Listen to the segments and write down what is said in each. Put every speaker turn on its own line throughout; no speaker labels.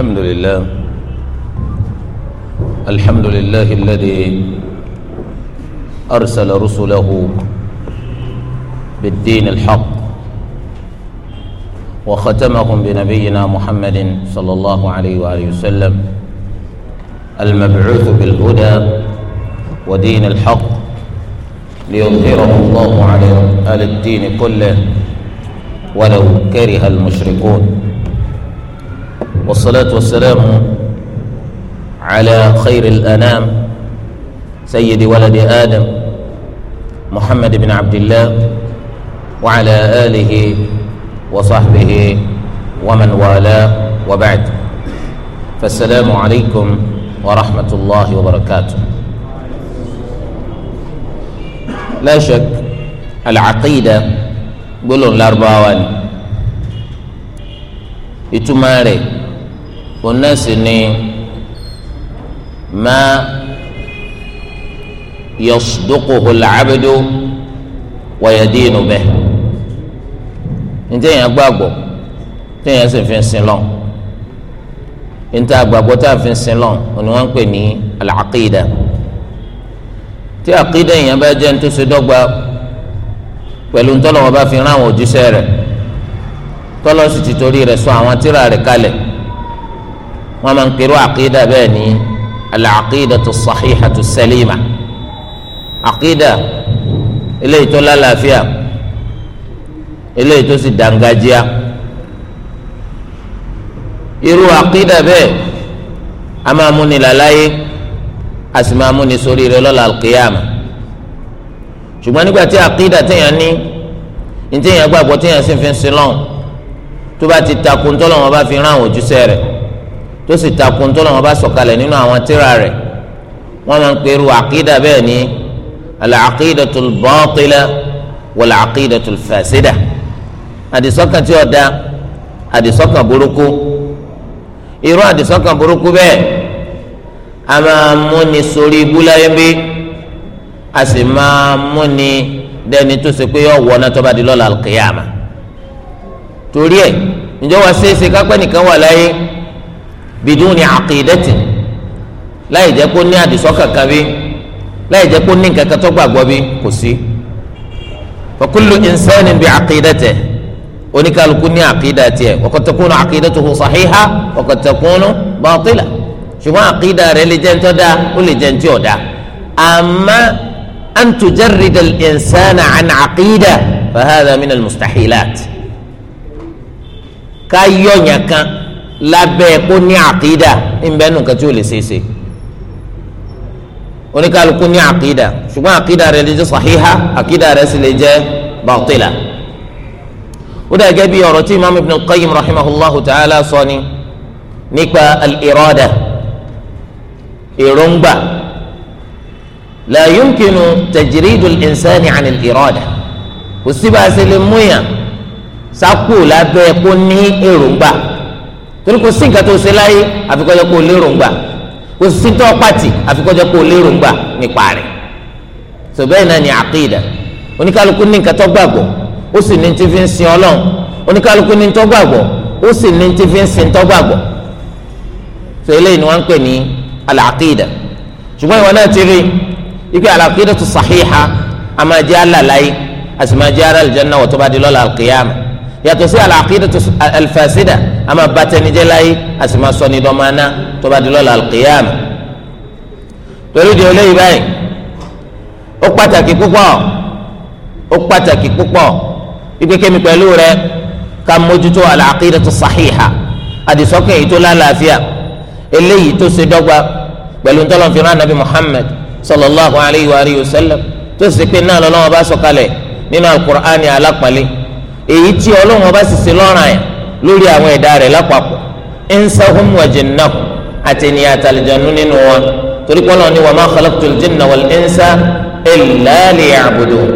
الحمد لله الحمد لله الذي أرسل رسله بالدين الحق وختمهم بنبينا محمد صلى الله عليه وآله وسلم المبعوث بالهدى ودين الحق ليظهره الله على الدين كله ولو كره المشركون والصلاة والسلام على خير الأنام سيد ولد آدم محمد بن عبد الله وعلى آله وصحبه ومن والاه وبعد فالسلام عليكم ورحمة الله وبركاته لا شك العقيدة قولوا الأربعة والي rẹ̀ òun náà sì ni má yasduquhu al-abdu wa yadinu bih ntẹ̀yìn agbàgbọ́ tẹ̀yìn ẹsẹ̀ fi ń sin lọ ntẹ̀ agbàgbọ́ tá a fi ń sin lọ òun ni wọ́n ń pè ní al-aqida tí àkídà èèyàn bá jẹ́ ntòsí dọ́gba pẹ̀lú ntọ́lọ́wọ́ bá fi rán àwọn òjíṣẹ́ rẹ̀ tọ́lọ́ sì ti torí rẹ̀ sọ àwọn tírà rẹ̀ kalẹ̀ wọn máa ń pèrò àkídà bẹ́ẹ̀ ní alàkídà tó sàhíhà tó sẹlẹ̀mà àkídà eléyìí tó lálàáfíà eléyìí tó sì dàngájíà irú àkídà bẹ́ẹ̀ a máa múni làlàyé a sì máa múni sórí rẹ lọ́la alqiyama ṣùgbọ́n nígbà tí àkídà téèyàn ní ní téèyàn gbàgbọ́ téèyàn sì fi ń sin lọ́hùn tó bá ti takùn lọ́wọ́ bá fi rán àwọn òjúṣe rẹ̀ tó sì takun tó lọ́wọ́ bá sọ̀kalẹ̀ nínú àwọn tíra rẹ̀ wọ́n máa ń peru àkídà bẹ́ẹ̀ ni al-aqidatul batila wal-aqidatul fasida àdìsọ́kàn tí ó da àdìsọ́kàn burúkú irú àdìsọ́kàn burúkú bẹ́ẹ̀ a máa múni sórí ibúláyé bí a sì máa múni dẹni tó ṣe pé ọwọ́ náà tó bá di lọ́la al torí ẹ̀ ǹjẹ́ wàá ṣe é ṣe kápẹ́ nìkan wà láyé bidun ni àkìdẹ́tì láì jẹ́ kó ní àdìsọ́ kankan bí láì jẹ́ kó ní kankan tó gbàgbọ́ bí kò sí. fakullu insani bi àkìdẹ́tì oníkàlùkù ní àkìdá tiẹ̀ wọ́kọ̀ tẹkùnú àkìdá tó kù sàhíhá wọ́kọ̀ tẹkùnú ṣùgbọ́n àkìdá rẹ̀ lè jẹ́ ntọ́ da ó lè jẹ́ ntí ọ̀dà àmà antujarida insana an àkìdá fahadà mina mustahilat ká yọ̀nyà lábẹ́ kó ní àkìdá ńbẹ́ nù kàtí ò lè ṣeéṣe oníkàlùkù ní àkìdá ṣùgbọ́n àkìdá rẹ̀ lè jẹ́ sàhíhá àkìdá rẹ̀ sì lè jẹ́ bàtìlà. ó dà gẹ́gẹ́ bí ọ̀rọ̀ tí imaamu ibn qayyim rahimahullahu ta'ala sọ ni nípa al-irada èròǹgbà la yumkinu tajridu al-insani 'an al-irada kò síbáṣe lè múyàn sákò lábẹ́ kó ní èròǹgbà. torí kò sí nǹkan tó ṣe láyé àfikọ́jọ́ pé o lérò ń gbà kò sí tó pàtì àfikọ́jọ́ pé o lérò ń gbà nípa rẹ̀ tó bẹ́ẹ̀ náà ni àkìdá oníkálukú ní nǹkan tó gbàgbọ́ ó sì ní ti fi ń sin ọlọ́run oníkálukú ní tó gbàgbọ́ ó sì ní ti fi ń sin tó gbàgbọ́ tó eléyìí ni wọ́n ń pè ní al ṣùgbọ́n ìwọ náà ti rí ipe al-àkìdá tó sàhíhà a máa jẹ́ alàlàyé a sì máa jẹ́ alàlìjẹ́ náà wọ́n tó bá di lọ́la al yàtọ̀ sí al tó al a máa ba tẹnijẹ́ láyé a sì máa sọ ní dọ́mọ aná tó bá di lọ́la alqiyama torí di olóyè báyìí ó pàtàkì púpọ̀ ó pàtàkì púpọ̀ ipe kémi pẹ̀lú rẹ ká mójútó al-aqidatu sahiha àdìsọ́kàn èyí tó lálàáfíà eléyìí tó ṣe dọ́gba pẹ̀lú ntọ́lọ́nfìrán nabi Muhammad sallallahu alayhi wa alihi wa sallam tó ṣe pé náà lọ́wọ́ bá sọ̀kalẹ̀ nínú al-Qur'ani alápàlẹ́ èyí tí Ọlọ́hun bá sì ṣe lọ́ràn yẹn lórí àwọn ẹ̀dá rẹ̀ lápapọ̀ insahum wa jinnakum àti ènìyàn àtàlìjọ́nú nínú wọn torí pé ọlọ́run ní wa ma khalaqtul jinna wal insa illa liya'budun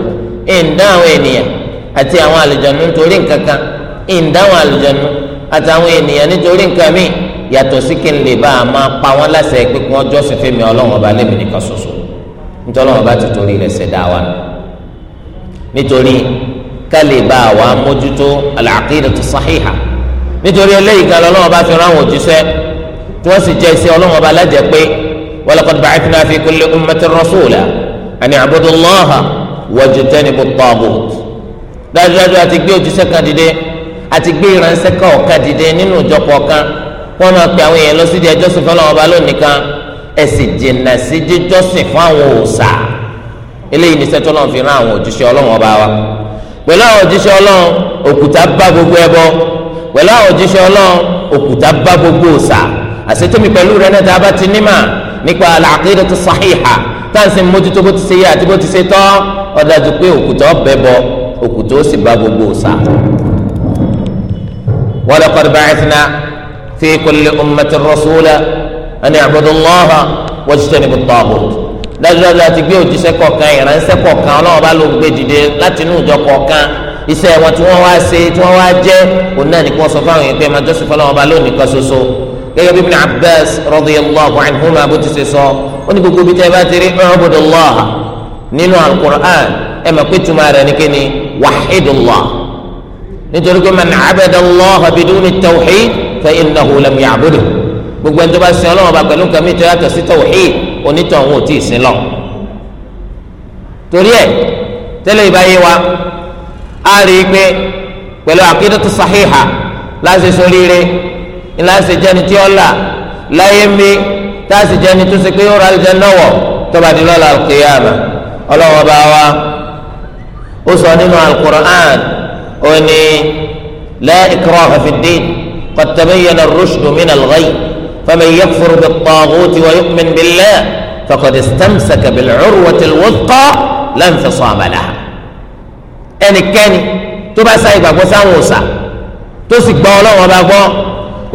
ìǹdá àwọn ènìyàn àti àwọn àlìjọ́nú nítorí nǹkan kan ìǹdá àwọn àlìjọ́nú àti àwọn ènìyàn nítorí nǹkan míì yàtọ̀ sí kí n lè bá a máa pa wọ́n láṣẹ pé kí wọ́n jọ́sìn fún mi ọlọ́run ọba lẹ́mìí nítorí eléyìí kan lọ́wọ́ bá fi ráwọn òjíṣẹ́ tí wọ́n sì jẹ́ iṣẹ́ ọlọ́wọ́ bá lájẹ́ pé walaqad ba'athna fi kulli ummatin rasula ani abudu allaha wajtanibu at-taghut dájúdájú àti gbé òjíṣẹ́ kan dìde àti gbé ìránṣẹ́ kan ọ̀kan dìde nínú ìjọpọ̀ kan wọ́n máa pe àwọn èèyàn lọ sídìí ẹjọ́sìn fún ọlọ́wọ́ bá lónìí kan ẹ pẹ̀lú àwọn òjíṣẹ́ ọlọ́run òkúta bá gbogbo òòṣà àṣetẹ́mi pẹ̀lú rẹ̀ náà tá a bá ti nímà nípa al-aqidatu sahiha táǹsì mójútó bó ti ṣe yé àti bó ti ṣe tọ́ ó dájú pé òkúta ọbẹ̀ bọ òkúta ó sì bá gbogbo òòṣà. wa laqad ba'athna fi kulli ummatin rasula an i'budu Allaha wajtanibu at-taghut dájúdájú àti gbé òjíṣẹ́ kọ̀ọ̀kan ìránṣẹ́ kọ̀ọ̀kan Ọlọ́run bá ló gbé dìde láti inú ìjọ kọ̀ọ̀kan iṣẹ́ wọn tí wọ́n wá ṣe tí wọ́n wá jẹ́ òun náà ní kí wọ́n sọ fáwọn èèyàn pé máa jọ́sìn fọlọ́wọ́n bá lónìí kan ṣoṣo gẹ́gẹ́ bí Ibn Abbas radiyallahu anhuma bó ti ṣe sọ ó ní gbogbo ibi tẹ́ ẹ bá ti rí ọ̀rọ̀bùdùlọ́ọ̀ nínú alukur'an ẹ mọ̀ pé tuma rẹ̀ ní kí ni wàhídùlọ́ onítọ̀hún ò tí ì sin lọ torí ẹ tẹ́lẹ̀ ìbáyé wa a rí i pé pẹ̀lú àkídọ́tù sàhíhà láti soríire láti jẹni tí ó là láyé mi táàsì jẹni tó ṣe pé ó ra ẹ̀jẹ̀ náwọ̀ tọ́ba di lọ́la al-qiyama ọlọ́wọ́ bá wa ó sọ nínú al ó ní la ikraha fi ddin qad tabayyana ar-rushdu فمن يكفر بالطاغوت ويؤمن بالله فقد استمسك بالعروة الوثقى لا انفصام لها ẹnikẹ́ni tó bá sáyé gbàgbọ́ sáwọn òòṣà tó sì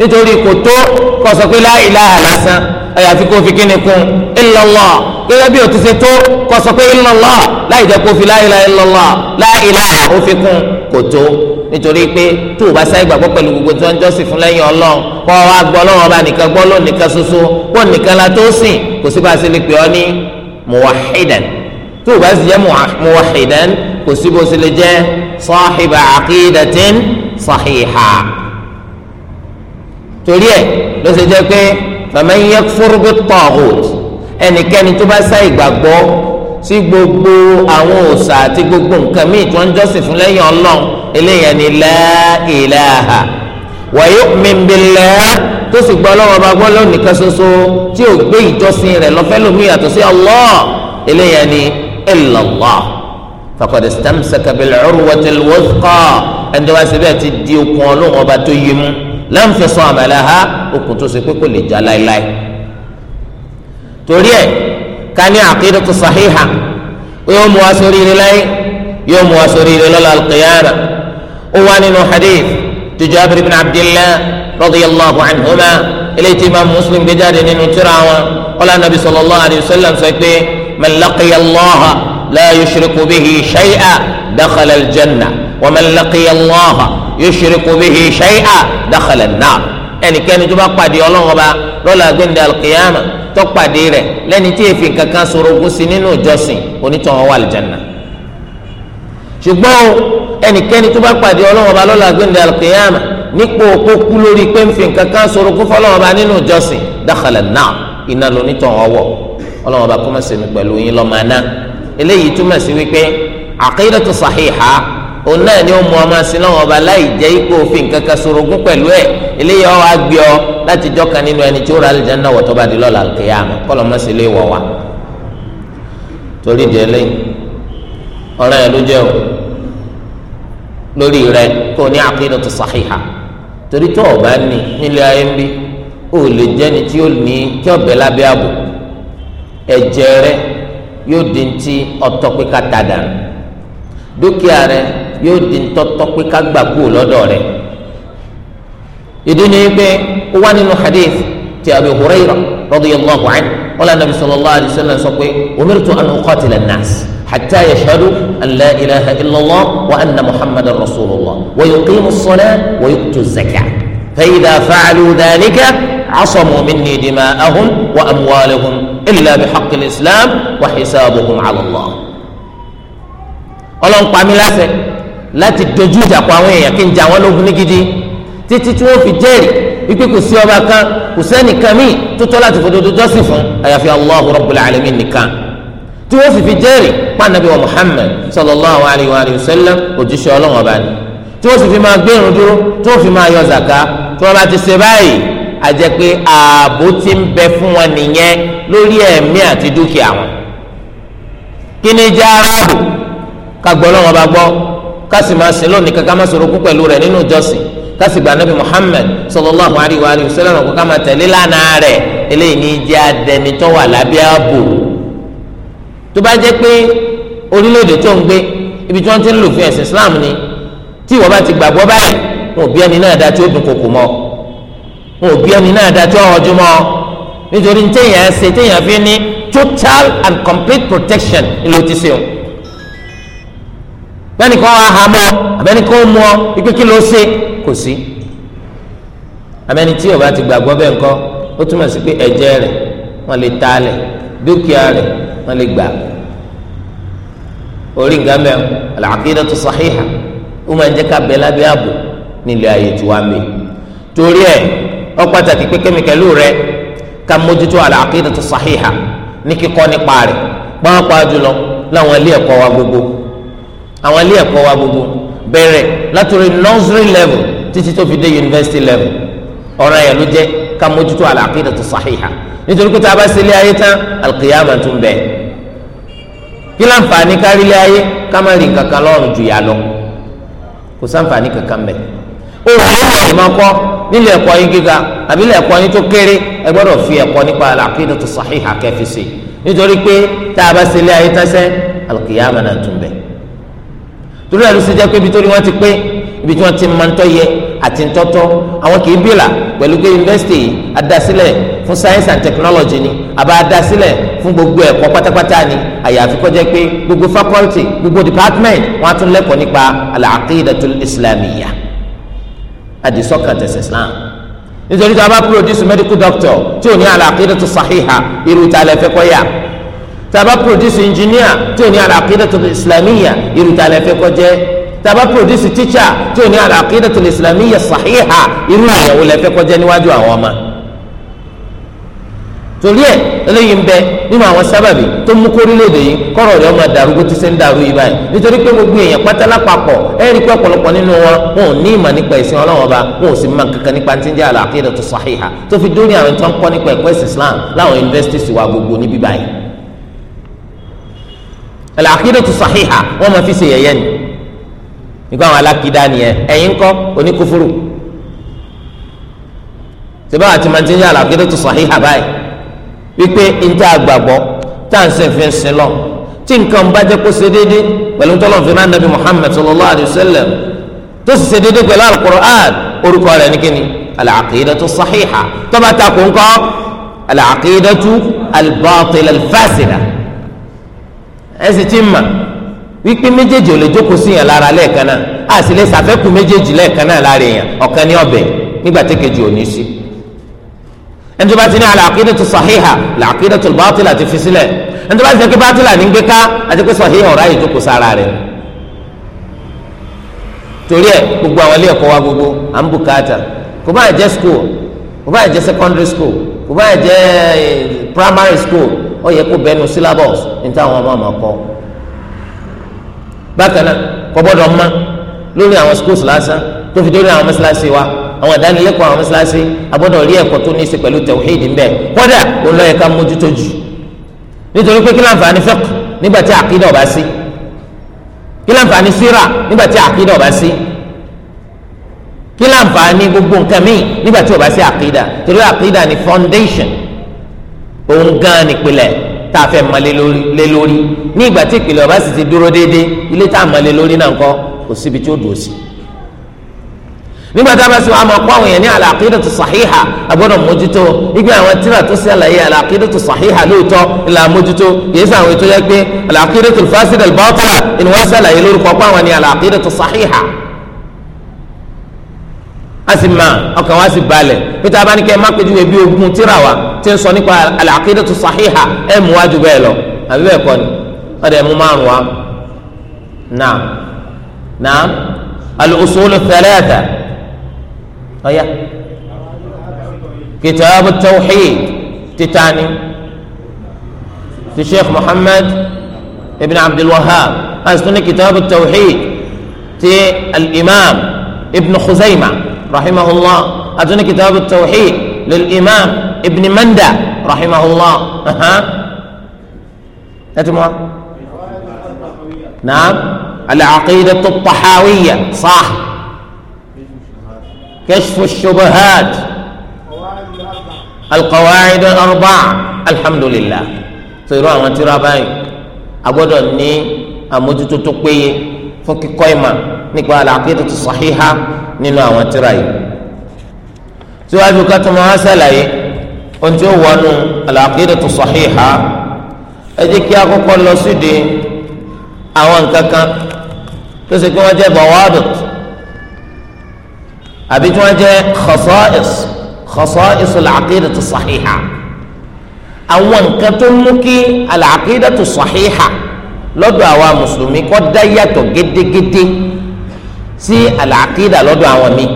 nítorí kò tó kó sọ pé la ilaha lásán àyàfi kó fi kíni kún illallah gẹ́gẹ́ bí o ti ṣe tó kó sọ pé illallah láì jẹ́ kó fi la ilaha illallah la ilaha ó fi kún kò tó nítorí pé tó o bá sáyé gbàgbọ́ pẹ̀lú gbogbo tí wọ́n ń jọ́sìn fún lẹ́yìn ọlọ́run kọ́ wa gbọ́ ọlọ́run ọba nìkan gbọ́ ló nìkan ṣoṣo kó nìkan la tó sìn kò sí bá a ṣe lè pè ọ́ ní muwahidan tó o bá sì jẹ́ muwahidan kò sí bó ṣe lè jẹ́ sahiba aqidatin sahiha torí ẹ̀ ló ṣe jẹ́ pé faman yakfur bit-taghut ẹnikẹ́ni tó bá sá ìgbàgbọ́ sí gbogbo àwọn òòṣà àti gbogbo nǹkan míì tí wọ́n ń jọ́sìn fún lẹ́yìn ọlọ́run eléyàn ni la ilaha wa yu'min billah tó sì gbọ́ lọ́wọ́ bá gbọ́ lọ́wọ́ nìkan ṣoṣo tí ò gbé ìjọsìn rẹ̀ lọ́fẹ́ lómi yàtọ̀ sí Allah eléyàn ni illallah faqad istamsaka bil urwatil wuthqa ẹni tó bá ṣe bẹ́ẹ̀ ti di okùn ọlọ́run ọba tó yé mu lẹ́nfẹ̀sọ àmàlàhà okùn tó ṣe pé kò lè já láéláé torí ẹ̀ ká ní aqidatu sahiha yóò mú wa sórí ire láyé yóò mú wa sórí ire lọ́la alqiyama ó wá nínú hadith ti Jabir ibn Abdillah radiyallahu anhuma eléyìí tí Imam Muslim gbé jáde nínú tírà wọn ọlá nabi sallallahu alayhi wa sallam sọ pé man laqiya Allaha bihi shay'an dakhala al wa man laqiya Allaha yushriku bihi shay'an dakhala an-nar ẹnikẹ́ni tó bá pàdé ọlọ́run ọba lọ́la gbẹ̀ndẹ̀ alqiyama tó pàdé rẹ̀ lẹ́ni tí èéfín kankan sorogún sí nínú ìjọsìn onítàn wọ àlìjánná ṣùgbọ́n ẹnikẹ́ni tó bá pàdé ọlọ́run ọba lọ́la gbẹ̀ndẹ̀ alqiyama nípò kó kú lórí pé ń fi kankan sorogún fọlọ́run ọba nínú ìjọsìn dakhala òun náà ni ó mú ọmọ sí lọ́wọ́ ọba láì jẹ́ ipò òfin kankan sorogún pẹ̀lú ẹ̀ eléyà ọ́ wá gbé ọ láti jọ́ kan nínú ẹni tí ó ra àlùjánnà wọ̀ tó bá di lọ́la al-qiyāmah kọ́lọ́ mọ́ sí ilé wọ̀ wá. torí ìdí ẹlẹ́yìn ọ̀rọ̀ yẹn ló jẹ́ o lórí rẹ kó o ní aqīdatu sahiha torí tó o ní nílé ayé ń bí o lè jẹ́ni tí ó ní kí ọ̀bẹ lábẹ́ ààbò ẹ̀jẹ̀ rẹ yóò di ti ọ̀tọ̀ pé ká dúkìá rẹ yóò di ntọ́tọ́ pé ká gbà kú lọ́dọ̀ rẹ̀ ìdí ni pé ó wá nínú hadith ti Abu Hurairah radiyallahu anhu wala nabi sallallahu alayhi wa sallam sọ pé umirtu an uqatila an-nas hatta yashhadu an la ilaha illallah wa anna muhammadan rasulullah wa yuqimu as wa yu'tu az-zakata fa idha fa'alu dhalika عصموا مني دماءهم وأموالهم إلا بحق الإسلام وحسابهم على الله ọlọ́run pa mí láṣẹ láti dojú ìjà pa àwọn èèyàn kí n jà wọn lógun ní gidi títí tí wọ́n fi jẹ́rìí wípé kò sí ọba kan kò sẹ́ni kan míì tó tọ́ láti fòdodo jọ́sìn fún àyàfi Allahu Rabbul Alamin nìkan tí wọ́n sì fi jẹ́rìí pa Ànábì wa Muhammad sallallahu alayhi wa sallam òjíṣẹ́ Ọlọ́run ọba ni tí wọ́n sì fi máa gbẹ̀rún dúró tí wọ́n fi máa yọ zàká tí wọ́n bá ti ṣe báyìí a pé ààbò ti ń bẹ fún wọn nìyẹn lórí ẹ̀mí àti dúkìá wọn kí ni jẹ́ aráàbò ká gbọ́ Ọlọ́run ọba gbọ́ kásì máa sìn lónìí kankan máa sọ̀rọ̀ kú pẹ̀lú rẹ̀ nínú ìjọsìn kásì gba anabi muhammed sallallahu alayhi wa sallam kó ká máa tẹ̀lé lánàá rẹ̀ eléyìí ní jẹ́ adẹni tó wà lábẹ́ ààbò tó bá jẹ́ pé orílẹ̀-èdè tó ibi tí wọ́n ti ń islam ni tí ìwọ bá ti gbàgbọ́ báyìí wọn ò bí ẹni náà dá tí ó dùn kòkò mọ́ wọn ò bí ẹni náà dá tí ó rọjú mọ́ nítorí téèyàn ṣe fi ní total and complete protection ló ti ṣe òun bẹ́ẹ̀ni kan wà hà mọ́ abẹ́ni kan mú ọ ike kí ló ṣe kò sí abẹ́ni tí ó bá ti gbàgbọ́ bẹ́ẹ̀ ńkọ́ ó túmọ̀ sí pé ẹ̀jẹ̀ rẹ̀ wọ́n lè ta lẹ̀ dúkìá rẹ̀ wọ́n lè gbà orí nǹkan mẹ́rin al-aqidatu sahiha ó máa ń jẹ́ ká bẹ lábẹ́ ààbò nílé ayé tí wàá mi torí ẹ̀ ó pàtàkì pé kẹ́míkẹ́lù rẹ̀ ká mójútó al-aqidatu sahiha ní kíkọ́ nípa rẹ̀ pàápàá jùlọ láwọn ilé ẹ̀kọ́ wa gbogbo àwọn ilé ẹ̀kọ́ wa gbogbo bẹ̀rẹ̀ látòrí nursery level títí tó fi dé university level ọ̀rọ̀ yẹn ló jẹ́ ká mójútó àlàkídà tó sàhíhà nítorí pé tá a bá sílé ayé tán alkiyama tún bẹ̀ kí láǹfààní kárílé ayé ká má rí nǹkan kan lọ́rùn jù yà lọ kò sáǹfààní kankan bẹ̀ ó wà lóyún ìmọ̀ kọ́ nílé ẹ̀kọ́ yín gíga àbí ilé ẹ̀kọ́ yín tó kéré ẹ gbọ́dọ̀ fi ẹ̀kọ́ nípa àlàkídà tó sàhíhà kẹfì sí nítorí pé tá a bá sílé ayé tán sẹ́ alkiyama náà tún bẹ̀ torí ẹ̀ ló ṣe jẹ́ pé ibi tó ní wọ́n ti pé ibi tí wọ́n ti máa ń tọ́ yẹ àti ń tọ́tọ́ àwọn kì í bìlà pẹ̀lú pé yunifásitì yìí adásílẹ̀ fún science and technology ni àbá adásílẹ̀ fún gbogbo ẹ̀kọ́ pátápátá ni àyàfi kó jẹ́ pé gbogbo faculty gbogbo department wọ́n á tún lẹ́kọ̀ọ́ nípa al-aqidatul islamiyya àdìsọ́kàn tẹ̀sẹ̀ islam nítorí tí a bá produce medical doctor tí ò ní al-aqidatul sahiha irú ìtàlẹ́fẹ́ kọ́ yà taba produce engineer tí o ní al-aqidatul islamiyya irúta lẹ fẹ́ kó jẹ́ taba produce teacher tí o ní al-aqidatul islamiyya sahiha irú ìyàwó lẹ fẹ́ kó jẹ́ níwájú àwọn ọmọ torí ẹ eléyìí ń bẹ nínú àwọn sábàbí tó mú kórílẹ̀èdè yìí kọrọ rẹ ọmọ dàrú bó ti ṣe ń dàrú yìí báyìí nítorí pé gbogbo èèyàn pátá lápapọ̀ ẹ rí pé ọ̀pọ̀lọpọ̀ nínú wọn wọn ò ní ìmọ̀ nípa ẹ̀sìn Ọlọ́run Ọba wọn ò sì máa kankan nípa tí ń jẹ́ al-aqidatu sahiha tó fi dórí àwọn tó ń kọ́ nípa ẹ̀kọ́ ẹ̀sìn Islam láwọn yunifásitì sì wà gbogbo níbí báyìí al-aqidatu sahiha wọ́n máa fi ṣe yẹ̀yẹ́ ni nígbà àwọn alákìdá nìyẹn ẹ̀yin kọ́ oníkúfúrú sèbá àti màtíní al-aqidatu sahiha báyìí wípé njẹ́ àgbàgbọ́ táǹsì fi ń sin lọ tí nǹkan bá jẹ́ kó ṣe déédéé pẹ̀lú tọ́lọ́mfin náà nàbí Muhammad sallallahu alayhi wa sallam tó sì ṣe déédéé pẹ̀lú al orúkọ rẹ̀ ní kíni al sahiha tó bá takò ńkọ́ al-aqidatu al-batila al ẹ sì ti mà wípé méjèèjì ò lè jókòó sí yàn lára lẹ́ẹ̀kan náà a sì lè sàfẹ́kù méjèèjì lẹ́ẹ̀kan náà lára èèyàn ọ̀kan ní ọ̀bẹ nígbà tí kejì ò ní sí. ẹni tó bá ti ní al-aqidatu sahiha al-aqidatu al-batila ti fi sílẹ̀ ẹni tó bá ti sọ pé batila ní gbé ká àti pé sahiha ọ̀rá yìí jókòó sára rẹ̀. torí ẹ gbogbo àwọn ilé ẹ̀kọ́ wa gbogbo à ń bùkátà kò bá jẹ́ school kò bá jẹ́ secondary school kò bá jẹ́ eh, primary school ó yẹ kó bẹnu syllabus ní táwọn ọmọ ọmọ kọ bákan náà kò gbọ́dọ̀ mọ lórí àwọn schools lásán tó fi dórí àwọn mọ́sálásí wa àwọn ìdánilẹ́kọ̀ọ́ àwọn mọ́sálásí agbọ́dọ̀ rí ẹ̀kọ́ tó ní í ṣe pẹ̀lú tẹ̀wéèdì ń bẹ̀ kódà ló lọ́ọ́ yẹ ká mójútó jù nítorí pé kí láǹfààní fiqh nígbà tí àkídà ọ̀bá sí kí láǹfààní síra nígbà tí àkídà ọ̀bá sí kí láǹfààní gbogbo nǹkan míì nígbà tí ọ̀bá sí àkídà torí àkídà ni foundation òun gan nípìnlẹ̀ tá a fẹ́ mọ lé lórí ní ìgbà tí ìpìlẹ̀ ọba sì ti dúró déédéé ilé tá a mọ lé lórí náà kọ́ kò síbi tí ó dùn sí. nígbà tá a bá sọ àmọ́ kọ́ àwọn èèyàn ní al-aqidatu sahiha agbọ́dọ̀ mójútó igbe àwọn tíra tó ṣàlàyé al-aqidatu sahiha lóòótọ́ ìlà mójútó yìí sọ àwọn ètò yẹ pé al-aqidatu fasida al-batila ìníwọ́n ṣàlàyé lórúkọ pàwọn ní al-aqidatu sahiha a sì máa ọkàn wa sì balẹ̀ pété abánikẹ́ má péjú ebi ogun tíra wa ti ń sọ nípa al-aqidatu sahiha ẹ̀ mú wájú bẹ́ẹ̀ lọ àbí bẹ́ẹ̀ kọ́ ni ọ̀dọ̀ ẹ̀ mú márùn wa naam naam al-usulu thalatha ọ̀yà kitabu tawhid titani ti sheikh muhammad ibn abdulwahab asituni kitabu tawhid ti al-imam ibn khuzaimah. رحمه الله أتوني كتاب التوحيد للإمام ابن مندى رحمه الله أها أتموا نعم العقيدة الطحاوية صح كشف الشبهات القواعد الأربع الحمد لله سيروا أن ترى باي أبدا ني أمجد تقوي فكي قيمة نقوى العقيدة الصحيحة nínú àwọn tíra yìí síwájú ká tó máa ṣàlàyé ohun tí ó wọnú al-aqidatu sahiha ẹ jẹ́ kí akọ́kọ́ lọ sídìí àwọn nǹkan kan tó ṣe pé wọ́n jẹ́ bawadut àbí tí wọ́n jẹ́ khasa'is khasa'is al-aqidatu sahiha àwọn nǹkan tó mú kí al-aqidatu sahiha lọ́dọ̀ àwa mùsùlùmí kọ́ dá yàtọ̀ gédégédé sí àlàkídà lọ́dọ̀ àwọn mi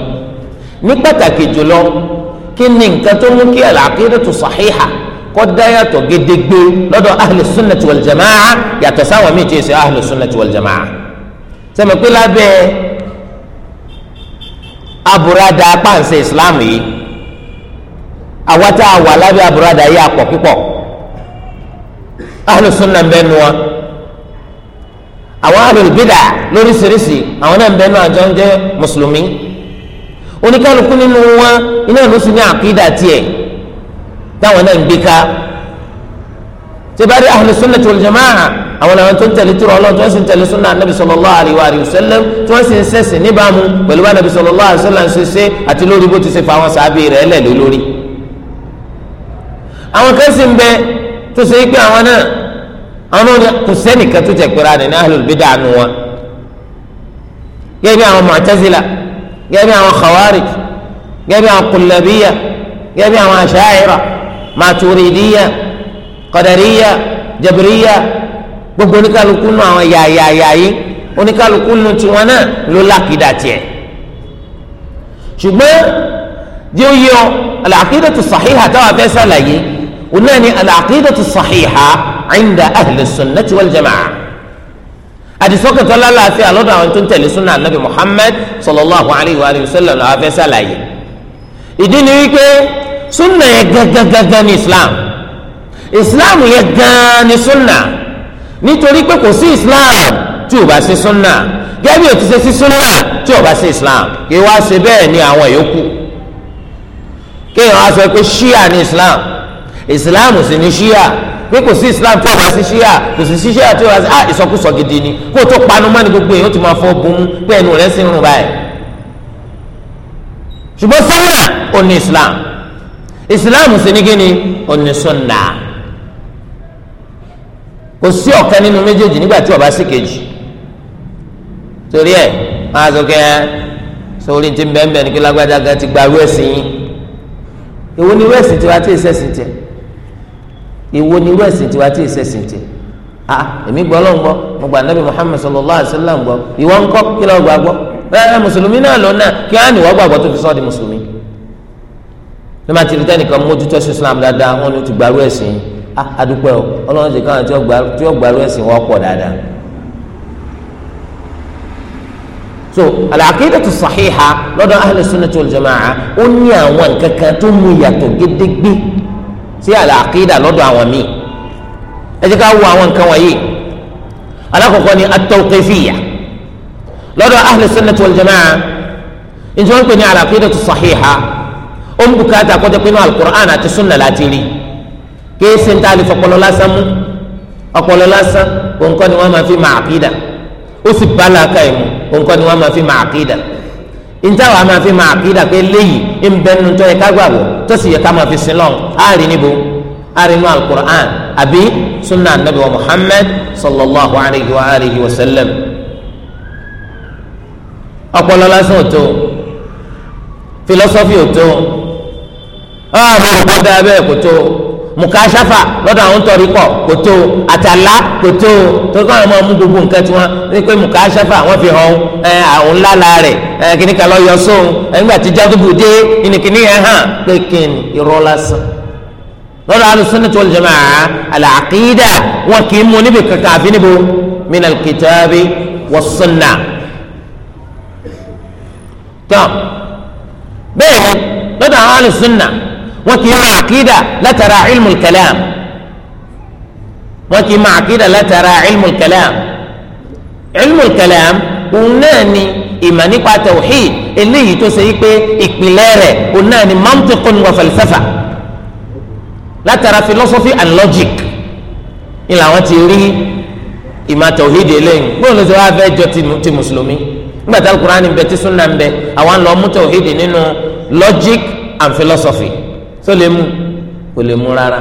ní pàtàkì jùlọ kí ni nǹkan tó mú kí àlàkídà tó sàhíhà kọ́ dá yàtọ̀ gédégbé lọ́dọ̀ ahlu sunnati wal jamaa yàtọ̀ sáwọn míì tí ì sọ ahlu sunnati wal jamaa sẹ́mi pé lábẹ́ aburada pàǹsẹ̀ islam yìí àwa tá a wà lábẹ́ aburada yìí àpọ̀ pípọ̀ ahlu sunna wọn àwọn alùbídà lóríṣiríṣi àwọn náà ń bẹ náà jọ ń jẹ mùsùlùmí oníkálukú nínú wọn iná ló sì ní àkídà tiẹ̀ táwọn náà ń gbé ká tí bá rí ahlus sunnati wal jamā'a àwọn làwọn tó ń tẹ̀lé tura ọlọ́run tí wọ́n sì ń tẹ̀lé sunna anabi sallallahu alayhi wa sallam tí wọ́n sì ń sẹ̀sìn níbàámu pẹ̀lú bá anabi sallallahu alayhi wa àti lórí bó ti ṣe fa àwọn sàábì rẹ̀ ẹlẹ́lẹ́ lórí. àwọn kan sì ń bẹ tó ṣe é pé àwọn náà àwọn kò sẹ́nìkan tó tẹ̀ pẹ́ra rẹ̀ ní ahlul bid'ah nu wọn gẹ́gẹ́ bí àwọn mu'tazila gẹ́gẹ́ bí àwọn khawarij gẹ́gẹ́ bí àwọn kullabiya gẹ́gẹ́ bí àwọn asha'ira maturidiya qadariya jabiriya gbogbo oníkàlùkù nù àwọn yàyàyàyí oníkàlùkù nù tiwọn náà ló lákìdá tiẹ̀ ṣùgbọ́n jẹ́ òye ọ al-aqidatu táwọn afẹ́ sàlàyé òun náà ni al-aqidatu sahiha inda ahli sunnati wal jamaa àdìsọ́kàn tó lálàáfíà lọ́dọ̀ àwọn tó ń tẹ̀lé súnà nabi muhammad sallallahu alayhi wa sallam làwọn afẹ́ sàlàyé ìdí ni wípé súnà yẹn gangan ní islam islam yẹn gan ni súnà nítorí pé kò sí islam tí ò bá sí súnà gẹ́gẹ́ bí o ti ṣe sí súnà tí ò bá sí islam kí wá ṣe bẹ́ẹ̀ ni àwọn yòókù kéèyàn á sọ pé shia ni islam islam sì ni shia pé kò sí islam tí o bá sí ṣíà kò sí ṣíṣíà tí o bá sí ah ìsọkúsọ gidi ni kó o tó panu mọ́ni gbogbo èèyàn ti máa fọ́ bùn pé ẹnu rẹ̀ sì ń rùn báyìí ṣùgbọ́n sunna ò ní islam islam sì ní kíni ò ní sunna kò sí ọ̀kan nínú méjèèjì nígbà tí o bá sí kejì torí ẹ̀ máa sọ kẹ́ ẹ́ sórí ti ń bẹ́ẹ̀ bẹ́ẹ̀ ni kí lágbájá gan ti gba rú ẹ̀sìn yín èwo ni rú ẹ̀sìn tiwa tí èsì ẹ̀sìn tiẹ̀ ìwo ni irú ẹ̀sìn tiwa tí èsì ẹ̀sìn ti a ah, èmi gbọ́ ló ń gbọ́ mo gbà nàbì Muhammad sallallahu alayhi wa sallam gbọ́ ìwọ ńkọ́ kí lọ́ọ́ gbà gbọ́ bẹ́ẹ̀ mùsùlùmí náà lọ náà kí á nìwọ́ gbàgbọ́ tó fi sọ́ọ́ di mùsùlùmí lọ́mọ àti ìrìtẹ́ nìkan mójútó sí Islam dáadáa wọn ni ó ti gbàrú ẹ̀sìn adúpẹ́ ah, o ọlọ́run ṣe káwọn tí ó gbàrú ẹ̀sìn wọn pọ̀ dáadáa. so al-aqidatu sahiha lọ́dọ̀ ahlus sunnati wal jamaa'ah ó ní àwọn nǹkan kan tó mú yàtọ̀ gédégbé sí àlàkídà lọ́dọ̀ àwọn míì ẹ jẹ́ ká wo àwọn nǹkan wọ̀nyí alákọ̀ọ́kọ́ ni at-tawqifiyya lọ́dọ̀ ahlu sunnah wal jamaa njẹ́ wọ́n pè ní àlàkídà tó sàhíhà ó ń bukata kọjá pé ní alukur'an àti sunna láti rí kìí ṣe ń ta àlè fọpọlọ lásán mú ọpọlọ lásán òǹkọ́ ni máa fi máa àkídà ó sì bá làákà ìmú òǹkọ́ ni máa fi máa àkídà ntàwọn a máa fi máa àkídà pé léyìí ń bẹnu tó yẹ ká gbàgbọ́ tó sì yẹ ká máa fi sin lọ́n àárín níbo àárín nínú alukur'an àbí sunna anabi wa muhammad sallallahu alayhi wa alayhi wa sallam ọpọlọ lásán ò tó filosofi ò tó ọ àmì ìrùkọ́ dáa bẹ́ẹ̀ kò mukashafa lọ́dọ̀ àwọn tọ̀ríkọ̀ kò tó àtàlá kò tó torí káwọn máa mú gbogbo nǹkan tí wọ́n ní pé mukashafa wọ́n fi hàn ẹ àwọn lála rẹ̀ ẹ kíní kan lọ yọ sóun ẹgbà tí jágùbù dé ìnìkíní yẹn hàn pé kíni irọ́ lásán lọ́dọ̀ al-sunnah wal jamā'ah al-aqīdah wọn kì í mú níbi kankan àfi níbo min al-kitābi was tán bẹ́ẹ̀ lọ́dọ̀ àwọn al wọ́n kì í ma àkídà látara ilmul kalam wọ́n kì í ma àkídà látara ilmul kalam ilmul kalam òun náà ni ìmọ̀ nípa tawhid eléyìí tó ṣe yí pé ìpìlẹ̀ rẹ̀ òun náà ni mantiqun wa falsafa látara philosophy and logic ni làwọn ti rí ìmọ̀ tawhid eléyìí gbọ́dọ̀ ló ṣe wá fẹ́ jọ ti mùsùlùmí nígbà alukur'an ń bẹ tí sunna ń bẹ àwọn lọ mú tawhid nínú logic and philosophy tó lè mú kò lè mú rárá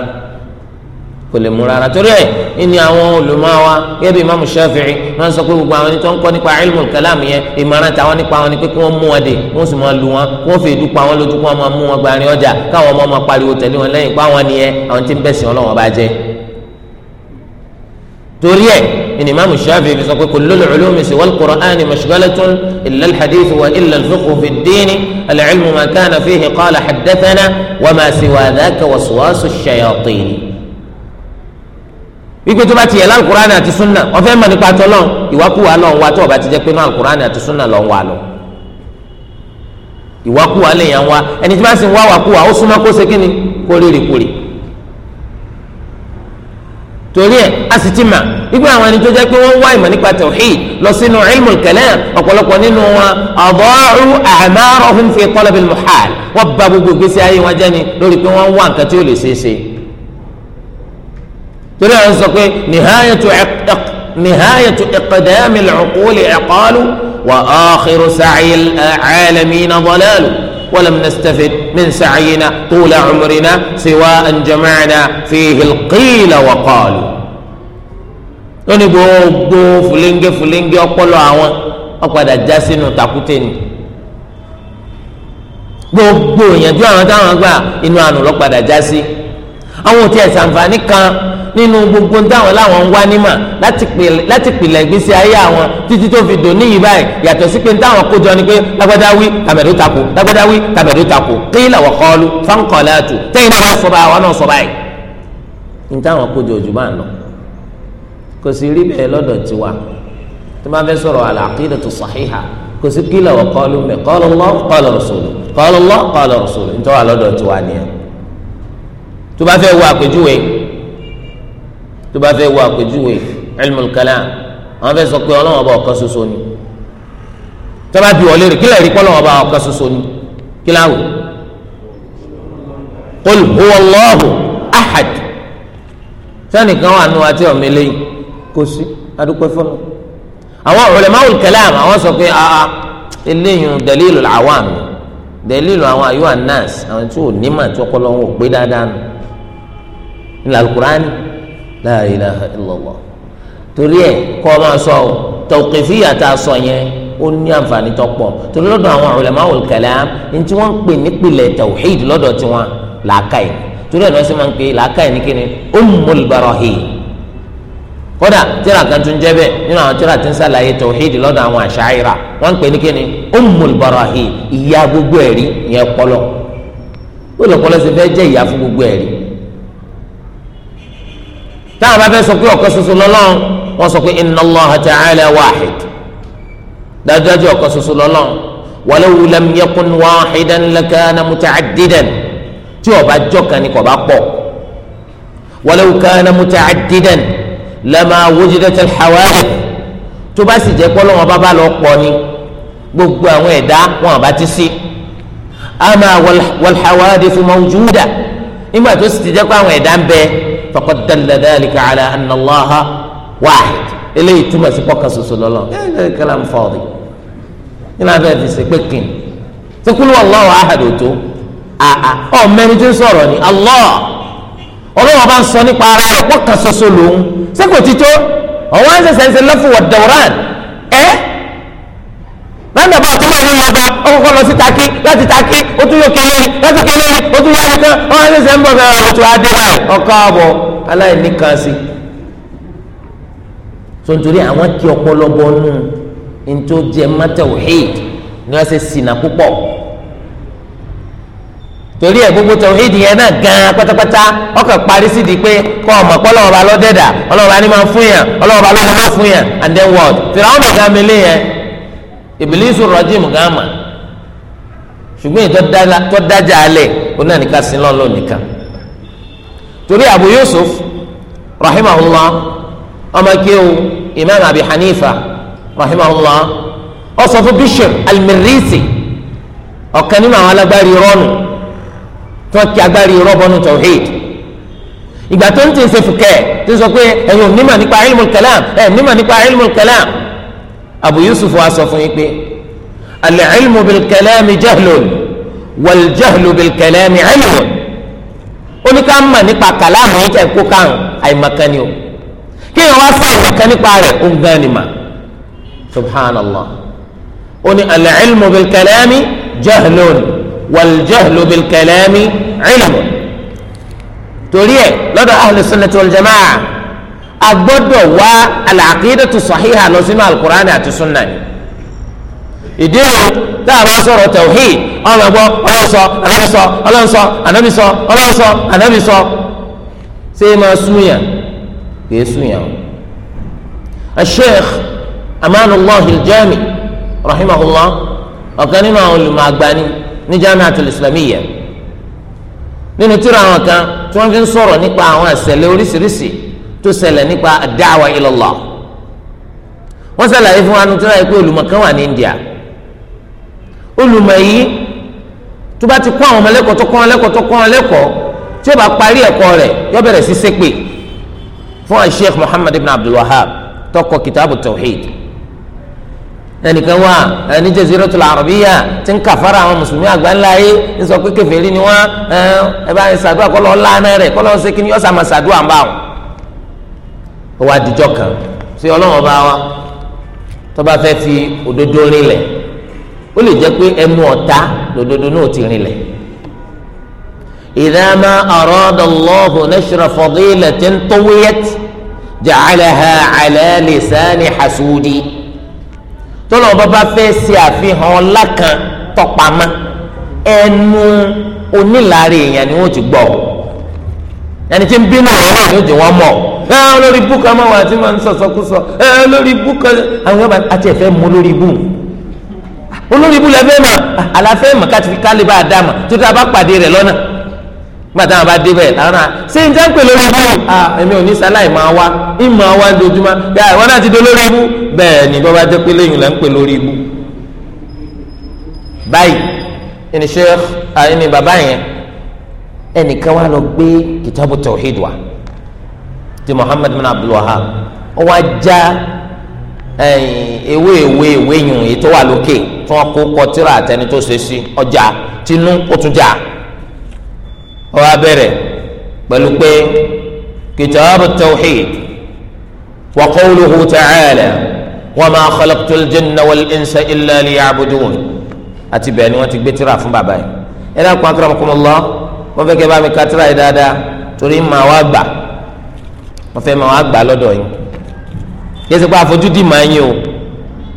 kò lè mú rárá torí ẹ ní àwọn olùmọ̀wá gẹ́gẹ́ bí imaamu shafi'i wọ́n sọ pé gbogbo àwọn ẹni tó ń kọ́ nípa ilmu kalam yẹn ìmọ̀ràn táwọn nípa wọn ni pé kí wọ́n mú wọn dé wọ́n sì máa lu wọn wọ́n fi èdú pa lójú kí wọ́n máa mú wọn gbarin ọjà káwọn ọmọ ọmọ pariwo tẹ̀lé wọn lẹ́yìn pa wọn nìyẹn àwọn tí ń bẹ̀sìn ọlọ́wọ́n bá jẹ́ torí ẹ ní imaamu shafi fi sọ pé kullul ulumi siwal qur'ani mashghalatun illa alhadith wa illa alfiqhu fi ddiini alcilmu ma kana fihi qala xadathana wama siwa daka waswaasu shayatin. wípé tó bá ti yẹ lọ alukur'ani àti sunna ọfẹ mọ nípa tọlọ ìwákùwà lọ ń wá tó o bá ti jẹ pé náà alukur'ani àti sunna lọ ń wá ìwákùwà lè yàn wá ẹni tí wọ́n sì ń wá wákùwà ó súnmọ́ kó ṣe kíni kó rírì torí ẹ a igbó àwọn ẹni tó jẹ́ pé wọ́n wá ìmọ̀ nípa tawhid lọ sínú ilmul kalam ọ̀pọ̀lọpọ̀ nínú wọn ada'u a'marahum fi talabil muhal wọ́n bà gbogbo gbèsè ayé wọn jẹ́ lórí pé wọ́n wá nǹkan tí ó lè ṣeé ṣe. torí àwọn sọ pé nihayatu iqdami al-uquli iqalu wa akhiru sa'yi al-alamina dalalu. ولم نستفد من سعينا طول عمرنا سوى أن جمعنا فيه القيل وقالوا lónìí gbogbo fúlẹ́ńgẹ́ fúlẹ́ńgẹ́ ọpọlọ àwọn ọ̀padà já sínú tàkúté ni gbogbo ìyànjú àwọn táwọn gbà inú àánú lọ́padà já sí àwọn òtí ẹ̀sẹ̀ àǹfààní kan nínú gbogbo táwọn láwọn ń wá nímà láti pìlẹ̀ ìgbésí ayé àwọn títí tó fi dòní yìí báyìí yàtọ̀ sí pé táwọn kójọ ni pé lágbádá wí tàmẹ̀dó tako lágbádá wí tàmẹ̀dó tako kéyìn làwọ̀ kọ́ọ́lù fáńkọ̀ọ́lá tù tẹ́yìn náà wọ́n sọ báyìí àwọn náà sọ báyìí ní táwọn kójọ òjò máa ń lọ kò sì rí bẹ́ẹ̀ lọ́dọ̀ tiwa tó máa fẹ́ sọ̀rọ̀ al-aqidatu sahiha kò sí qila wa qalu mẹ́ qala Allah qala rasulu qala Allah qala rasulu nítorí àlọ́dọ̀ tiwa nìyẹn tó bá fẹ́ wo àpèjúwe tó bá fẹ́ wo àpèjúwe ilmul kalam àwọn fẹ́ sọ pé Ọlọ́run ọba ọ̀kan ṣoṣo ni tó bá bi wọlé rè kí lẹ́ẹ̀rí pọ́lọ́run ọba ọ̀kan ṣoṣo ni kí láwù sani kan wà nù àti ọ̀mẹ́lẹ́yìn kò sí adúpẹ́ fọlọ́ àwọn ulama'ul kalam àwọn sọ pé aa ah, ah, eléyìí dalilu àwọn dalilu àwọn ayé wa nas àwọn tí ò ní mà tí ọpọlọ wọn ò gbé dáadáa nù nílẹ̀ alukurani la ilaha illallah torí ẹ kọ́ ọ máa sọ tawqifiyya tá a sọ yẹn ó ní àǹfààní tó pọ̀ torí lọ́dọ̀ àwọn ulama'ul kalam ní tí wọ́n ń pè nípìnlẹ̀ tawhid lọ́dọ̀ tiwọn làákàyè torí ẹ̀ lọ́sẹ̀ máa ń pè làákàyè ní kíni ummul barahin kódà tíra kan tún jẹ́ bẹ́ẹ̀ nínú àwọn tíra tí ń sàlàyé tòhídì lọ́dọ̀ àwọn àṣàyíra wọ́n ń pè ní kíni ummul barahi ìyá gbogbo ẹ̀rí yẹn pọlọ ó lọ pọlọ sí fẹ́ jẹ́ ìyá fún gbogbo ẹ̀rí táwọn bá fẹ́ sọ pé ọ̀kan ṣoṣo lọ́lọ́run wọ́n sọ pé inna Allaha ta'ala wahid dájúdájú ọ̀kan ṣoṣo lọ́lọ́run walau lam yakun wahidan lakana muta'addidan lama wujidat al-hawadith tó bá sì jẹ́ pọ́lọ́ wọn bá bá lọ pọ̀ ni gbogbo àwọn ẹ̀dá wọn bá ti sí ama wal-hawadith mawjuda nígbà tó sì ti jẹ́ pé àwọn ẹ̀dá ń bẹ faqad dalla dhalika ala anna Allaha wahid eléyìí túmọ̀ sí pọ́ka soso lọ́lọ́ ẹ̀ kalam fadhi nínú abẹ́ ti sè pé kìn sẹ́kúlù Allahu ahad òtó àà ọ̀ mẹ́rin tó sọ̀rọ̀ ni Allah ọlọ́wọ́ bá ń sọ nípa ara rẹ̀ pọ́ kan ṣoṣo lòun ṣé kò ti tó ọ̀wọ́n á ń ṣẹ̀ṣẹ̀ ń ṣe lọ́fù wọ̀ dẹ̀wọ̀rán ẹ́ lọ́nà bá ọtún máa ń lọ bá ọkọ̀ lọ sí takí láti takí ó tún yóò kéré láti kéré ó tún yára tán ọ̀wọ́n á ń ṣẹ̀ṣẹ̀ ń bọ̀ bẹ́ẹ̀ ọ̀tún adé báyìí ọkọ̀ àbọ̀ aláìní kan sí i sontori àwọn kí ọpọlọ bọnú ntó jẹ mọtẹwò hate ni wọn ṣe sinà púpọ̀ torí ẹ gbogbo tawhid yẹn náà gan pátápátá ọkàn parí sí di pé kọ́ ọmọ pọ́ lọ́wọ́ ba ló dẹ́dà ọlọ́wọ́ ba ni máa fún yàn ọlọ́wọ́ ba ló máa fún yàn and then what fìràwọ́n gan mi lé yẹn ìbílísù rọ́jìm gan mà ṣùgbọ́n ìtọ́ dájà alẹ̀ ó náà nìkan sí lọ́lọ́ nìkan torí Abu Yusuf rahimahullah ọmọ kéwu imam Abi Hanifa rahimahullah ó fún Bishr al ọ̀kan nínú àwọn alágbárí rọ́ọ̀nù tí wọ́n ti agbárí rọ́bọ̀nù tawhid ìgbà tó ń ti ṣe fùkẹ́ tó sọ pé ẹ̀yin ò nímọ̀ nípa ilmul kalam ẹ̀ nímọ̀ nípa ilmul kalam Abu Yusuf wa sọ fún yín pé al-ilmu bil kalami jahlun wal jahlu bil kalami ilmun ó ní ká mọ̀ nípa kàlámù yín kẹ́ kó káàrún àìmọ̀kan ni o kéèyàn wá fún àìmọ̀kan nípa rẹ̀ ó ń gan mà subhanallah ó ní al-ilmu bil kalami jahlun wàlùjẹ́hùlù bìlkẹ̀lẹ́mí ìlànà torí ẹ lọ́dọ̀ ahlus sunnati wal jamaa a gbọ́dọ̀ wá al-aqidatu sahiha lọ sínú alukur'ani àti sunna ni ìdí o tá a bá sọ̀rọ̀ tawhid ọ̀nà gbọ́ ọlọ́sọ ọlọ́sọ ọlọ́sọ ànábìsọ ọlọ́sọ ànábìsọ ṣé é máa súnyà kìí súnyà o. asheikh amanullahi aljami rahimahullah ọ̀kan nínú àwọn olùmọ̀ àgbà ni ní jamiatul islamiyya nínú tíra àwọn kan tí wọ́n fi ń sọ̀rọ̀ nípa àwọn àṣẹlẹ̀ oríṣiríṣi tó ṣẹlẹ̀ nípa ad-da'wa ila Allah wọ́n ṣàlàyé fún wa nítorí àìpé olùmọ̀ kan wà ní India olùmọ̀ yìí tó bá ti kọ́ àwọn ọmọlẹ́kọ̀ọ́ tó kọ́ wọn lẹ́kọ̀ọ́ tó kọ́ wọn lẹ́kọ̀ọ́ tí ó bá parí ẹ̀kọ́ rẹ̀ yó bẹ̀rẹ̀ sí ṣépè fún Sheikh Muhammad ibn Abdul Wahhab kitabu tawhid ẹnìkan wà ní Jaziratul Arabia tí ń kàfàrà àwọn mùsùlùmí àgbáńlá yìí ń sọ pé kèfèrí ni wọ́n ẹ bá ń ṣàdúrà kọ́ lọ́ọ́ lánà rẹ̀ kọ́ lọ́ọ́ ṣe kí ni ọ̀sà máa ṣàdúrà ń bá wọn. ó wá dijọ́ kan sí ọlọ́run ọba wa tó fẹ́ fi òdodo rinlẹ̀ ó lè jẹ́ pé ẹnu ọ̀tá lòdodo náà ti rinlẹ̀. Idha ma arada Allahu nashra fadilatin tawiyat ja'alaha ala tọ́lọ̀ bàbá fẹ́ ṣe àfihàn ọlá kan tọpamọ́ ẹnu onílàárẹ̀ èèyàn ni wọ́n ti gbọ́ ẹni tí ń bínú ọ̀rọ̀ náà ni ó jẹ́ wọ́n mọ̀ ẹ lórí búkà máa wà tí máa ń sọ̀sọ̀kúsọ ẹ lórí búkà àwọn yàrá àti ẹ̀fẹ́ mú lórí bú olórí bú lẹ́fẹ́ mà àlàfẹ́ mà káàtì fi kálíbà dá mà tó dáa bá pàdé rẹ̀ lọ́nà gbàtà àwọn bá débẹ̀ lánàá ṣé n jẹ́ ń pè lórí ibú à èmi ò ní sáláì máa wá ń máa wá dojúmọ́ yà ìwọ náà ti dé lórí ibú bẹ́ẹ̀ ni bọ́ba jẹ́ pé lẹ́yìn lẹ́ ń pè lórí ibú. báyìí ẹni ṣe ẹni bàbá yẹn ẹnìkan wá lọ gbé kìtàbù tawhid wa ti Muhammad bin Abdul Wahab wá já ewé ewé ewé yùn tó wà lókè tí wọ́n kó àtẹni tó ṣe sí ọjà tinú ó tún jà. Ja ó wá bẹ̀rẹ̀ pẹ̀lú pé kìtàbù tawhid wa qawluhu ta'ala wa ma khalaqtul jinna wal insa illa liya'budun àti bẹ́ẹ̀ ni wọ́n ti gbé tírà fún bàbá yìí ẹ náà kún akramakumullah wọ́n fẹ́ kẹ́ bá mi ka tírà yìí dáadáa torí màá wá gbà wọ́n fẹ́ màá wá gbà lọ́dọ̀ yìí yẹsẹ pé àfojúdi máa ń yín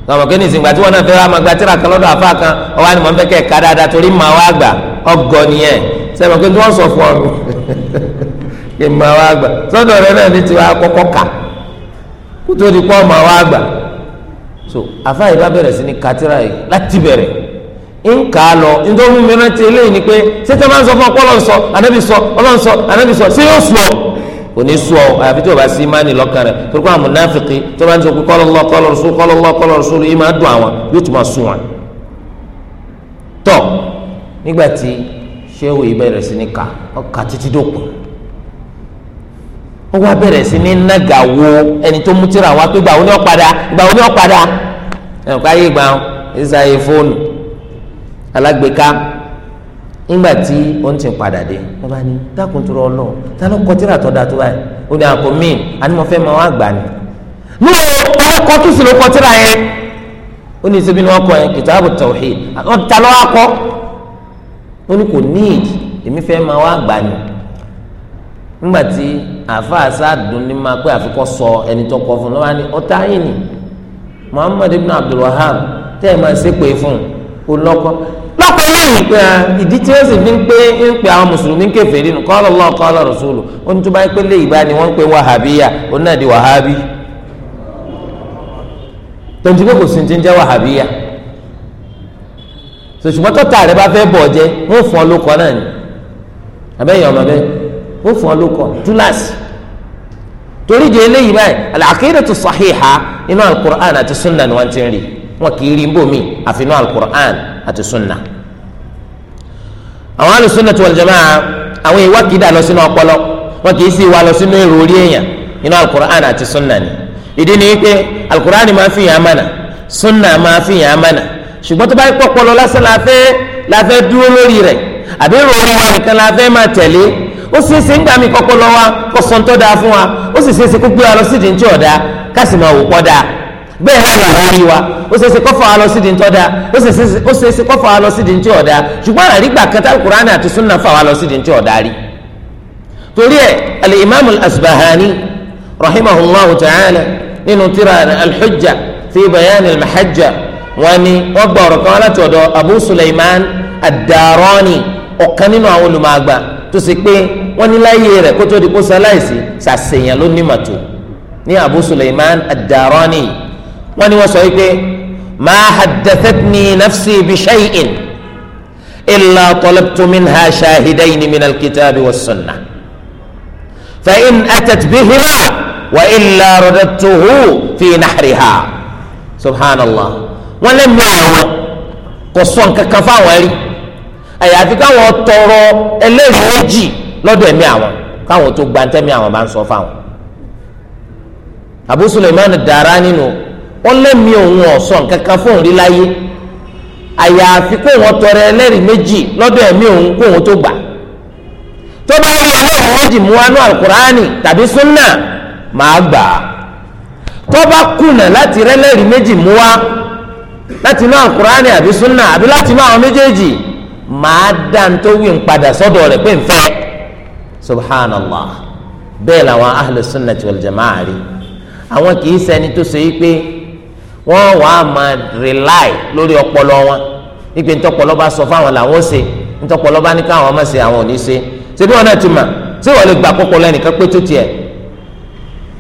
o àwọn kò ní ìsìngbà tí wọn náà fẹ́ wá máa gba tíra kan lọ́dọ̀ àfa kan ọwọ́ àni mọ̀ ń bẹ́ kẹ́ ẹ̀ka dáadáa torí máa wá gbà ọgọ nìyẹn sẹ́wọ̀n pé tí wọ́n sọ fún ọ nù kí n máa wá gbà sọ́dọ̀ rẹ náà ní tiwa kọ́kọ́ kà kó tó di pọ́ máa wá gbà so àfáà yìí bá bẹ̀rẹ̀ sí ní katira yìí láti bẹ̀rẹ̀ nka lọ nítorí mi rántí eléyìí ni pé sẹ́tẹ̀ máa ń sọ fún ọpọlọ ń sọ anábì sọ ọlọ́run sọ anábì sọ ṣé yóò sùn ọ́ kò ní sùn ọ́ àyàfi tí o bá sí imáni lọ́kàn rẹ̀ torí pé àwọn mùnáfìkì tó bá ń sọ pé qala Allah qala Rasul qala Allah qala Rasul yìí máa ṣéwù yìí bẹ̀rẹ̀ sí ní ka ọkà títí dòkun ó wá bẹ̀rẹ̀ sí ní nàgà wo ẹni tó mú tíra wá pé gbà oní ọ̀padà gbà oní ọ̀padà ẹnì ká yé gbà ó ẹ̀sà yẹ fóònù alágbèéká ńgbà tí ó ń tì padà dé wọ́n bá ní dákun tó rọ lọ ta ló kọ tíra tó da tó báyìí ó ní àkó míì àní mo fẹ́ máa wá gbà ni ní o àwọn kọ tó sì ló kọ tíra yẹn ó ní ìsebí ni wọ́n kọ yẹn kìtàbù tawhid ta ló wá kọ́ ó ní kò need èmi fẹ́ máa wá gbà ní nígbà tí sáàdùn ní pé àfikọ́ sọ ẹni tó kọ fún un lọ́wọ́ ni ọ̀tá yìí ni Muhammad ibn Abdulwahab tẹ́ ẹ̀ máa ṣe pé fún un lọ́kọ́ lọ́kọ́ lẹ́yìn ah, ìdí tí ó sì fi ń pé ń pe àwọn mùsùlùmí ó ní tó sòṣùmọ́ tọ́ta rẹ bá fẹ́ bọ̀ jẹ wọ́n fún ọ lóko náà ni abẹ́yẹ ọmọ bẹ́ẹ̀ wọ́n fún ọ lóko túláàsì torí di eléyìí báyìí al-aqidatu sahiha inú al-Qur'an àti sunna ni wọ́n ti ń rí wọn kì í rí bómi àfi inú al-Qur'an àti sunna àwọn al-sunnati wal-jama'a àwọn ìwà kìí dà lọ sínú ọpọlọ wọn kì í sì wà lọ sínú èrò orí èèyàn inú al àti sunna ni ìdí ni pé al máa fi yàn án mánà sunna máa fi yàn án mánà ṣùgbọ́n tó bá pọ̀ pọ̀ lọ lásán la fẹ́ la fẹ́ dúró lórí rẹ̀ àbí ròrùn wa nìkan la fẹ́ máa tẹ̀lé ó sì ṣe ń gbà mí kọ́kọ́ lọ wa kó sọ tó dáa fún wa ó sì ṣe é ṣe kó gbé wa lọ sídìí ní tí ọ̀dà ká sì máa wò pọ̀ dáa bẹ́ẹ̀ náà làwọn arí wa ó ṣe é ṣe kó fà wá lọ sídìí ní tí ọ̀dà ó ṣe é ṣe kó fà wá lọ sídìí ní tí ọ̀dà ṣùgbọ́n àrígbà kẹta kùránì àti súnà fà wá lọ sídìí ní tí ọ̀dà rí torí ẹ̀ al-imam al-asbahani rahimahullahu ta'ala nínú tírà al fi bayan al wọ́n ní wọ́n gba ọ̀rọ̀ kan láti ọ̀dọ̀ abu suleiman adarani ọ̀kan nínú àwọn olùmọ̀àgbà tó ṣe pé wọ́n ní láyé rẹ̀ kó tó di kó sáláìsì sàṣeyàn ló ní màtó ní abu suleiman adarani wọ́n ní wọ́n sọ wípé ma haddathatni nafsi bi shay'in illa talabtu minha shahidayn min alkitabi wa fa in atat bihima wa illa radadtuhu fi nahriha subhanallah wọn lẹ́nu àwọn kò sọ nǹkan kan fáwọn rí àyàfi káwọn tọrọ ẹlẹ́rìí méjì lọ́dọ̀ ẹ̀mí àwọn káwọn tó gbantẹ́mí àwọn bá ń sọ fáwọn. Abu Sulaiman dara nínú wọn lẹ́mí òun ọ̀sán kankan fóun rí láyé àyàfi kó wọn tọrọ ẹlẹ́rìí méjì lọ́dọ̀ ẹ̀mí òun kó tó gbà tó bá rí ẹlẹ́rìí mú anú alukurani tàbí sunna máa gbà tó bá kùnà láti rẹ́lẹ́rìí mú wa láti inú àkùránì àbí súnà àbí láti inú àwọn méjèèjì màá dá nítorí ń padà sọ́dọ̀ rẹ̀ pé ń fẹ́ subhanallah bẹ́ẹ̀ làwọn ahlu sunnati wal jama'a rí àwọn kì í ṣẹni tó ṣe wípé wọ́n wà á máa rely lórí ọpọlọ wọn wípé ntọ́pọlọ bá sọ fáwọn làwọn ó ṣe ntọ́pọlọ bá ní káwọn má ṣe àwọn ò ní ṣe ṣé bí wọn náà ti mà ṣé wọn lè gbà pọpọlọ ẹnìkan pé tó tiẹ̀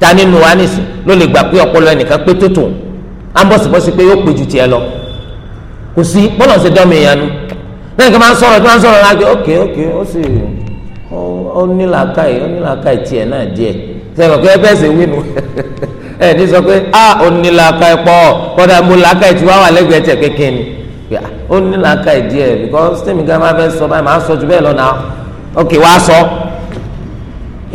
ta nínú wa nìsín ló lè gbà pé ọpọlọ ẹnìkan pé tó tòun à ń bọ̀sibọ́sí pé yóò péjú tiẹ̀ lọ kò sí bọ́lá ń ṣe dọ́mi ìyanu lẹ́yìn kí n máa ń sọ̀rọ̀ kí n máa ń sọ̀rọ̀ lágbẹ́ ókè ókè ó sì ó nílàákàyè ó nílàákàyè tiẹ̀ náà díẹ̀ sẹ́wọ̀n pé ẹ bẹ́ẹ̀ ṣe wínu ẹ ní sọ pé a ó nílàákàyè pọ̀ kọ́dà mo làákàyè tí wàá wà lẹ́gbẹ̀ẹ́ tiẹ̀ kékeré ni ó nílàákàyè díẹ̀ because tèmi gan máa fẹ́ sọ báyìí máa sọ ju bẹ́ẹ̀ lọ náà ókè wàá sọ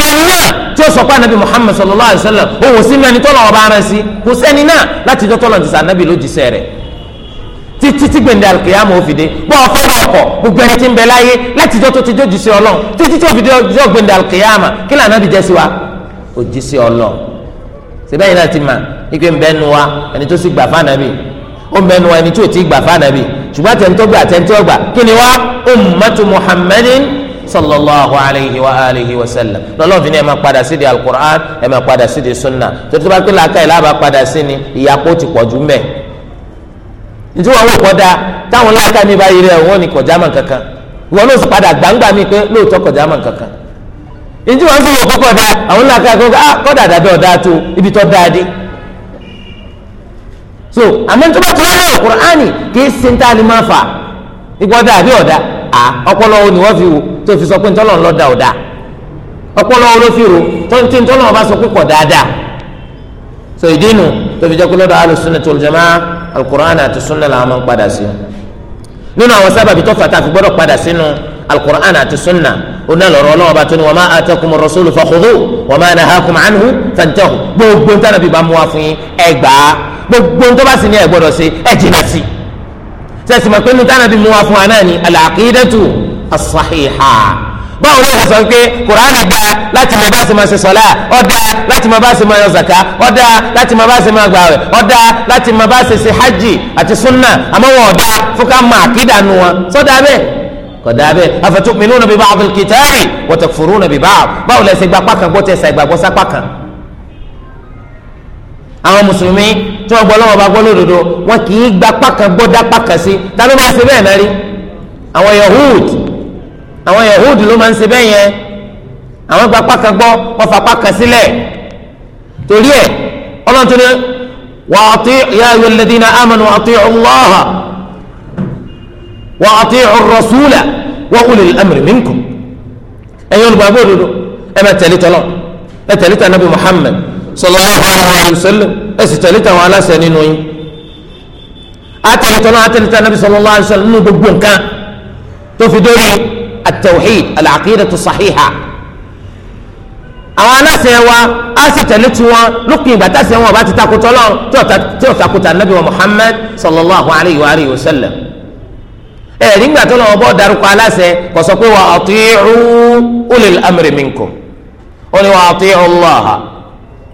tani náà tí ó sọ pé anabi muhammed sallallahu alayhi wa sallam òun sí mẹni tọ́lọ̀ ọba ara sí kò sẹ́ni náà láti tọ́ tọ́lọ̀ tìsà anabi ló jíṣẹ́ rẹ̀ títí tí gbèndé alikiyama òfìdé bọ́ ọ fẹ́ràn ọkọ̀ gbogbo ẹni tí ń bẹ láyé láti tọ́ tó ti jó jíṣẹ́ ọlọ́run títí tí òfìdé ọjọ́ gbèndé alikiyama kí lànà bí jẹ́ sí wa ó jíṣẹ́ ọlọ́run sẹ́bẹ̀yìn náà ti mà ike ń bẹ́nu wa ẹni tó sì gbà fáànàbì sallallahu alayhi wa alihi wa sallam lọ́lọ́run fi ni ẹ máa padà sí di alukur'an ẹ máa padà sí di sunna torí tó bá pé làákàyè lába padà sí ni ìyàpọ̀ ti pọ̀ jù mbẹ̀ ntí wọn wò kọ́ da táwọn làákàyè mi bá yiri ẹ̀ wọ́n ni kọjá mọ̀ kankan wọn ló sì padà gbangba mi pé lóòótọ́ kọjá mọ̀ kankan ntí wọn sì wò kọ́kọ́ da àwọn làákàyè kọ́ ah kọ́dà dàbẹ́ ọ̀dà tó ibi tó dáa so àmọ́ ntí wọn ti wọ́n lọ́wọ́ kùránì kì í sin tá a ni máa fà ìgbọ́dà àbí ọ̀dà à ọpọlọ wo ni wọ́n fi wò tó fi sọ pé ntọ́lọ́ ńlọ da ọ̀dà ọpọlọ wo ló fi rò tó ń tí ntọ́lọ́ wọn bá sọ pé kọ̀ dáadáa so ìdí tó fi jẹ́ pé lọ́dọ̀ al-sunnah wal jamā'ah al àti sunna làwọn máa ń padà sí nínú àwọn sábàbí tó fàtà fi gbọ́dọ̀ padà sínú al àti sunna oná lọ́rọ̀ ọlọ́wọ́ bá tó ní wa mā ātākumu rasūlu fakhudhūhu wa mā nahākum ʿanhu fantahū gbogbo ntọ́nà bíbá mú wa fún yín ẹgbàá gbogbo ntọ́ bá sì ní ẹ gbọ́dọ̀ ṣe sí i sẹ́sì mọ̀ pé nùtánà bí mu wá fún wa náà ni al-aqidatu as-sahiha báwo ló yẹ sọ pé kùránì dá láti máa bá ṣe máa ṣe sọlá ó dá láti máa bá ṣe máa yọ zaka ó dá láti máa bá ṣe máa gbààwẹ̀ ó dá láti máa bá ṣe ṣe hajj àti sunna àmọ́ wọn ò dá fún ká nu wọn sọ́dà bẹ́ẹ̀ kọ̀dà bẹ́ẹ̀ afatu'minuna bi ba'dil kitabi wa takfuruna bi ba'd báwo lẹ ṣe kan gbọ́ tẹ̀sà ìgbàgbọ́ sápá kan àwọn mùsùlùmí tí wọ́n gbọ́ lọ́wọ́ bá gbọ́ lódodo wọn kì í gba pákà gbọ́dá pákà sí ta ló máa ṣe bẹ́ẹ̀ náà rí àwọn yahood àwọn yahood ló máa ń ṣe bẹ́ẹ̀ yẹn àwọn gba pákà gbọ́ wọ́n pákà sílẹ̀ torí ẹ̀ ọlọ́run tó ní وأطيعوا يا أيها الذين آمنوا أطيعوا الله وأطيعوا الرسول وأولي الأمر منكم أيها البابور أما تلت الله أتلت النبي محمد sallallahu alaihi wasallam ẹ sì tẹ̀lé tàwọn aláṣẹ nínú yín atẹlẹtọ náà atẹlẹtọ anabi sallallahu alaihi wasallam nínú gbogbo nǹkan tó fi dórí at-tawhid al-aqidatu sahiha àwọn aláṣẹ wa á sì tẹ̀lé tiwọn lópin ìgbà táṣẹ wọn bá ti takùtọ̀ lọ tí ò takùtà anabi wa muhammad sallallahu alaihi wa alihi wasallam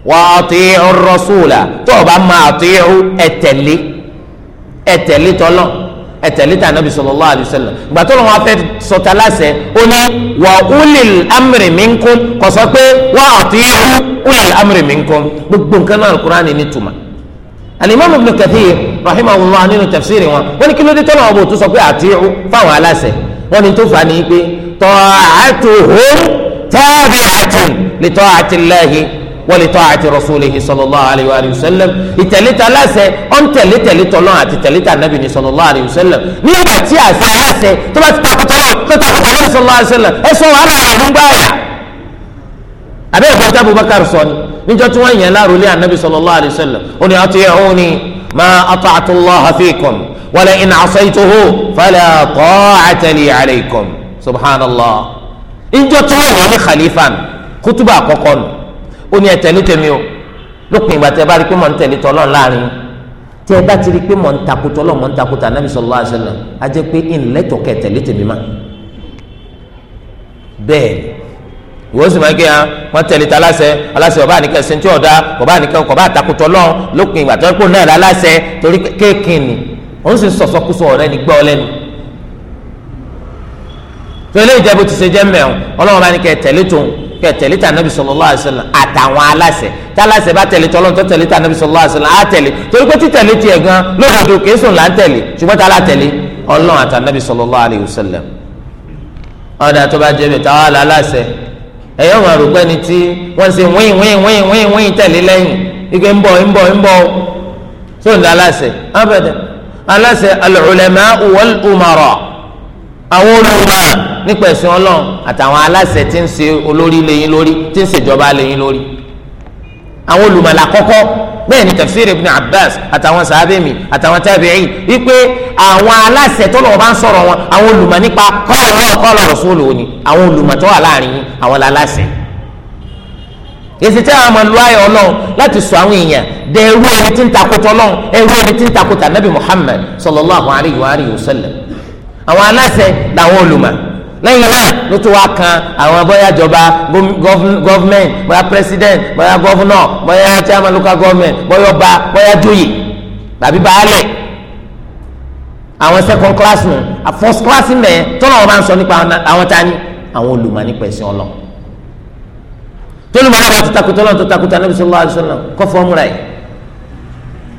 wà á ti rọ́sùlà tó o bá máa ti hu ẹ̀tẹ̀lé ẹ̀tẹ̀lé tọ́lọ̀ ẹ̀tẹ̀lé tà nàbì sallallahu alaihi wasallam ìgbà tó lọ́wọ́ afẹ́ sọ̀tà lásẹ̀ ó ní wà ulil amri minkum kò sọ pé wà á ti hu ulil amri minkum gbogbo nǹkan náà Al-Qur'ani ní tuma alimami ibn Kathir rahimahullah nínú tafsiri wọn wọn ni kí tọ́lọ̀ wọn bò tó sọ pé àti fáwọn aláṣẹ wọn ni tó fà ní pé tọ́ àtúhó tàbí wali ta'ati rasulihi sallallahu alayhi wa sallam ìtẹ̀lẹ́tà aláṣẹ ọ̀n tẹ̀lẹ́tẹ̀lẹ́ tọ́lọ́ àti tẹ̀lẹ́tà nàbì ni sallallahu alayhi wa sallam nígbà tí àṣẹ aláṣẹ tó bá ti takò tọ́lọ́ tó takò tọ́lọ́ sallallahu alayhi wa sallam ẹ sọ wàhálà àwọn gbá àyà. àbẹ́ ìgbà tí Abubakar sọ ni níjọ́ tí wọ́n yẹn láàrú lé ànábì sallallahu alayhi wa sallam ó ní ati'uni ma ata'tu ó ní ẹ tẹ̀lé tèmi o lópin ìgbà tẹ bá rí pé mò ń tẹ̀lé tọ́lọ́ láàrin tẹ ẹ bá ti rí pé mò ń takò tọ́lọ́ mò ń takò tà nàbì sallallahu alaihi wasallam á jẹ́ pé ìnlẹ́tọ̀ kẹ tẹ̀lé tèmi má bẹ́ẹ̀ ìwọ sì máa ń gé ya wọn tẹ̀lé ta aláṣẹ aláṣẹ ọba àníkẹ́ sentí ọ̀dà ọba àníkẹ́ ọba àtakùtọ̀ lọ́n lópin ìgbà tó ń pò náà láláṣẹ torí kéèkì ni òun sì ń sọ̀sọ́kúsọ ọ̀rẹ́ kẹ tẹ̀lé ta nabi sallallahu alaihi wasallam àtàwọn aláṣẹ tá aláṣẹ bá tẹ̀lé tọlọ tó ta nabi sallallahu alaihi wasallam á torí pé títẹ̀lé tiẹ̀ gan lóòótọ́ kéésùn là ń ṣùgbọ́n a tẹ̀lé Ọlọ́run àtà nabi sallallahu alaihi wasallam. ọ̀dà tó bá jẹ́ bẹ̀ ẹ̀yọ́ wọn àrùgbẹ́ ni tí wọ́n ṣe tẹ̀lé lẹ́yìn ike sóńdà aláṣẹ aláṣẹ àwọn olùmọ̀ nípa ẹ̀sìn ọlọ́run àtàwọn aláṣẹ tí ń ṣe olórí lẹ́yìn lórí tí ń ṣèjọba lẹ́yìn lórí àwọn olùmọ̀ làkọ́kọ́ bẹ́ẹ̀ ni tafsir ibn abbas àtàwọn sàábẹ́mi àtàwọn tábìrì wípé àwọn aláṣẹ tó lọ́wọ́ bá ń sọ̀rọ̀ wọn àwọn olùmọ̀ nípa kọ́lọ̀ náà kọ́lọ̀ rọ̀sọ́lù òní àwọn olùmọ̀ tó wà láàrin yín àwọn làláṣẹ. èsì tí àwọn ọmọlúwa yọ ọlọ́run láti sọ àwọn èèyàn dẹ ẹrú ẹni tí ń takò tọ́lọ́run ẹrú ẹni tí ń takò tànàbì muhammad sallallahu alayhi wa alihi wa sallam àwọn aláṣẹ làwọn olùmọ̀ lẹ́yìn náà ló tún wá kan àwọn bóyá jọba gọ́fúmẹ̀ntì bóyá pírẹsidẹ̀ntì bóyá gọ́fúnọ̀ bóyá chairman local government bóyá ọba bóyá joyè tàbí baálẹ̀ àwọn second class A first class mẹ́ tọ́lá wọn bá ń sọ nípa àwọn tani àwọn olùmọ̀ nípa ẹ̀sìn ọlọ tolumọ náà bá tó takùtà lọ́nà tó takùtà Ànábì sallallahu alaihi wasallam kọ́ fọ́ọ̀mù rẹ̀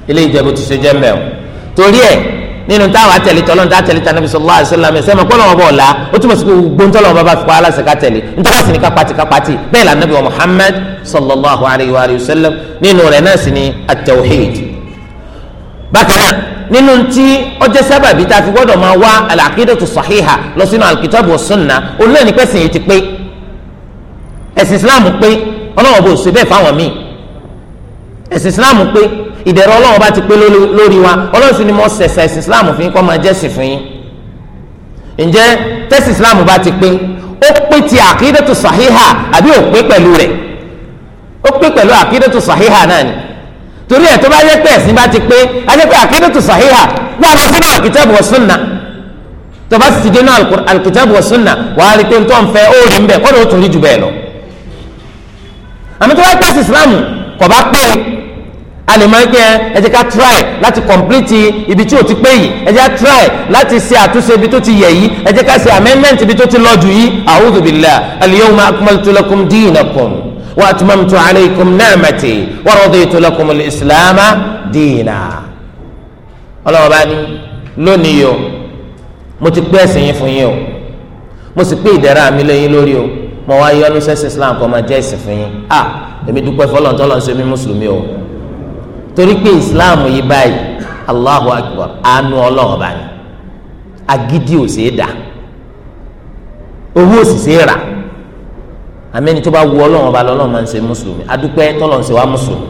ilé ìjẹ́bù ti ṣe jẹ́ mbẹ́ o torí ẹ̀ nínú táwọn àtẹ̀lé tọ́lọ́ ní àtẹ̀lé tànàbí sallallahu alaihi wasallam ẹ̀sẹ̀ mọ̀ kọ́lọ́wọ́ bọ̀ ọ̀la ó túmọ̀ sí pé gbogbo ń tọ́lọ́wọ́ bá fi kọ́ aláṣẹ ká tẹ̀lé ntọ́lá sí ni ká pati ká pati bẹ́ẹ̀ la nàbí wa Muhammad sallallahu alayhi wa sallam nínú rẹ̀ náà sì ni at-tawhid. bákan náà nínú tí ó jẹ́ sábàbí tá gbọ́dọ̀ máa wá al ẹ̀sìn islam pé ìdẹ̀rọ ọlọ́run bá ti pé lórí wa ọlọ́run sì ni mo sẹ̀sà ẹ̀sìn islam fún yín kọ́ máa jẹ́ sìn fún yín ǹjẹ́ tẹ́sí islam bá ti pé ó pé ti àkídẹ́tù sàhíhà àbí ò pé pẹ̀lú rẹ̀ ó pé pẹ̀lú àkídẹ́tù sàhíhà náà ni torí ẹ̀ tó bá yẹ pé ẹ̀sìn bá ti pé ajẹ́ pé àkídẹ́tù sàhíhà wà lọ sínú àkìtàbù wa sunna tó bá sì ti dé náà àkìtàbù wa sunna wà á rí pé tó ń fẹ́ ó rí ń bẹ̀ kọ́ tún rí jù bẹ́ẹ̀ lọ àmì tó bá pẹ́ sí islam kò bá pẹ́ a lè máa ń gbé ẹ jẹ́ ká try láti complete ibi tí o ti pé yìí ẹ jẹ́ ká try láti ṣe àtúnṣe ibi tó ti yẹ yìí ẹ jẹ́ ká ṣe amendment ibi tó ti lọ jù yìí a'udhu billahi al-yawma akmaltu lakum dinakum wa atmamtu alaykum ni'mati wa raditu lakum al-islam dina ọlọ́wọ́ bá o mo ti pé ẹ̀sìn yín fún yín o mo sì pé ìdẹ̀ra mi lẹ́yìn lórí o mo wá yọ́nú sẹ́sìn islam kọ́ máa jẹ́ ẹ̀sìn fún yín ah èmi dúpẹ́ fọlọ́ntọ́lọ́ ń ṣe mí mùsùlùmí o torí pé islam yìí báyìí allahu akbar àánú ọlọ́run ọba ni agídí ò sí dà owó ò sì sí rà àmẹ́ni tó bá wu ọlọ́run ọba lọ́lọ́run máa ń ṣe mùsùlùmí adúpẹ́ tọ́lọ́run ṣe wá mùsùlùmí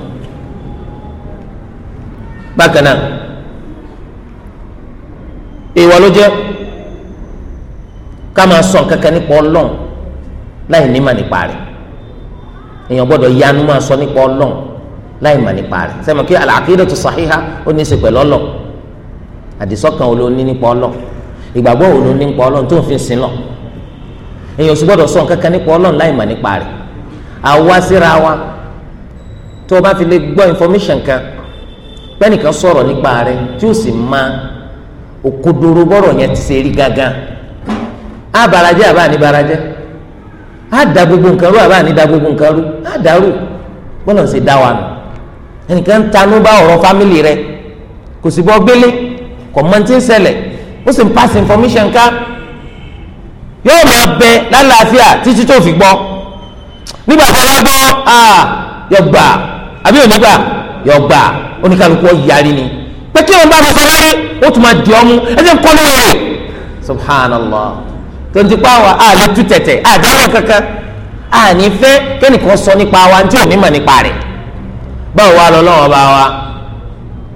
bákan náà ìwọ ló jẹ́ ká máa sọ nǹkan nípa ọlọ́run láì nímà nípa rẹ̀ èèyàn gbọ́dọ̀ yanu máa sọ nípa ọlọ́run láì mà nípa rẹ̀ sẹ́mi kí al-aqidatu sahiha ó ní í ṣe pẹ̀lú ọlọ́ àdìsọ́kàn wo ló ní nípa ọlọ́ ìgbàgbọ́ wo ló ní nípa ọlọ́ tó ń fi sin lọ èèyàn sì gbọ́dọ̀ sọ nǹkan kan nípa ọlọ́ láì mà nípa rẹ̀ àwa síra wa tó o bá fi lè gbọ́ information kan pẹ́nìkan sọ̀rọ̀ nípa rẹ̀ tí ó sì máa òkodoro bọ́rọ̀ yẹn ti ṣe rí gangan á barajẹ́ àbá ní barajẹ́ á da gbogbo nǹkan rú àbá ní da gbogbo nǹkan rú á dàrú bọ́lọ̀ ń ṣe dá wa nù ẹnìkan ń tanú bá ọ̀rọ̀ fámìlì rẹ kò sì bọ́ gbélé kò mọ tí ń ṣẹlẹ̀ ó sì ń pass information ká yóò máa bẹ lálàáfíà títí tó fi gbọ́ nígbà tó wá gbọ́ yọ gbà àbí òní gbà yọ gbà oníkàlùkù ọ̀yàrí ni pé kí òun bá fọfọ láyé ó tún máa di ọmú ẹ ti ń kọ́ lóore subhanallah tó ń ti pa àwọn àlejò tẹ̀tẹ̀ àdáwọ̀ kankan àní fẹ́ kẹ́nìkan sọ nípa wa tí ò ní mọ̀ nípa rẹ̀ báwo wá lọ lọ́wọ́ bá wa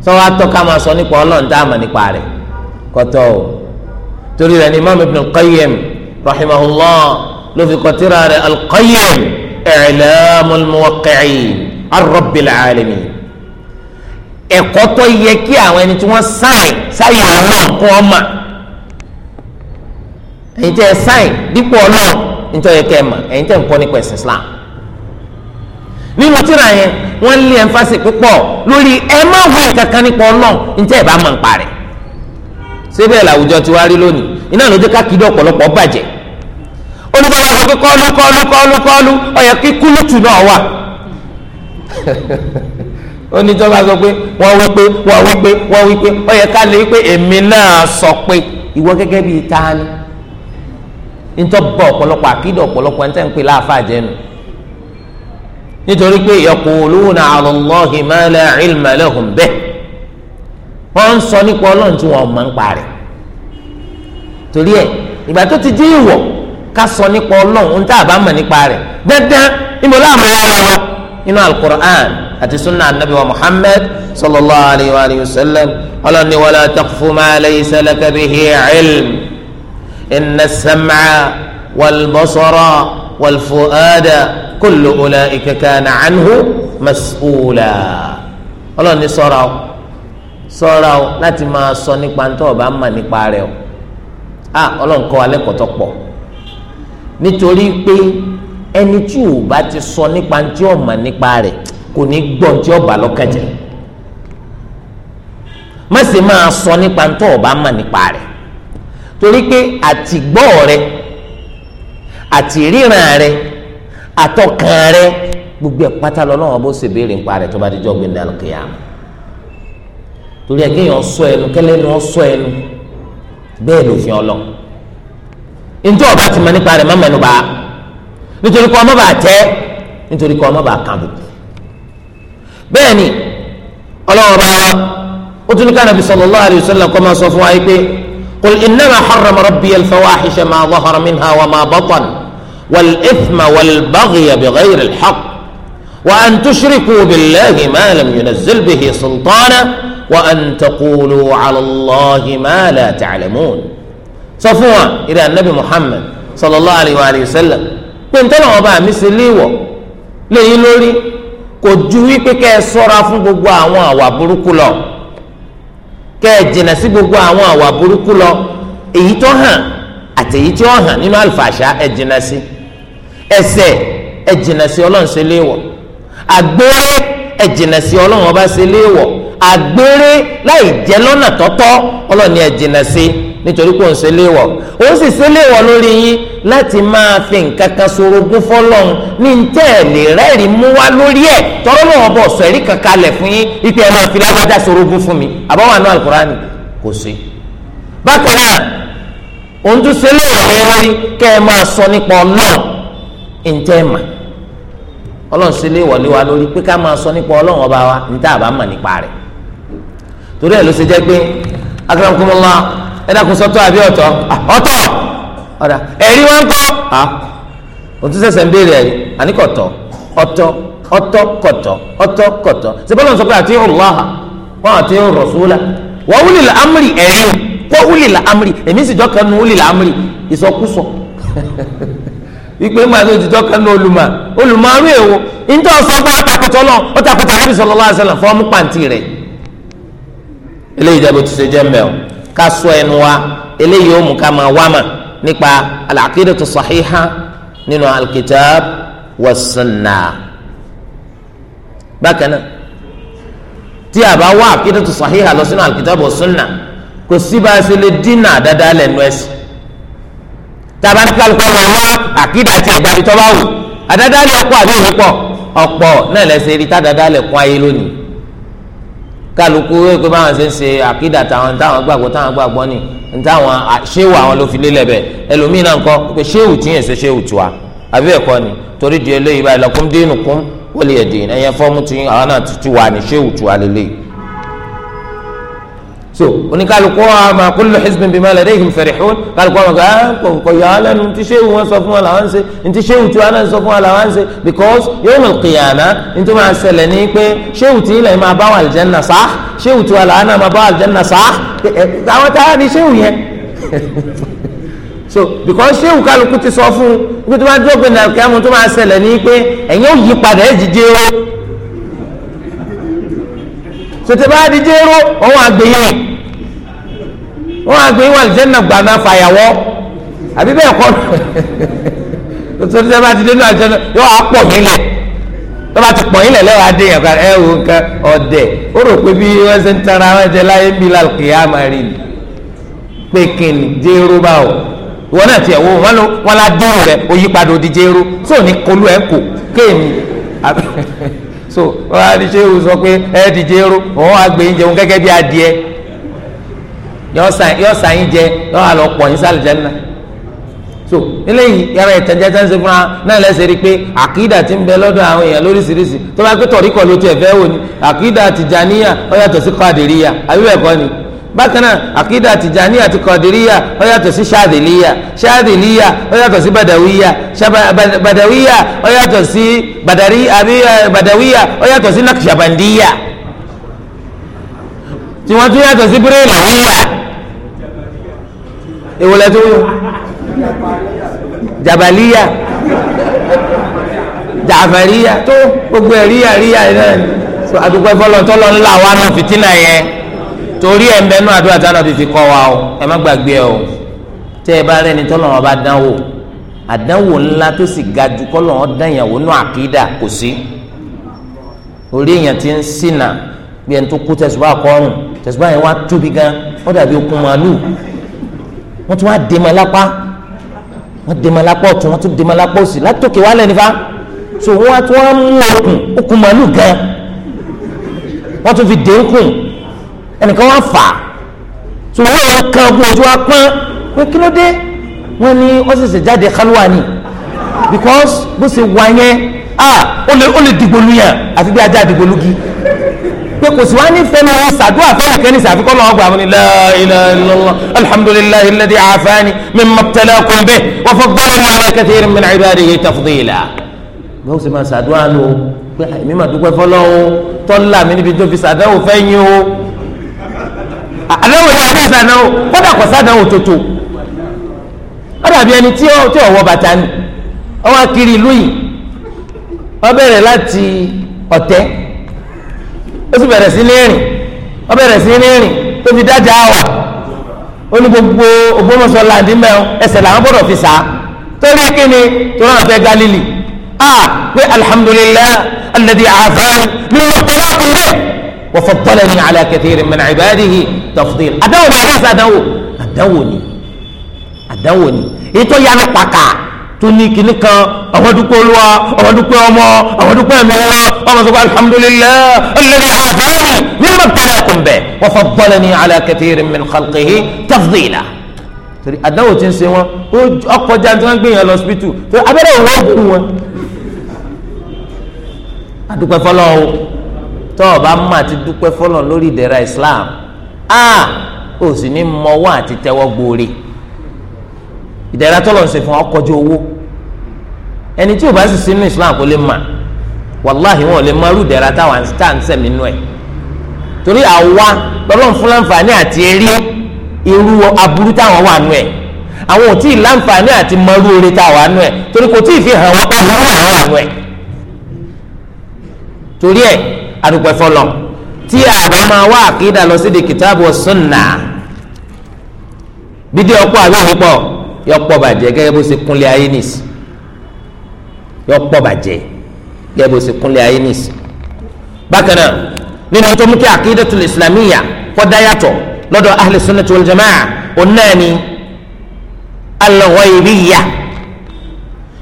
sọ wá tọ́ ká máa sọ nípa ọlọ́run tá a mọ̀ nípa rẹ̀ kọ́tọ́ o torí rẹ̀ ni imam ibn qayyim rahimahullah ló fi kọtíra rẹ̀ alqayyim i'lamul muwaqqi'in ar-rabbil alamin ẹ̀kọ́ tó yẹ kí àwọn ẹni tí wọ́n sáì sáì ọlọ́run kún ọ mà ẹ̀yin tẹ́ ẹ sáì dípò ọlọ́run nítorí kẹ́ ẹ mà ẹ̀yin tẹ́ ń kọ́ nípa ẹ̀sìn islam. nínú tíra yẹn wọn lé ẹnfàsì púpọ̀ lórí ẹ má wí kankan nípa Ọlọ́run njẹ́ ìbá máa ń parẹ́ síbẹ̀ làwùjọ ti wá rí lónìí iná ló dé káàkiri ọ̀pọ̀lọpọ̀ bàjẹ́ pé ọ̀yẹ́ kí kúlùtù náà wà oníjọba sọ pé wọ́n wí pé wọ́n wí pé wọ́n wí pé ọ̀yẹ́ ká lè pé èmi náà sọ pé ìwọ gẹ́gẹ́ bíi ntọ́ bọ̀ ọ̀pọ̀lọpọ̀ ọ̀pọ̀lọpọ̀ nítorí pé yaquluna ala Allahi ma la ilma lahum bih wọ́n ń sọ nípa ọlọ́run tí wọ́n mọ̀ ń pa rẹ̀ torí ẹ̀ ìgbà tó ti dé ìwọ̀ ká sọ nípa ọlọ́run ń tá a bá mọ̀ nípa rẹ̀ dandan níbo láàmú wa wà wá nínú al-Qur'an àti sunnah anabi wa Muhammad sallallahu alayhi wa sallam ọlọ́run ni wala taqfu ma laysa bihi ilm inna as-sam'a wal kullu ulaika kana anhu mas'ula ọlọ́run ní sọ́ra o sọ́ra o láti máa sọ nípa ntọ́ ọba mà nípa rẹ o a ọlọ́run kọ́ alẹ́ kọ́tọ́ pọ̀ nítorí pé ẹni tí ò bá ti sọ nípa ntí ọ̀mà nípa rẹ kò ní gbọ́ ntí ọba lọ́kàn má sì máa sọ nípa ntọ́ ọba mà nípa rẹ torí pé àtìgbọ́ rẹ àtìríran rẹ àtọkàn rẹ gbogbo ẹ̀ pátá lọ́wọ́ bó ṣe béèrè nípa rẹ̀ tó bá dijọ́ gbé nàlù kìyàmù torí ẹ kéèyàn sọ ẹnu kẹlẹ́nu ọsọ ẹnu bẹ́ẹ̀ lòfin ọlọ ntọ́ ọba ti mọ nípa rẹ̀ má mẹ́nu bá nítorí kọ́ ọmọ bá tẹ́ nítorí kọ́ ọmọ bá kàbùkù bẹ́ẹ̀ ni ọlọ́wọ́ bá wa ó tún ní ká Nabi sallallahu alayhi wa kọ́ máa sọ fún wa yìí pé qul innama والإثم والبغي بغير الحق وأن تشركوا بالله ما لم ينزل به سلطانا وأن تقولوا على الله ما لا تعلمون صفوة إلى النبي محمد صلى الله عليه وآله وسلم من تلعوا بقى مثل ليوه lẹ́yìn lórí kò ju wípé kẹ́ ẹ sọ́ra fún gbogbo àwọn àwà burúkú lọ kẹ́ ẹ jìnnà sí gbogbo ẹ̀ṣẹ̀ ẹ jìnnà sí Ọlọ́run ṣe léèwọ̀ àgbèrè ẹ jìnnà sí Ọlọ́run ọba ṣe léèwọ̀ àgbèrè láì jẹ́ lọ́nà tọ́tọ́ Ọlọ́run ni ẹ jìnnà sí nítorí pé òun ṣe léèwọ̀ òun sì ṣe léèwọ̀ lórí yín láti máa fi nǹkan kan sorogún fọ́lọ́run ní tẹ́ ẹ̀ lè rẹ́rìí mú wá lórí ẹ̀ tọ́rọ náà ọba ọ̀sọ̀ ẹ̀rí kan kalẹ̀ fún yín ipe ẹ̀ máa fi lágbájá sorogún fún mi àbáwọn àná alukurani kò sí. bákan náà òun tún ṣe léèwọ̀ lórí kẹ́ ẹ máa sọ nípa ọ̀nà ntẹ́ mà ọlọ́run sì lè wọlé wa lórí pé ká máa sọ nípa ọlọ́run ọba wa níta àbá mà nípa rẹ̀ torí ẹ̀ ló ṣe jẹ́ pé akérèmọ́kúnmọ́lá ẹ dákun sọ́tọ̀ àbí ọ̀tọ̀ ọ̀tọ̀ ọ̀dà ẹ̀rí wọn kọ́ òtún sẹ̀sẹ̀ ń béèrè ẹ̀rí àníkọ̀tọ̀ ọ̀tọ̀ ọ̀tọ̀ kọ̀tọ̀ ọ̀tọ̀ kọ̀tọ̀ sẹ́bọ̀lọ́ sọ pé àti Allah wọn àti Rasula wọ́n wúlì là ámìrì ẹ̀rí wọ́n wúlì là ámìrì èmi sì jọ́ kan wúlì là ámìrì ìsọkúsọ wípé ńgbà tó ti tọ́ka ní olùmọ̀ olùmọ̀ arú èwo níta ọ̀sán pé ọ̀tàkùtà lọ ọ̀tàkùtà àbí sallallahu alaihi wasallam fọ́ọ̀mù pàǹtì rẹ̀ eléyìí dẹ́gbẹ́ tó ṣe jẹ́ mẹ́ọ̀ ká sọ ẹnu wa eléyìí ó mú ká máa wá mà nípa al-aqidatu sahiha nínú al-kitab wa sunnah bákan náà tí a bá wá aqidatu sahiha lọ sínú al-kitab kò síbáṣe lè dínà dáadáa lẹ́nu ẹ̀sìn tàbá ní kálukọ́ máa wá àkídà tí ẹ̀dá bitọ́ bá wù àdáda lè kọ́ àbí òní pọ̀ ọ̀pọ̀ náà lẹ́sẹ̀ rí tàdáda lè kún ayé lónìí kálukú wíwé pé báwọn ṣe ń ṣe àkídà táwọn táwọn gbàgbọ́ táwọn gbàgbọ́ ni táwọn ṣéwù àwọn ló fi lélẹ̀ bẹ́ẹ̀ ẹlòmíì náà kọ́ pé ṣéwù tíyẹn ṣe ṣéwù tiwa àbí ẹ̀kọ́ ni torí di eléyìí báyìí lakum dinukum waliya din ẹ̀yẹn fọ́ọ̀mù tí àwọn náà ti wà ní ṣéwù tiwa lélẹ́yìí so oníkálukú àmà kullu hizbin bima ladayhim farihun kálukú àmà ah, kò kò yà á lẹ́nu ntí sẹ́wù wọn sọ fún wa làwọn ń ṣe ntí sẹ́wù tí wọn náà sọ fún wa làwọn ń ṣe because yawmul qiyamah ntí wọn àṣẹlẹ̀ ní pé sẹ́wù tí ilẹ̀ máa bá wà aljanna sah sẹ́wù tí wọn làwọn náà máa bá wà aljanna sah eh, àwọn táwọn ni sẹ́wù yẹn so because ṣé òkàlùkù ti sọ fún un pé tó bá dúró pé nàìjíríà tó máa ṣẹlẹ̀ ní pé ẹ̀yin ò yí padà ẹ̀ jíjẹ́ o tètè bá di jéró òun àgbèyìn òun àgbèyìn wà lìjẹ́ nà gbàgbà fàyàwọ́ àbí bẹ́ẹ̀ kọ́ tuntun tètè bá ti dé náà jẹ́ yọ àpọ̀ nílẹ̀ tó bá ti pọ̀ nílẹ̀ lẹ́wọ̀ adé yẹn kan ẹ wò nǹkan ọ̀dẹ̀ ó rò pé bí wọ́n ṣe ń tara wọn jẹ láyé bí lálùkìyà máa rí ni pé kìnnì jéró báwò wọn náà tiẹ̀ wo wọn la dúró rẹ oyípadà òdi jéró tó ní kolú ẹ̀ kò kéèmí so wọn á di sehu sọ pé ẹ dìde ro òun á gbé yín jẹun gẹ́gẹ́ bí adìẹ yọ sàn yín jẹ yọ lọ so eléyìí yàrá ìtẹ̀jẹ́ tẹ́ ń ṣe fúnra náà lẹ́sẹ̀ rí i pé àkídà ti ń bẹ lọ́dọ̀ àwọn èèyàn lóríṣiríṣi tó bá tọ̀ríkọ̀ ló wò ni àkídà yàtọ̀ sí bákan náà àkídà tìjàníyà àti kọ̀dìríyà ó yàtọ̀ sí ṣáàdìlíyà ṣáàdìlíyà ó yàtọ̀ sí bàdàwíyà bàdàwíyà ó yàtọ̀ sí bàdàrí àbí bàdàwíyà ó yàtọ̀ sí nàkṣàbàndíyà tí wọ́n tún yàtọ̀ sí bírèlàwíyà ìwòlẹ̀ tó wúlò jabaliya jàfàríyà tó gbogbo ẹ̀ ríyà ríyà náà àdúgbò ẹ̀fọ́ lọ́tọ́ lọ́ ńlá wa náà fìtínà yẹn torí ẹ̀ ń bẹ́ẹ̀ nú àdúrà tí anábì fi kọ́ wa o ẹ má gbàgbé ẹ o tẹ́ ẹ bá rẹ́ni tọ́lọ̀ wọn bá dánwò àdánwò ńlá tó sì ga jù kọ́lọ̀ wọn dányàwó nú àkídà kò sí orí èèyàn ti ń ṣìnà bí ẹni tó kú tẹ̀sùbá kọ́rùn tẹ̀sùbá yẹn wá tóbi gan wọ́n dàbí okun màálùú wọ́n tún wá dèmọ̀ lápá wọ́n dèmọ̀ lápá ọ̀tún wọ́n tún dèmọ̀ lápá òsì látòkè wá lẹ́ni fa so wọ́n tún wá mú okùn okùn màálùú gan wọ́n tún fi dé ń kùn ẹnìkan wá fà á so wọ́n yà kan ogun ojú wa pọ́n pé kí ló dé wọ́n ní ó sì ṣe jáde kálúwà ni because bó ṣe wà yẹn ah ó lè ó lè dìgbòlu yàn àfi bí ajá dìgbòlu gi pé kò sí wá ní fẹnu wọn ṣàdúrà fẹyà kẹni ṣàfi kọ́ lọ́wọ́ gbà mí la ilaha illallah alhamdulillahi alladhi afani mimma ibtalakum bihi wa faddalani ala kathirin min ibadihi tafdila bó ṣe máa ṣàdúrà lò pé èmi máa dúpẹ́ fọlọ́wọ́ tọ́lá mi níbi tó fi ṣàdánwò fẹ́yìn o àdáwò ni àbí ìsànáwò kódà kò sádàwò tótó ó dàbí ẹni tí ó tí ọwọ́ bàtà ni ọwọ́ akiri ìlú yìí ó bẹ̀rẹ̀ láti ọ̀tẹ́ ó sì bẹ̀rẹ̀ sí ní rìn ó bẹ̀rẹ̀ sí ní rìn tó fi dájà wà ó ní gbogbo Ògbómọ̀ṣọ́ làǹdí mẹ́rin ẹsẹ̀ làwọn gbọ́dọ̀ fi sá torí kíni tó náà fẹ́ Galili ah pé alhamdulilayi alladhi aafani min lọ́tọ́ láàbùrẹ́ wa faddalani ala kathirin min ibadihi tafdil àdánwò bá yàtọ̀ àdánwò àdánwò ni àdánwò ni ètò yára pàkà tó ní kinní kan àwọn dúpẹ́ olúwa àwọn dúpẹ́ ọmọ àwọn dúpẹ́ ẹ̀mẹ́rọ ọmọ sọ́kọ́ alhamdulilayi alladhi àdáni nínú bàtàlẹ̀ kùn bẹ́ẹ̀ wa faddalani ala kathirin min khalqihi tafdila torí àdánwò ti ń ṣe wọn ọkọjá tí wọ́n gbé yẹn lọ síbítù torí abẹ́rẹ́ òun wọ́n gùn wọn. adúpẹ́ fọlọ́ tọ́ ọ bá ti dúpẹ́ fọlọ́ lórí ìdẹ̀ra Islam a ò sì ní mọwọ́ àti tẹ́wọ́ gbòòrè ìdẹ̀ra tó lọ sí fún ọkọjú owó ẹni tí ò bá sì sínú Islam kò lè mà wàláhì wọn ò lè mọ irú ìdẹ̀ra táwọn àǹtá ń sẹ̀mí nù ẹ̀ torí àwa lọ́lọ́run fún láǹfààní àti eré irú aburú táwọn wà nù ẹ̀ àwọn ò tí ì láǹfààní àti mọrú oore táwọn wà nù ẹ̀ torí kò tí ì fi hàn wọ́n pàdánù wà nù ẹ̀ torí ẹ̀ àdùpẹ̀ fọlọ́ọ̀ tí àbá máa wá àkídà lọ sí di kìtàbù sunna bídí ọ̀pọ̀ àbí ònípọ yọpọ bàjẹ́ gẹ́gẹ́ bó ṣe kúnlẹ̀ ayé nìsí yọpọ bàjẹ́ gẹ́gẹ́ bó ṣe kúnlẹ̀ ayé nìsí. bákan náà nínú tó mú kí àkídàtul islamiyya kọ́ dáyàtọ̀ lọ́dọ̀ ahli sunnati wal jamaa òun náà ni al-ghaybiyya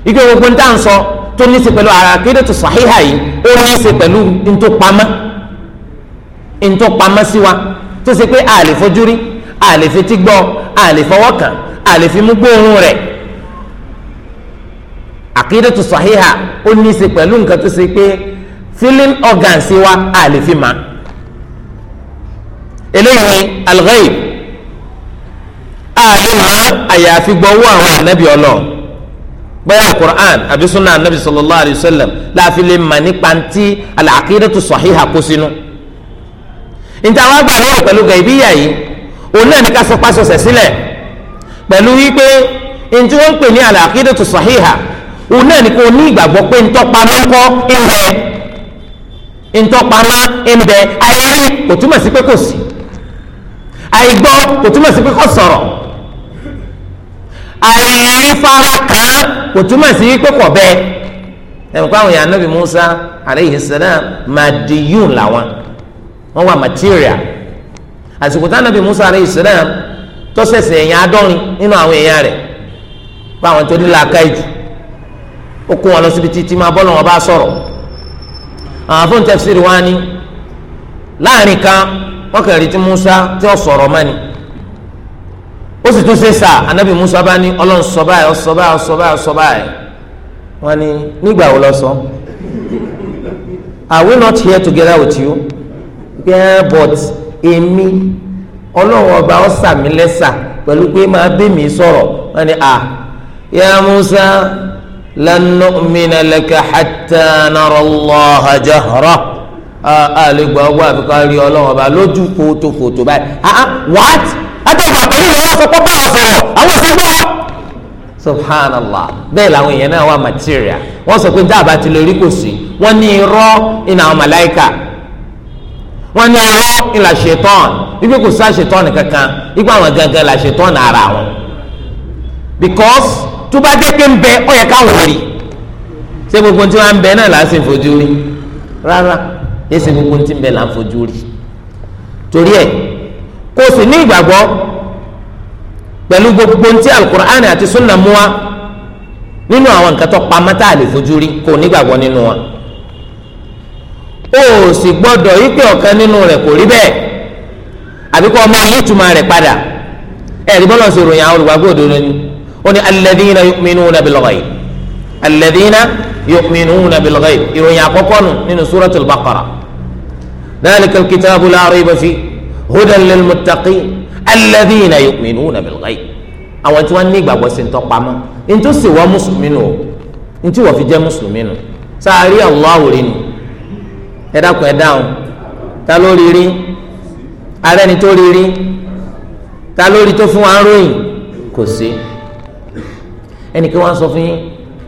ike gbogbo ń tà ń sọ tó ní í ṣe pẹ̀lú àkídàtu sahiha yìí ó ní í ṣe pẹ̀lú ntòpamọ́ ntọ́ pamọ́ sí wa tó ṣe pé a lè fojú rí a lè fetí gbọ́ a lè fọwọ́ kàn a lè fi mú gbóòórùn rẹ̀ àkídàtu sàhíhà ó ní í ṣe pẹ̀lú nǹkan tó ṣe pé feeling organs wa a lè fi mà eléyìí al-ghaib a lè àyàfi gbọ́wọ́ àwọn ànábì ọlọ́run bẹ́ẹ̀ qur'an àbí sunnah anabi sallallahu alayhi wa sallam láàfin lè mà nípa ntí al-àkídàtu kó sínú níta wá gbà lérò pẹ̀lú gàìbíyà yìí òun náà ní ká sọ pásọsẹ̀ sílẹ̀ pẹ̀lú wípé ntí wọ́n ń pè ní al-aqidatu sahiha òun náà ní kó ní ìgbàgbọ́ pé ntọ́pamọ́ kọ́ ńbẹ ntọ́pamọ́ ńbẹ àìrí kò túmọ̀ sí pé kò sí àìgbọ́ kò túmọ̀ sí pé kò sọ̀rọ̀ àìrí fara kàn kò túmọ̀ sí pé kò bẹ́ẹ̀ ẹ̀mí kó àwọn èèyàn Ànábì Musa alayhi salam madiyun làwọn wọ́n wà material àsìkò tí anabi musa alayhi salam tó ṣẹ̀ṣẹ̀ èèyàn àádọ́rin nínú àwọn èèyàn rẹ̀ bá àwọn tó nílò aka ìjù ó kó wọn lọ síbi títí máa bọ́ lọ́wọ́ bá sọ̀rọ̀ àwọn fún tafsiri wa ni láàrin kan wọ́n kàn rí ti musa tí ó sọ̀rọ̀ mọ́ni ó sì tún ṣe sà anabi musa bá ní ọlọ́run sọ báyìí ọ sọ báyìí ọ sọ báyìí ọ sọ báyìí wọ́n ní nígbà wo lọ sọ
are we not here together with you
pé ẹ́ but èmi ọlọ́run ọba ọ́ sàmì lẹ́sà pẹ̀lú pé máa bẹ́ mi sọ̀rọ̀ wọ́n ni à ya Musa lan nu'mina laka hatta nara Allaha jahra àlè gbọ́ ọgbọ́n àfikún àrí ọlọ́run ọba lójú fòtòfòtò báyìí ah what àtẹ̀gbọ́n pẹ̀lú ìlọ́wọ́ sọ pé bá a sọ̀rọ̀ àwọn òfin gbọ́ subhanallah bẹ́ẹ̀ làwọn èèyàn náà wà material wọ́n sọ pé dáàbà ti lè rí kò sí wọ́n ní irọ́ ìnà àwọn wọ́n ní arọ́ ìlà ṣetán ibi kò sá ṣetán kankan ipa àwọn gangan là ṣetán ara wọn because tó bá jẹ́ pé ń bẹ ọ yẹ káwọn rí ṣé gbogbo tí wọ́n ń bẹ náà là ń ṣe fojú rí rárá ṣé gbogbo tí ń bẹ là ń fojú rí torí ẹ̀ kó sì ní ìgbàgbọ́ pẹ̀lú gbogbo tí alukur'ani àti sunna mú wa nínú àwọn nǹkan tó pamọ́ tá a lè fojú rí kò nígbàgbọ́ nínú wa o ò sì gbọ́dọ̀ ipe ọ̀kan nínú rẹ̀ kò rí bẹ́ẹ̀ àbí kọ́ ọmọ yìí túmọ̀ rẹ̀ padà ẹ̀rí bọ́lá ṣe ròyìn àwọn olùgbàgbọ́ òdodo ni ó ní alladhina yu'minuna bil ghaib alladhina yu'minuna bil ghaib ìròyìn àkọ́kọ́ nù nínú suratul baqara dhalikal kitabu la rayba fi hudan lil muttaqin alladhina yu'minuna bil ghaib àwọn tí wọ́n ní ìgbàgbọ́ sí ntọ́ pamọ́ ntọ́ sì wọ́n mùsùlùmí nù ntí wọ́n fi jẹ́ mùsùlùmí nù sáà rí Allah wòlé nù ẹ dákun ẹ dáhùn ta ló rí rí ara ẹni tó rí rí ta ló rí tó fún wa ròyìn kò sí ẹnìkan wá sọ fún yín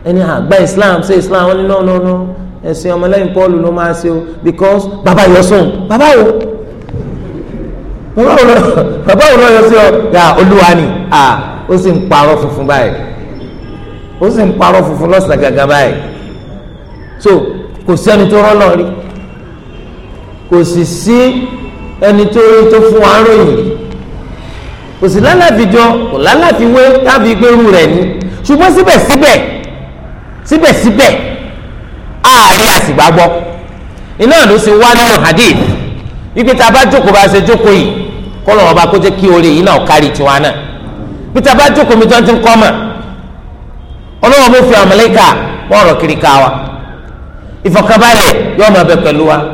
ẹni àgbà ah, islam ṣe islam wọn ní no no no ẹsìn ọmọlẹ́yìn paul ló máa ṣe o because baba yọ sùn bàbá wo bàbá wo lọ bàbá wo yọ sí ọ ya olúwa ni a ó sì ń parọ́ funfun báyìí ó sì ń parọ́ funfun lọ́sàn báyìí so kò sẹ́ni tó rọ́ lọ́ọ́ rí kò sì sí ẹni tó rí tó fún wa ròyìn kò sì lálàfíjọ kò lálàfíwé tàbí gbèrú rẹ̀ ni ṣùgbọ́n síbẹ̀síbẹ̀ síbẹ̀síbẹ̀ ààrí àsìgbà gbọ́ iná ló sì wá nínú hadith wípé tá a bá jókòó bá a ṣe jókòó yìí kọ́ lọ́wọ́ bá kó jẹ́ kí oore yìí náà kárí tiwa náà bí tá a bá jókòó mi tó ń ti kọ́ mà ọlọ́wọ́ bó fi àmàlẹ́kà wọ́n rọ̀ kiri ká wa ìfọ̀kànbalẹ̀ yóò máa bẹ pẹ̀lú wa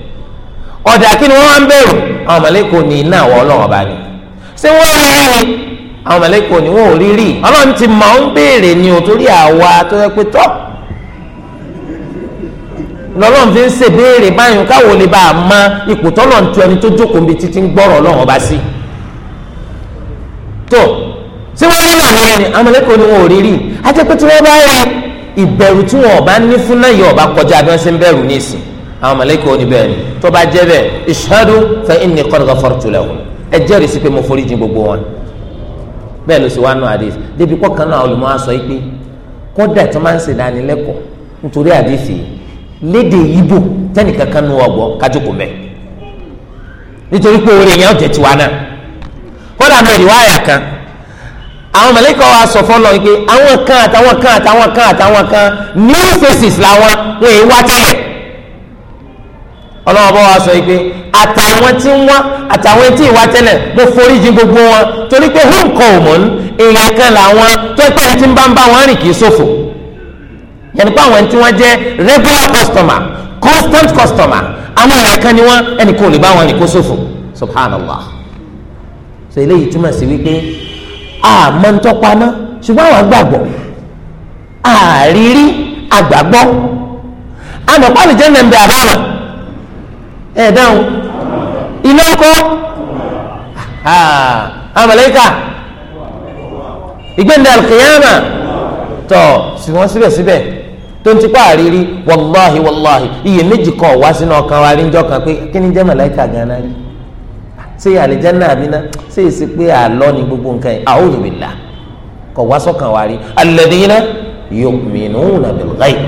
ọjà kí ni wọ́n wá ń bẹ̀rù àwọn mọ̀lẹ́kọ̀ ní iná àwọn ọlọ́run ọba ni ṣé wọ́n rí rí ni àwọn mọ̀lẹ́kọ̀ ní wọ́n ò rí rí ọlọ́run ti mọ̀ ń béèrè ni ò torí àwa tó yẹ pé tọ́ lọ́lọ́run fi ń ṣèbéèrè báyìí káwọn lè bá a mọ ipò tọ́lọ̀ ń tu ẹni tó jókòó níbi títí ń gbọ́rọ̀ ọlọ́run ọba sí tó ṣé wọ́n rí àwọn ẹni àwọn mọ̀lẹ́kọ̀ ní wọ́n ò rí rí àti pé tí wọ́n bá rí ìbẹ̀rù tí wọ́n ọba ní fún náà yọ ọba kọjá bí wọ́n ṣe ń bẹ̀rù ní ìsìn àwọn mọ̀lẹ́kì ò ní bẹ́ẹ̀ ni tó bá jẹ́ bẹ́ẹ̀ ishadu fa inni qad ghafartu lahum ẹ jẹ́rìí sí pé mo foríjì gbogbo wọn bẹ́ẹ̀ ló sì wá nù àdìs débi kọ́ kan náà olùmọ̀ aṣọ yìí pé kódà tó máa ń ṣe dánilẹ́kọ̀ọ́ nítorí àdìs yìí léde ibo tẹ́nìkan kan nu ọgbọ́ kájókòó mẹ́ nítorí pé orí yẹn ó jẹ́ tiwa náà kódà náà ìwà àyà kan àwọn mọ̀lẹ́kọ̀ wa sọ fọ́nà wípé àwọn kan àtàwọn kan àtàwọn kan àtàwọn kan new faces làwọn wọ́n èyí wá tẹ́lẹ̀ ọlọ́wọ́ bá wa sọ yìí pé àtàwọn tí ń wá àtàwọn tí ìwà tẹ́lẹ̀ mo forí jì gbogbo wọn torí pé hùn kọ òmùn èèyàn kan làwọn tó ń pẹ́ẹ́rẹ́ tí ń bá ń bá wọn rìn kì í ṣòfò yẹnni pé àwọn tí wọ́n jẹ́ regular customer constant customer àwọn èèyàn kan ni wọ́n ẹnì kò lè bá wọn rìn kó ṣòfò subhanallah so eléyìí túmọ̀ sí wípé àmọ́ ń tọ́pa ná ṣùgbọ́n àwọn gbàgbọ́ àrírí àgbàgbọ́ àmọ̀pá lè jẹ́ nàìjíríà ẹ dáhùn iná kọ́ amalẹ́kà ìgbẹ́ndẹ̀ alkiyama tọ̀ ṣùgbọ́n síbẹ̀síbẹ̀ tó ń tipa àrírí wàláhi wàláhi iyèméjì kan wá sínú ọkàn wa rí njọ́ kan pé kí ni jẹ́ màláìkà gánà rí ṣé àlìjáná àbíná ṣé èsì pé àlọ́ ni gbogbo nǹkan yìí a'udhu billah kọ̀ wá sọ́kàn wa rí alladhina yu'minuna bil ghaib.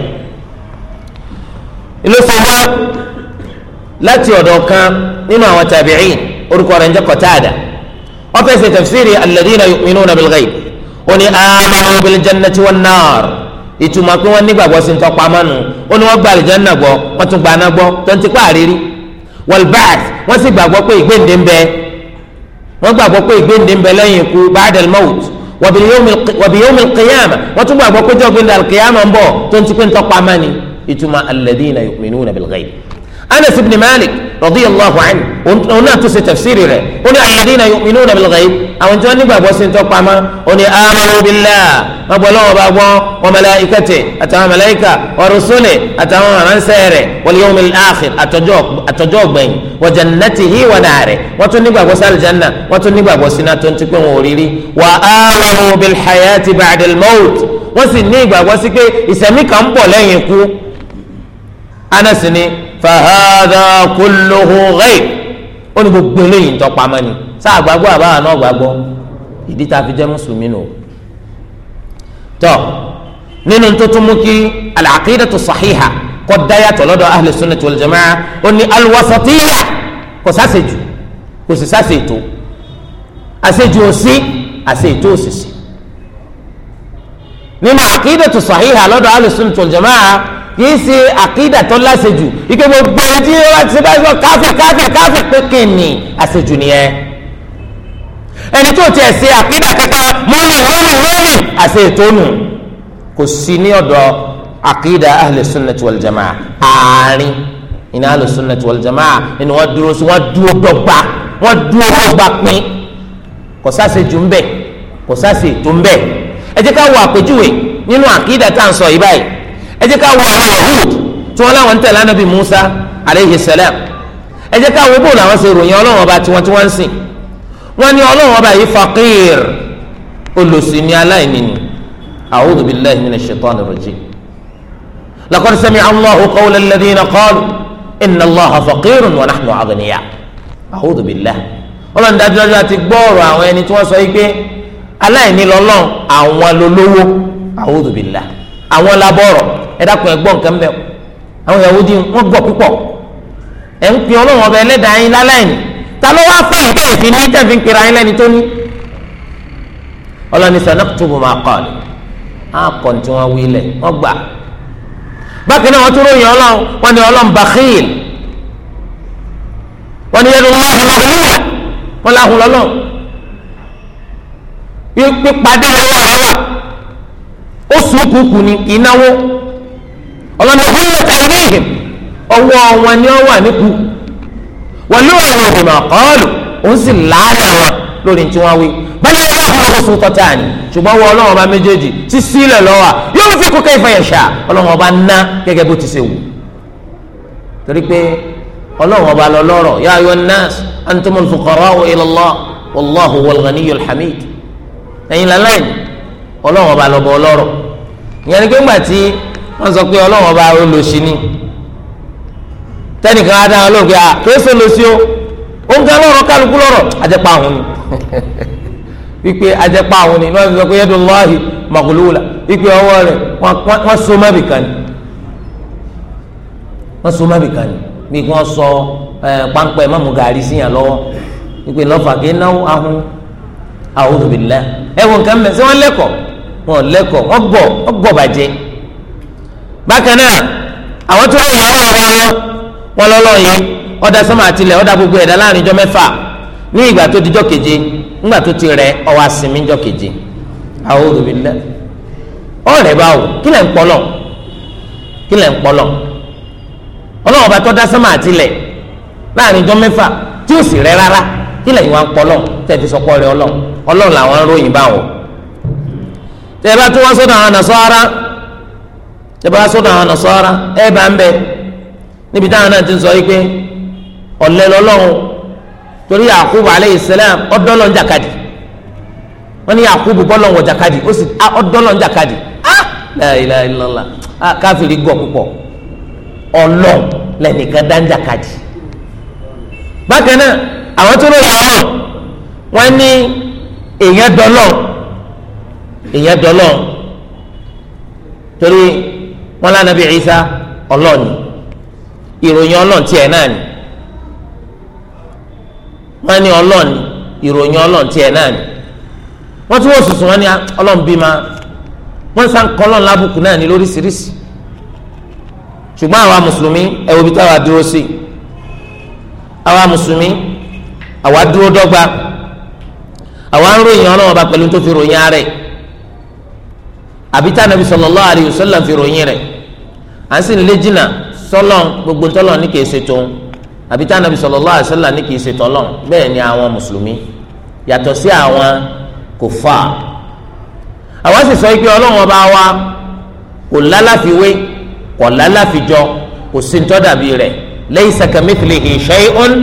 ìlú sọ wá láti ọ̀dọ̀ kan nínú àwọn tabi'in orúkọ rẹ̀ ń jẹ́ Qatada wọ́n fẹ́ ṣe tafsiri alladhina yu'minuna bil ghaib ó ní amanu bil jannati wan nar ìtumọ̀ pé wọ́n nígbàgbọ́ sí ntọ́ pamọ́nu ó ní wọ́n gba àlìjánná gbọ́ wọ́n tún gba aná gbọ́ tó ń ti pa àrírí wal ba'th wọ́n sì gbàgbọ́ pé ìgbéǹde ń bẹ wọ́n gbàgbọ́ pé ìgbéǹde ń bẹ lẹ́yìn ikú ba'dal maut wa bi yawmil qiyamah wọ́n tún gbàgbọ́ pé jọ́gbìn dàl qiyamah ń bọ̀ tó ń ti pé ntọ́ pamọ́ni ìtumọ̀ alladhina yu'minuna bil anas ibn malik radiyallahu anhu òun náà tún ṣe tafsiri rẹ̀ ó ní alladhina yu'minuna bil ghaib àwọn tí wọ́n nígbàgbọ́ sí tó pamọ́ ó ní amanu billah wọ́n gbọ́ lọ́wọ́ bá gbọ́ wa malaikati àtàwọn malaika wa rusuli àtàwọn aránṣẹ́ rẹ̀ wal yawmil akhir àtọ́jọ́ ọ̀gbẹ̀yìn wa jannatihi wa nari wọ́n tún nígbàgbọ́ sí aljanna wọ́n tún nígbàgbọ́ sí náà tó ń ti pé wọn ò rírí wa amanu bil hayati ba'dal maut wọ́n sì ní ìgbàgbọ́ sí pé ìsẹ̀mí kan ń bọ̀ lẹ́yìn ikú anas ni fahadà kulluhu ghaib ó ní gbogbo eléyìí ń tọpamọ́ ni sáà gbàgbọ́ àbáwá náà gbàgbọ́ ìdí tá a fi jẹ́ mùsùlùmí nù. tọ́ nínú tó tún mú kí al-aqidatu sahiha kọ́ dáyàtọ̀ lọ́dọ̀ ahlu sunnati wal jamaa ó ní al-wasatiyya kò sásèjù kò sì sásètò àṣejù òsì àṣejù òsìsì nínú aqidatu sahiha lọ́dọ̀ ahlu sunnati wal jamaa kì í ṣe àkídà tó láṣejù ike gbogbo ẹni tí wọn ti bá sọ káfí káfí káfí pé kìnnì àṣejù nìyẹn ẹni tó tiẹ̀ ṣe àkídà kankan mọ́nì mọ́nì mọ́nì àṣe ìtónù kò sí ní ọ̀dọ̀ àkídà ahlẹ̀ sunnati wal jamaa àárín iná ahlẹ̀ sunnati wal jamaa ẹni wọ́n dúró sí wọ́n dúró dọ́gba wọ́n dúró dọ́gba pín kò sáṣejù ń bẹ̀ kò sáṣe ètò ń bẹ̀ ẹ jẹ́ ká wo àpèjúwe nínú àkídà tá à ń sọ yìí báyìí ẹ jẹ́ ká wo àwọn yahud tí wọ́n láwọn ń tẹ̀lé anabi musa aleyhi salam ẹ jẹ́ ká wo bó làwọn ṣe ròyìn ọlọ́run ọba tiwọn tí wọ́n ń sìn wọ́n ní ọlọ́run ọba yìí faqir olùsìn ní aláìní ni a'udhu billahi minash shaitani rajim laqad sami'a allahu qawla alladhina qalu inna allaha faqirun wa nahnu aghniya a'udhu billahi ọlọ́run dájúdájú àti gbọ́ọ̀rọ̀ àwọn ẹni tí wọ́n sọ yìí pé aláìní lọ́lọ́run àwọn lolówó a'udhu billahi àwọn labọ́rọ̀ ẹ dákun ẹ gbọ́ nǹkan bẹ àwọn Yahudi wọn gbọ́ púpọ̀ ẹ ń pin Ọlọ́run ọba Ẹlẹ́dàá yín láláìní ta ló wá fà yín bẹ́ẹ̀ fi ní tẹfí ń pera yín lẹni tó ní. ọlọ́ni sanaktubu ma qalu á kọ́ ní tí wọ́n wí lẹ̀ wọ́n gbà bákan náà wọ́n tún ròyìn Ọlọ́run wọn ni Ọlọ́run bakhil wọn ni yẹn ló ń lọ́ọ́ wọn làhùn lọ́lọ́run pípadé lọ́wọ́ àwa ó sùn kùkù ní kì ọlọ́ni òhìnlẹ̀ tàìríhìn ọwọ́ wọn ni ó wà níkù wọ́n ló àwọn òbímọ kọ́ọ̀lù òun sì láàyè wọn lórí tí wọ́n wí bẹ́ẹ̀ ni wọ́n fọwọ́ fún tọ́tà ni ṣùgbọ́n wọ́n ọlọ́run ọba méjèèjì ti sílẹ̀ lọ́wọ́ yóò fi kókè ìfẹ̀yẹ̀ṣà ọlọ́run ọba ná gẹ́gẹ́ bó ti ṣe wù torí pé ọlọ́run ọba lọ lọ́rọ̀ yá ayọ́ nas antumul fuqara'u ila Allah wallahu wal ghaniyyul hamid ẹ̀yin lálẹ́ ọlọ́run ọba lọ bọ̀ ọlọ́rọ̀ ìyẹn wọ́n sọ pé ọlọ́run ọba olóṣì ni tẹnìkan á dáhùn lóògbé a kí ó sọ lóṣì o ó ń ga lọ́rọ̀ kálukú lọ́rọ̀ àjẹpá àwọn ni wípé àjẹpá àwọn ni wọ́n sọ pé yadullahi maghlula wípé ọwọ́ rẹ̀ wọ́n so má bìkan ni wọ́n so má bìkan ni bí wọ́n sọ pàǹpẹ́ mọ́mú gàrí síyàn lọ́wọ́ wípé lọ́fà kí náwó ahun a'udhu billah ẹ̀wọ̀n kan mẹ́ sẹ́ wọ́n lẹ́kọ̀ọ́ wọ́n lẹ́kọ̀ọ́ wọ́n gbọ́ wọ́n gbọ́ bàjẹ́ bákan náà àwọn tí wọ́n yàwó àwọn ọ̀rọ̀ wọn lọ́lọ́ yìí ọ̀dà sọ́mà àtìlẹ̀ ọ̀dà gbogbo ẹ̀dá láàrin ijọ́ mẹ́fà ní ìgbà tó dijọ́ keje ńgbà tó ti rẹ̀ ọwọ́ àsìmí ijọ́ keje a'udhu billah ọ̀rẹ́ báwo kí o ń pọlọ̀ kí lẹ̀ ń pọlọ̀ ọlọ́wọ́n bá tọ́ dá sọ́mà àtìlẹ̀ láàrin ijọ́ mẹ́fà tí ó sì rẹ̀ rárá kí lẹ̀ ìwà ń làwọn ń ròyìn bá tún àwọn tẹ́bá sọ́dọ̀ àwọn nasara ẹ̀ bá ń bẹ níbi táwọn náà ti sọ yìí pé ọ̀lẹ́ lọ́lọ́run torí Yakubu aleyhi salam ọ̀dọ́lọ́ jàkadì wọ́n ní Yakubu bọ́lọ̀ wọ̀ jàkadì ó sì ah, jàkadì ah, ah káfíìrì gọ̀ púpọ̀ lẹ́nìkan dá bákan náà àwọn tó wọ́n ní èèyàn dọ́lọ́ èèyàn dọ́lọ́ wọn lánàbí Ìsá ọlọ́ọ̀ni ìròyìn ọlọ́ọ̀n tiẹ̀ náà ni wọn ní ọlọ́ọ̀ni ìròyìn ọlọ́ọ̀n tiẹ̀ náà wọn tún wọ́n sùsùn wọn ní ọlọ́ọ̀n ma wọn sàn kọ́ ọlọ́ọ̀n lábùkù náà ní lóríṣiríṣi ṣùgbọ́n àwa mùsùlùmí ẹ wo bí táwa dúró sí àwa mùsùlùmí àwa dúró dọ́gba àwa ń ròyìn ọlọ́wọ́n bá pẹ̀lú tó fi ròyìn ara rẹ̀ àbí tá fi ròyìn rẹ̀ à ń sì lé jìnnà sọlọ́n gbogbo tọ́lọ́n ní kìí ṣe tóun àbí tá ànábì sallallahu alaihi wasallam ní kìí ṣe tọ́lọ́n bẹ́ẹ̀ ni àwọn mùsùlùmí yàtọ̀ sí àwọn kufar àwọn sì sọ pé ọlọ́run ọba wa kò lálàfiwé kò lálàfijọ kò sí ń tọ́dàbí rẹ̀ laysa kamithlihi shay'un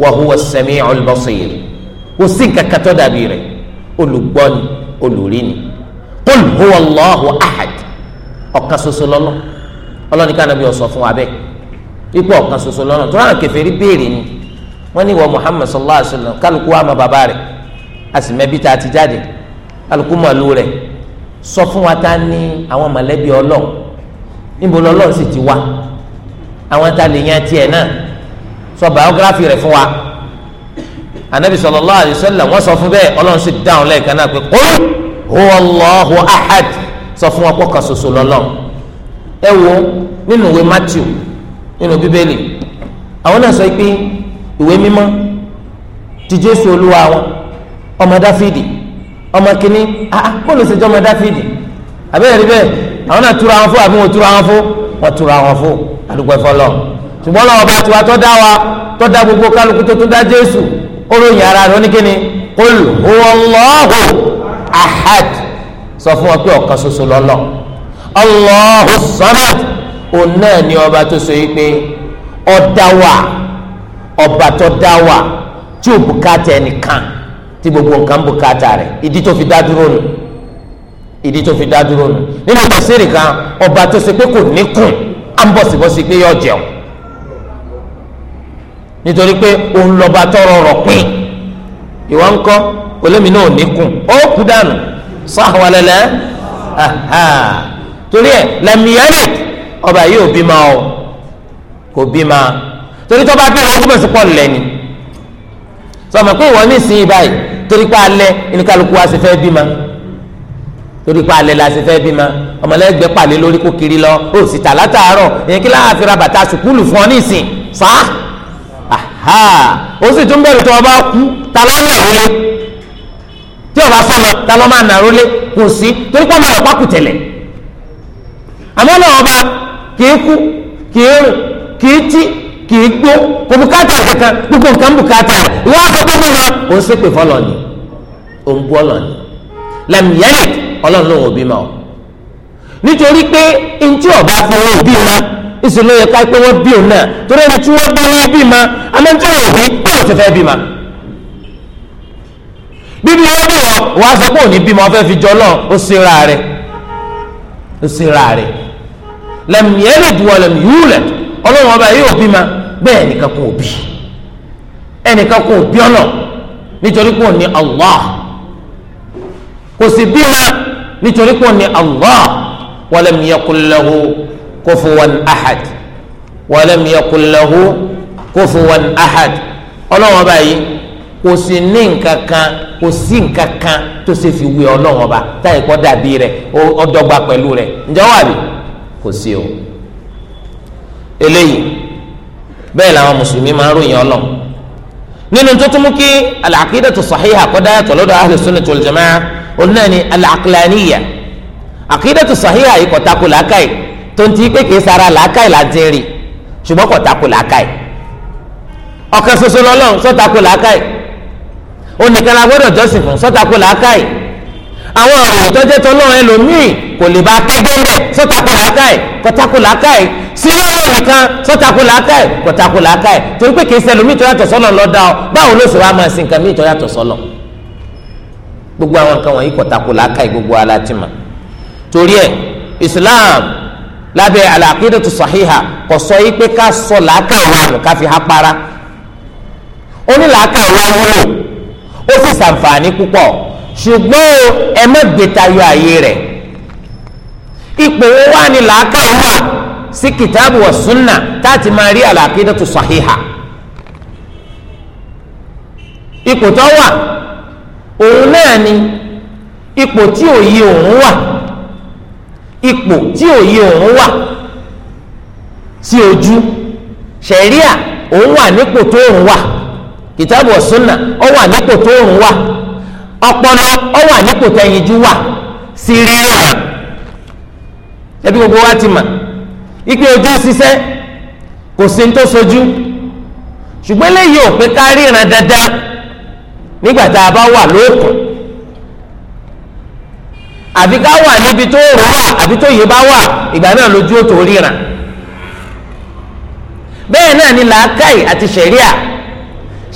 wa huwa as-sami'ul basir kò sí nǹkan kan tọ́dàbí rẹ̀ olùgbọ́ni olùrí ni qul huwa Allahu ahad ọ̀kan ṣoṣo lọ́lọ́ ọlọ́ni ká nàbí ọ̀sọ̀ fún wa bẹ́ẹ̀ ipò ọ̀kan ṣoṣo lọ́nà tó ráhàn kèfèrí béèrè ni wọ́n ní ìwọ Muhammad sallallahu alayhi wa sallam kálukú wa ma bàbá rẹ̀ a sì mẹ́bí tá a ti jáde kálukú mọ̀ lù rẹ̀ sọ fún wa ta ní àwọn mọ̀lẹ́bí ọlọ́ níbo lọ́lọ́ sì ti wá àwọn ta lè yan tiẹ̀ náà sọ biography rẹ̀ fún wa anabi sallallahu alayhi wa sallam wọ́n sọ fún bẹ́ẹ̀ ọlọ́run sì dáhùn lẹ́ẹ̀kan náà pé qul huwa Allahu ahad sọ fún wa pọ̀ kan ṣoṣo lọ́lọ́run ẹ wo nínú ìwé Matthew nínú bíbélì àwọn náà sọ pé ìwé mímọ́ ti Jésù olúwa wọn ọmọ Dáfídì ọmọ kìíní ah, ah bọ́ọ̀lù ṣèjọ́ ọmọ Dáfídì àbẹ́rẹ́ rí bẹ́ẹ̀ àwọn náà túra wọn fún àbí wọn túra wọn fún wọn túra wọn fún àdúgbò ẹ̀fọ́ lọ ṣùgbọ́n lọ́wọ́ bá tiwa tó dá wa tó dá gbogbo kálukú tó tún dá Jésù ó ròyìn ara rẹ̀ oníkíni qul huwallahu ahad sọ fún wọn pé ọ̀kan ṣoṣo lọ́lọ́ Allahu Samad òun náà ni ọba tó so yìí pé ọ̀dà wà ọba tó dá wà tí ò bùkátà ẹnìkan tí gbogbo nǹkan bùkátà rẹ̀ ìdí tó fi dá dúró nù ìdí tó fi dá dúró nù nínú tẹ̀sírì kan ọba tó ṣe pé kò níkùn á ń bọ̀sibọ́sí pé yọ jẹun nítorí pé òun lọ́ba tọrọ rọ̀ pín ìwọ ńkọ́ olómi náà níkùn ó kú dànù sáà wàlẹ́lẹ́ torí ẹ̀ lẹ́mìíyẹ́lì ọba yìí ò bímọ o kò bímọ torí tó bá bẹ̀rẹ̀ ọdún mẹ́sìkọ́ lẹ́ni sọmọ pé ìwọ ní ìsinyìí báyìí torí pé alẹ́ ìníkàlùkù wa sì fẹ́ bímọ torí pé alẹ́ la sì fẹ́ bímọ ọmọlẹ́gbẹ́ pàlẹ́ lórí kó kiri lọ ó sì tà látàárọ̀ ìyẹn kí láàfin ra bàtà sùkúlù fún ọ ní ìsìn sá aha ó sì tún bẹ̀rù tó ọba kú ta ló ń nàró lé tí ọba sọmọ ta ló máa nàró lé kò sí torí pé ọmọ rẹ̀ àmọ́ náà ọba kìí kú kìí rìn kìí tí kìí gbó kò bùkátà kankan gbogbo nǹkan bùkátà ìwọ àkọ́kọ́ mi hàn òun ṣépè fọlọ́ ni òun bú ọlọ́ ni lẹ́mìíyẹ́lẹ̀ ọlọ́run lòun òbí ma ọ nítorí pé ntí ọba fọwọ́ òbí ma ìṣòro yẹ ká pé wọ́n bí òun náà torí ẹni tí wọ́n bá wọn bí ma àmọ́ ntí wọn òbí báwo ti fẹ́ bí ma bíbí wọn bí wọn wàá sọ pé òní bí ma ọ fẹ́ fi jọ lọ́n ó ṣe ra ó ṣe ra lam yalid wa lam yulad ọlọ́run ọba yóò bí ma bẹ́ẹ̀ ẹnìkan kò bí ẹnìkan kò bí ọ̀nà nítorí kò ní Allah kò sì bí ma nítorí kò ní Allah wa lam yakul lahu kufuwan ahad wa lam yakul lahu kufuwan ahad ọlọ́run ọba yìí kò sì ní nǹkan kan kò sí nǹkan kan tó ṣe fi wé ọlọ́run ọba táyì kọ́ dàbí rẹ̀ ọdọ́gba pẹ̀lú rẹ̀ ǹjẹ́ wà bí kò sí o eléyìí bẹ́ẹ̀ làwọn mùsùlùmí máa ń ròyìn ọlọ́run nínú tó tún mú kí al-aqidatu sahiha kọ́dá yàtọ̀ lọ́dọ̀ ahlu sunnati wal jamaa onínáà ni al-aqlaniyya aqidatu sahiha yìí kò tako làákàyè tó ń ti pé kìí sara làákàyè láti rìn ṣùgbọ́n kò tako làákàyè ọ̀kan ṣoṣo lọ́lọ́run sọ làákàyè onìkan jọ́sìn fún sọ làákàyè àwọn ọ̀rọ̀ tó jẹ́ tọ́lọ́ ẹlòmíì kò lè bá kẹ́gbẹ́ lẹ̀ sọ́takò làákàyè kọ́takò làákàyè sílẹ̀ ọ̀rọ̀ nìkan sọ́takò làákàyè kọ́takò làákàyè torí pé kìí ṣe ẹlòmíì tó yàtọ̀ sọ́lọ̀ lọ dá ọ báwo ló sì wá máa sin nǹkan míì tó yàtọ̀ sọ́lọ̀ gbogbo àwọn nǹkan wọ̀nyí kọ́takò làákàyè gbogbo aláàtìmọ̀ torí ẹ̀ Islam lábẹ́ al-aqidatu sahiha kò sọ yí pé ká sọ làákàyè wà nù ká há para onílàákàyè wà wúlò ó sì ṣàǹfààní púpọ̀ ṣùgbọ́n o ẹ má gbẹtayọ ààyè rẹ̀ ipò wo wá ní làákàyè wà sí kìtàbù wa máa rí sahiha ipò tó wà òun náà ni ipò tí òye òun wà ipò tí òye òun wà sí ojú ṣẹ̀ríà òun wà nípò tó òun wà kìtàbù ọpọlọ ọ wà nípò tẹyinjú wà sí ríran ẹbí gbogbo wa ti mà ike ojú ṣiṣẹ́ kò sí tó sojú ṣùgbọ́n eléyìí ò pé ká ríran nígbà tá a bá wà lóòkùn àbí ká wà níbi tó rò wà àbí tó yé bá wà ìgbà náà lójú tó ríran bẹ́ẹ̀ náà ni làákàyè àti ṣẹ̀ríà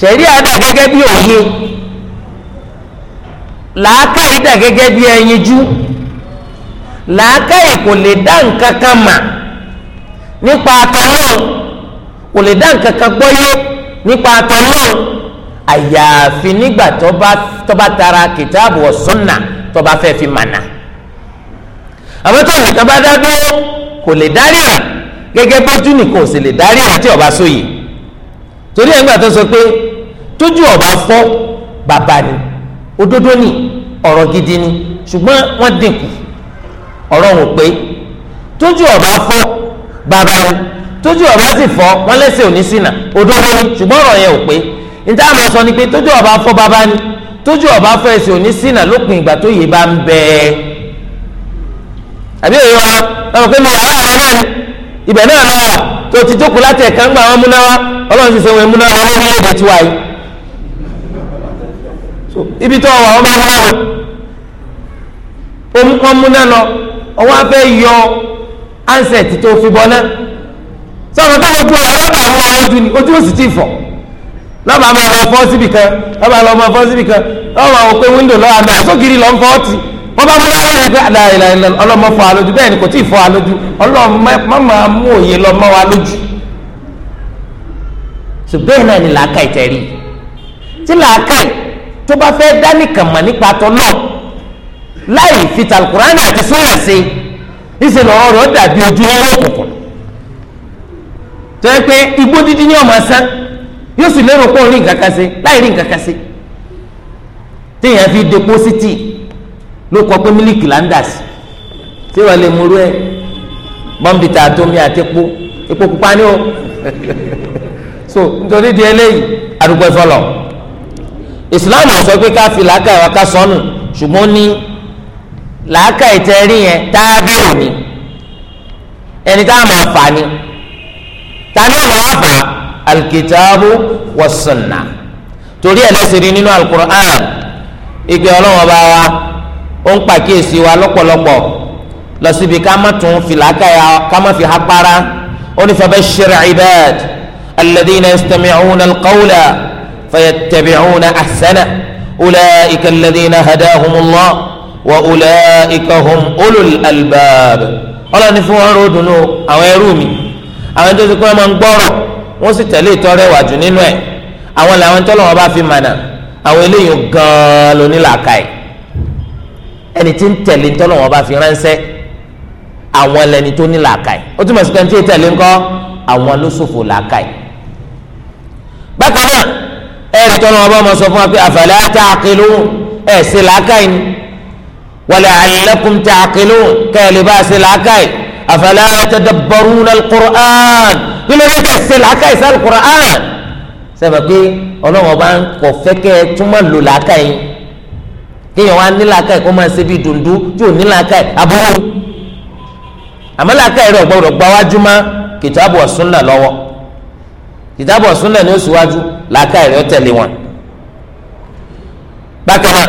ṣẹ̀ríà dà gẹ́gẹ́ bí òye. làákàyè dà gẹ́gẹ́ bí ẹyinjú làákàyè kò lè dá nǹkan kan mà nípa àtọ̀nà kò lè dá nǹkan kan gbọ́yé nípa àtọ̀nà àyàfi nígbà tó bá tara kìtáàbù wa sunna tó bá fẹ́ fi mànà àwọn tó nìkan bá dá dúró kò lè dárí rà gẹ́gẹ́ bójú nìkan ò sì lè dárí rà tí ọba sóye torí ẹgbẹ́ tó sọ pé tójú ọba fọ́ bàbá ni. òdodo ni ọ̀rọ̀ gidi ni ṣùgbọ́n wọ́n dínkù ọ̀rọ̀ wò pé tójú ọba fọ́ bàbá ni tójú ọba sì fọ́ wọ́n lẹ́sẹ̀ òní sínà òdodo ni ṣùgbọ́n ọ̀rọ̀ yẹn ò pé níta àmọ́ sọ ni pé ọba fọ́ bàbá ni tójú ọba fọ́ ẹsẹ̀ òní sínà lópin ìgbà tó wa pé mo wà ibi tó wà wọn bá O wọn omi kan múná lọ ọwọ́ afẹ́ yọ ansẹ̀tì tó fi bọ́ náà sọ̀rọ̀ tó gbogbo ọ̀rọ̀ lọ́ba àwọn ojú ni ojú ò sì ti fọ̀ lọ́ba lọ fọ́ síbi kan lọ́ba lọ fọ́ síbi kan lọ́ba wíńdò lọ́wọ́ àná lọ́ fọ́ ọtí ọlọ́mọ fọ́ alójú bẹ́ẹ̀ ni kò fọ́ alójú tó bá fẹ́ dánìkan mọ̀ nípa tọ́lọ́ láì fi talukuran àti súnà sí níṣẹ́ lọ́rọ́ rẹ̀ ó dàbí ojú ẹ̀rọ òkùnkùn tó yẹ pé igbó dídí ni ọmọ sán yóò sì lérò pé òun rí nǹkan kan sí láì rí nǹkan kan sí téèyàn fi depositi ló kọ pé mílíkì là ń dà sí tí wọ́n lè múrú ẹ̀ bọ́m̀bìtà àtomi àti epo epo pupa ni ó so nítorí di eléyìí àdúgbò ẹ̀fọ́ lọ islam sọ pé ká fi làákà wa ká sọnù ṣùgbọ́n ní làákà ìtẹ́rí yẹn tábìlì ni ẹni tá a máa fà ni tani àwọn àbá alkitabu wa sunna torí ẹ̀ lẹ́sìn rí nínú alukur'an ìgbé ọlọ́wọ́n bá wa ó ń pàkíyèsí wa lọ́pọ̀lọpọ̀ lọ síbi ká má tún fi làákà ya ká má fi hapara ó ní fabashir ibad alladhina yastami'una alqawla. فيتبعون أحسنه أولئك الذين هداهم الله وأولئك هم أولو الألباب ọlọ́run ní fún wọn rò àwọn ẹrú mi àwọn tó ti kọ́ ẹ ń gbọ́rọ̀ wọ́n sì tẹ̀lé ìtọ́rẹ́ wà nínú ẹ̀ àwọn làwọn tọ́lọ̀ wọn bá fi mànà àwọn eléyìí gan-an ló ní làákàyè ẹni tí ń tẹ̀lé tọ́lọ̀ wọn bá fi ránṣẹ́ àwọn lẹni tó ní làákàyè ó túmọ̀ sí pé ní tí ì tẹ̀lé ńkọ́ àwọn ló ṣòfò làákàyè. bákan náà ẹ̀rí tọ́nà ọba ọmọ sọ fún wa pé àfàlẹ́ àtà àkìlú ẹ̀ sí làákàyè ni wàlẹ̀ àlẹ́kùn tà àkìlú kẹ́lẹ́ bá sí làákàyè àfàlẹ́ àtẹ̀dẹ̀bọ̀rún alukur'an kí ló dé tẹ̀ sí làákàyè sí alukur'an sẹ́fẹ̀ pé ọlọ́wọ́n bá ń kọ̀ fẹ́kẹ́ túmọ̀ lò làákàyè kéèyàn wá ní làákàyè kó máa ṣe bí dundun tí ò ní làákàyè àbúrò àmọ́ làákàyè rẹ̀ gbọ́dọ̀ gbáwájú má kìtàbù wa sunna lọ́wọ́ ìjábọ̀ súnà ní oṣù wájú làákà ìrẹ́ tẹ̀lé wọn. bákan náà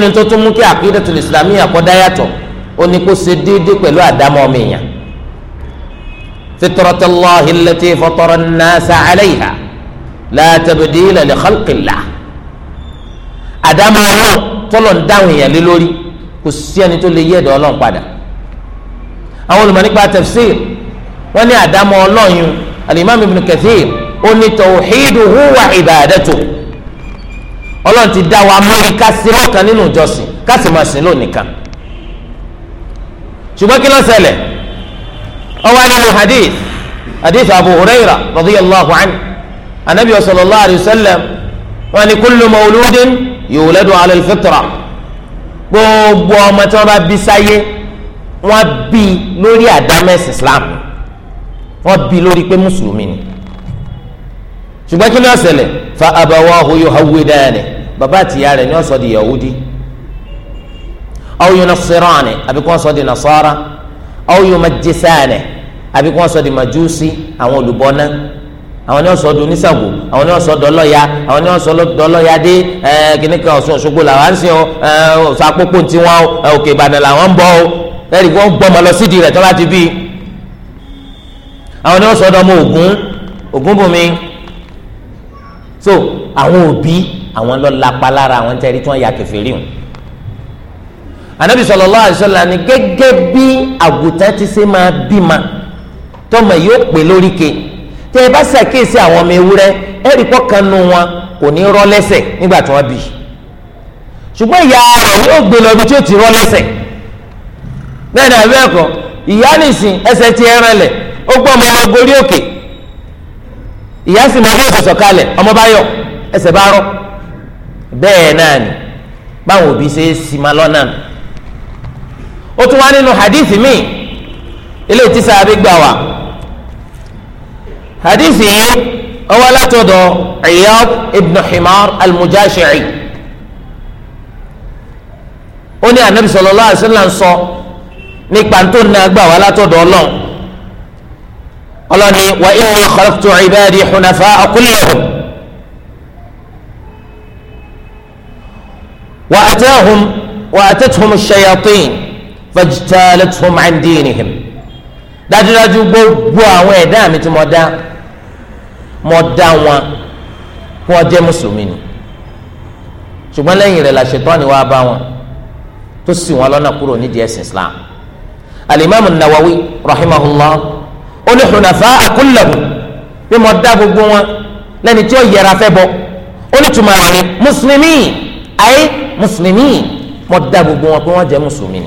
nínú tó tún mú kí àkídàtul islamiyya àkọ́dá yàtọ̀ ó ní kó ṣe déédéé pẹ̀lú àdámọ́ ọmọ èèyàn. fitratallahi allati fatara an-nasa 'alayha la tabdila li khalqillah. àdámọ́ ọlọ́run tọ́lọ̀ ń dáhùn èèyàn lé lórí kò sí ẹni tó lè yí ẹ̀dọ̀ ọlọ́run àwọn olùmọ̀ nípa tafsir wọ́n ní àdámọ́ ọlọ́run alimami ibn kathir oní tawhiduhu wa ibadatuhu ọlọ́run ti dá wa mọ́rí ká sí lọ́kàn nínú ìjọsìn ká sì máa sìn lónìí kan ṣùgbọ́n kí ló ṣẹlẹ̀ ọwọ́ nínú hadith hadith abu huraira radiyallahu anhu anabi sallallahu alayhi wa sallam wọ́n ní kullu mawludin yuladu ala alfitra gbogbo ọmọ tí wọ́n bá bí sáyé wọ́n bí lórí àdámẹ́sì islam wọ́n bí lórí pé mùsùlùmí ni ṣùgbọ́n kí ni ó ṣẹlẹ̀ fa abawahu yuhawwidani bàbá àtìyá rẹ̀ ni ó sọ di yahudi aw yunassirani àbí kí wọ́n sọ di nasara aw yumajjisani àbí kí wọ́n sọ di majusi àwọn olùbọ́ná àwọn ni wọ́n sọ di oníṣàngó àwọn ni wọ́n sọ dọlọ́ya àwọn ni wọ́n sọ dọlọ́ya dé ẹ̀ẹ́ kìnnìkan Ọ̀ṣun Òṣogbo làwọn ń ọ ẹ̀ẹ́ Ọ̀ṣun àpòpọ̀ tiwọn ọ Òkè Ìbàdàn làwọn ń bọ̀ ọ ẹ̀rí wọ́n gbọ́mọ lọ sídìí rẹ̀ tó bá ti bí àwọn ni wọ́n sọ ọdọ ọmọ Ògún Ògúnbùnmi so àwọn òbí àwọn lọ lapa lára àwọn tẹ́rí tí wọ́n ya kẹfẹ́ rí wọn. anabi sallallahu alaihi wasallam ni gẹ́gẹ́ bí àgùntàn ti ṣe máa bímọ tọmọ yóò pè lóríke tẹ ẹ bá ṣàkíyèsí àwọn ọmọ ewúrẹ́ ẹ rí pọkànnù wọn kò ní rọ lẹ́sẹ̀ nígbà tí wọ́n bí ṣùgbọ́n ìyá rẹ̀ yóò gbé lọ ibi tí ó ti rọ lẹ́sẹ̀ bẹ́ẹ̀ ni àbẹ ẹkọ ìyá nìsín ẹsẹ̀ ti ẹran lẹ ó gbọ́ ọmọ gorí òkè ìyá sì máa bá ọ̀dọ̀ sọ̀kalẹ̀ ọmọ bá yọ ẹsẹ̀ bá rọ bẹ́ẹ̀ náà ni báwọn òbí ṣe é sì máa lọ́nà nù. ó tún wá nínú hadith míì ilé tí sàbí gbà wá hadith yìí ó látọ̀dọ̀ Iyad ibn Himar al-Mujashi'i ó ní anabi sallallahu alaihi wasallam sọ nípa tó ní agbà wá látọ̀dọ̀ Ọlọ́run ọlọ́ni wà inni khalaqtu ibadi hunafa'a kullahum wà atahum wà atatuhum shayatin fajtalathum an dinihim dájúdájú gbogbo àwọn ẹ̀dá mi tí mo dá mo dá wọn kó ọ jẹ́ mùsùlùmí ni ṣùgbọ́n lẹ́yìn rẹ̀ la Ṣẹ̀tánì wá bá wọn tó sì wọn lọ́nà kúrò nídìí ẹ̀sìn Islam al nawawi rahimahullah ó ní hunafa akulahu bí mo dá gbogbo wọn lẹ́ni tí ó yẹra fẹ́ bọ ó ní tuma rẹ̀ ni mùsùlùmí ayé mùsùlùmí mo dá gbogbo wọn pé wọ́n jẹ́ mùsùlùmí ni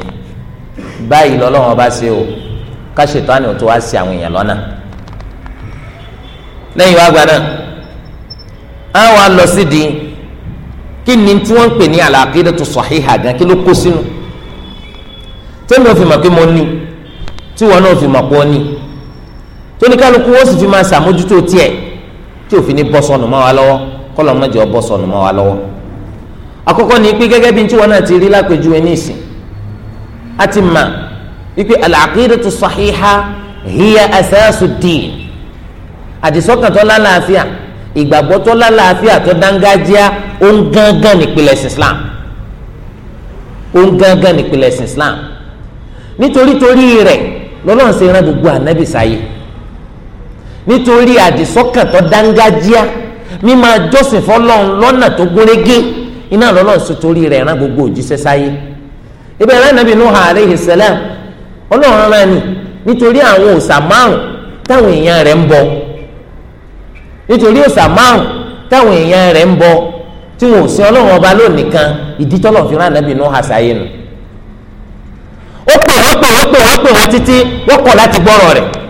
báyìí lọ́lọ́wọ́n bá ṣe o ká ṣètánì tó wá sí àwọn èèyàn lọ́nà lẹ́yìn wá gba náà àwọn alọ sí di kí ni tí wọ́n ń pè ní al-aqidatu sahiha gan kí ló kó sínú tẹ́mi ò mọ̀ pé mo ní tí wọ́n náà ò mọ̀ pé ó ní oníkálukú wọn sì fi máa ṣàmójútó tiẹ̀ tí òfin ní bọ́ sọnù mọ́ wa lọ́wọ́ kọ́lọ́ mọ́jọ́ bọ́ sọnù mọ́ wa lọ́wọ́ àkọ́kọ́ ni pé gẹ́gẹ́ bí tí wọn náà ti rí lápèjúwe ní ìsìn a ti mà wípé al-aqidatu sahiha hiya asasu din àdìsọ́kàn tó lálàáfíà ìgbàgbọ́ tó lálàáfíà tó dángájíá òun gángan nípìnlẹ̀ Islam òun gángan nípìnlẹ̀ Islam Nitori tori rẹ̀ lọ́lọ́run ṣe rán gbogbo ànábì sáyé nítorí àdìsọ́kàn tó dángájíá mímọ jọ́sìn fọlọ́run lọ́nà tó gúnrégé iná lọ́lọ́run torí rẹ̀ rán gbogbo òjíṣẹ́ sáyé ibẹ̀ rẹ̀ nàbí Nuh alayhi salam ọlọ́run rán ni nítorí àwọn òòsà márùn táwọn èèyàn rẹ̀ ń bọ nítorí òòsà márùn táwọn èèyàn rẹ̀ ń bọ ọba lónìí kan ìdí tọ́lọ̀ fi rán nàbí ó pè wọ́n pè wọ́n pè wọ́n pè wọ́n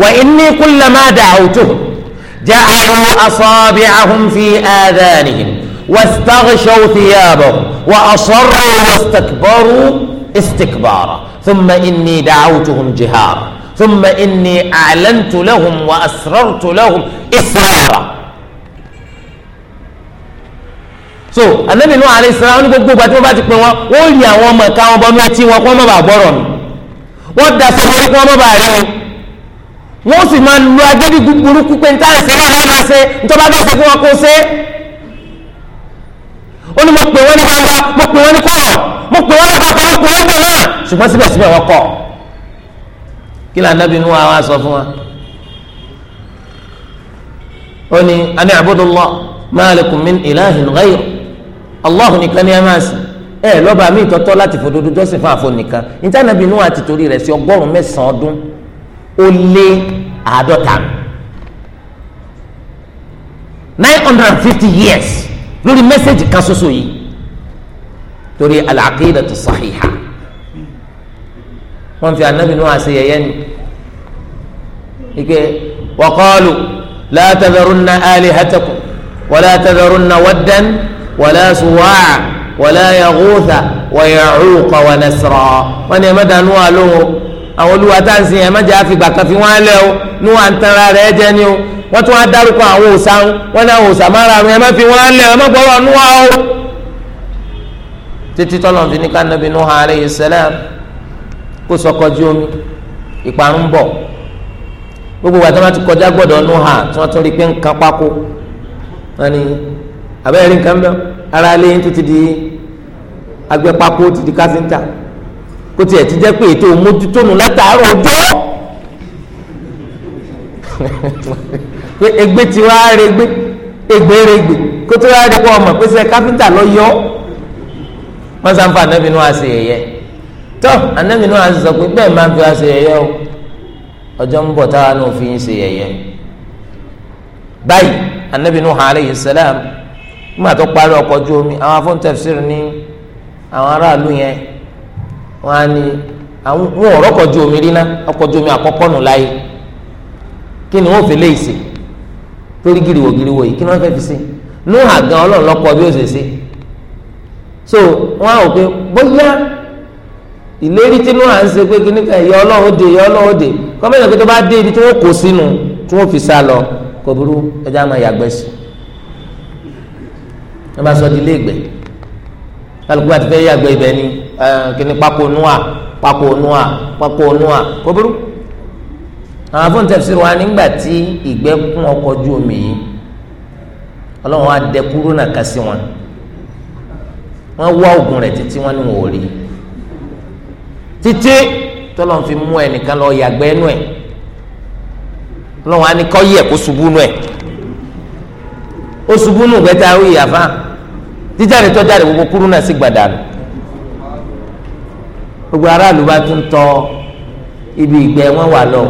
وإني كلما دعوتهم جعلوا أصابعهم في آذانهم واستغشوا ثيابهم وأصروا واستكبروا استكبارا ثم إني دعوتهم جهارا ثم إني أعلنت لهم وأسررت لهم إسرارا so anabi nuhu alayhi salaam ní gbogbo ìgbà tí wọn bá ti pè wọn wọn ò rí àwọn ọmọ ìka wọn bọnú ẹtí wọn kó wọn má bàa gbọ́rọ̀ mi wọn da sọ wọn kó wọn má bàa rí mi wọ́n sì máa lu agédí burúkú pé níta ẹ̀sìn náà náà máa ṣe nítorí bá sọ fún wọn kó ṣe. ó ní mo pè wọ́n ní gbangba mo pè wọ́n ní kọ̀rọ̀ mo pè wọ́n ní pàpà mo pè wọ́n ní náà ṣùgbọ́n síbẹ̀síbẹ̀ wọ́n kọ̀. kí lóò anábì Nuhu wa sọ fún wa. ó ní ani abudullah ma lakum min ilahin ghayr Allahu nìkan ni ẹ máa sìn ẹ lọ́ba mi ìtọ́tọ́ láti fòdodo jọ́sìn fún àfọ nìkan níta anábì Nuhu rẹ̀ sí ọgọ́rùn-ún mẹ́sàn-án ọdún ó lé àádọ́ta nine hundred and fifty years lórí mẹ́sẹ̀gì kan ṣoṣo yìí torí al-aqida as-sahiha wọ́n fi anabi nù àṣẹ yẹyẹ ni ike wa qalu la tadharunna alihatakum wa la tadharunna waddan wa la suwa'a wa la yaghutha wa ya'uqa wa àwọn olúwa tá à ń sìn ẹ má jẹ́ àfìgbà kan fi wọ́n lẹ́ o ní wọ́n à ń tanra rẹ̀ jẹ́ ni o wọ́n tún wá dárúkọ àwọn òòṣà ń wọ́n ní àwọn òòṣà má ra àrùn ẹ má fi wọ́n lẹ́ ẹ má gbọ́rọ̀ nú wa o. títí tọ́lọ̀ fi ní ká nàbí Nuh alayhi salam kó sọ kọjú omi ìparun bọ̀ gbogbo wa tí wọ́n ti kọjá gbọ́dọ̀ ha, tí wọ́n tún rí pé nǹkan pákó wọ́n ní abẹ́rẹ́ nǹkan bẹ́ẹ̀ ara lẹ́yìn tó ti di agbẹ́pákó kó tiẹ̀ ti jẹ́ pé ètò mójútónu látàárọ̀ ọjọ́ pé egbe ti wá regbe egbe regbe kó tó wá regbe ọmọ pé sẹ káfíńtà lọ yọ wọn sá ń fa anábìnú àṣẹ yẹ̀yẹ́ tó anábìnú àṣẹ sọ pé bẹ́ẹ̀ máa ń fi àṣẹ yẹ̀yẹ́ o ọjọ́ ń bọ̀ táwa náà fi ń ṣe yẹ̀yẹ́ báyìí anábìnú alayhi salam nígbà tó parí ọkọ̀ ojú omi àwọn afọ́ntẹ́fsir ní àwọn aráàlú yẹn wọn á ní àwọn wọn ọ̀rọ̀ kọjú omi rí ná ọkọjú omi àkọ́kọ́ nù láyé kí ni wọn ò fi lé ìsè torí giriwo giriwo yìí kí ni wọn fẹ́ fi sí nuha gan ọlọ́run lọ́kọ bí ó ṣe sí so wọn á wò pé bóyá ìlérí tí nuha ń ṣe pé kíní kan ìyá ọlọ́run òde ìyá ọlọ́run òde kọ́mẹ́tà pé tó bá dé ibi tí wọ́n kó sínú tí wọ́n fi sá lọ kò burú ẹja máa yàgbẹ́ sí ẹ bá sọ di ilé ìgbẹ́ kálukú àti fẹ́ yàgbẹ́ ibẹ̀ ni. Eh, kíni pákó nua pákó nua pákó nua kò burú àwọn afọ́n tẹ̀sí wa nígbà tí ìgbẹ́ kún ọkọ̀ ojú omi yìí ọlọ́run á dẹ kúrò náà kásí wọn wọ́n wá oògùn rẹ̀ títí wọ́n ní wọn ò rí títí tọ́lọ́n fi mú ẹnìkan lọ yàgbẹ́ nù ẹ̀ ọlọ́run á ní kọ́ yẹ kó ṣubú nù ẹ̀ ó ṣubú nù gbẹ́ta ó yàfa jíjáde tọ́jáde gbogbo kúrò náà sì gbàdánù gbogbo aráàlú bá tún tọ ibi ìgbẹ́ wọn wà lọ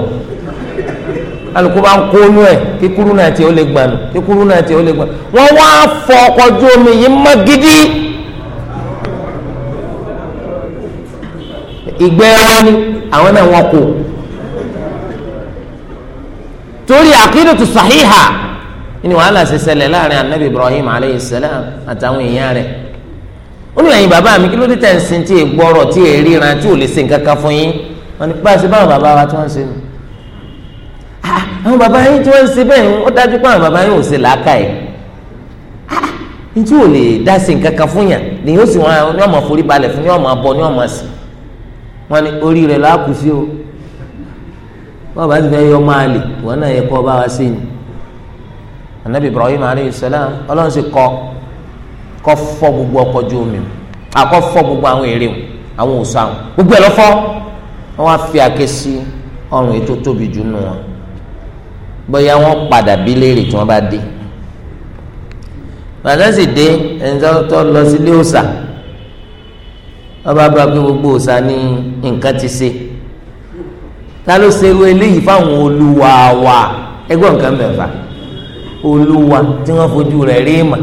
alùpùpù bá ń kóyún ẹ kíkúrú náà tí ó lè gbànú kíkúrú náà tí ó lè gbànú wọn wá fọ ọkọ̀ omi yìí mọ́ gidi ìgbẹ́ wọn ni àwọn náà wọn kò torí àkídùtù sàhíhà ni wàhálà ṣe ṣẹlẹ̀ láàrin anabi ibrahim aleyhi salam àtàwọn èèyàn rẹ̀ olùyẹ̀yìn bàbá mi kí ló dé tẹ̀ ń sin tí è gbọ́rọ̀ tí è ríran tí ò lè sin kankan fún yín wọn ni bá a ṣe báwọn bàbá wa tí wọ́n ń ṣe nù. Ah, àwọn bàbá yín tí wọ́n ń ṣe bẹ́ẹ̀ ni ó dájú pé àwọn bàbá yín ò ṣe làákà ẹ̀ ah, ah, ní tí ò lè dá sin kankan fún yàn ni yóò sì wọn ni ọmọ forí balẹ̀ fún ni ọmọ abọ ni ọmọ sí wọn ni orí rẹ̀ láàkú sí o wọn bá ti fẹ́ yọ máa lè wọn náà yẹ kọ́ bá wa sí ni anabi Ibrahim alayhi salam ọlọ́run sì kọ́ kọ́ fọ́ gbogbo ọkọ̀ ojú omi àkọ́ fọ́ gbogbo àwọn èrè o àwọn òòsà àwọn gbogbo ẹ̀ lọ fọ́ wọ́n wá fi àáké sí ọrùn ètò tóbi jù nù wọn bóyá wọ́n padà bí léèrè tí wọ́n bá dé bàtà sì dé ẹni tó lọ sílé òòsà wọ́n bá bá pé gbogbo òòsà ní nǹkan ti ṣe ta ló ṣe irú eléyìí fáwọn olúwa wa nǹkan mẹ́fà olúwa tí wọ́n fojú rẹ̀ rí mà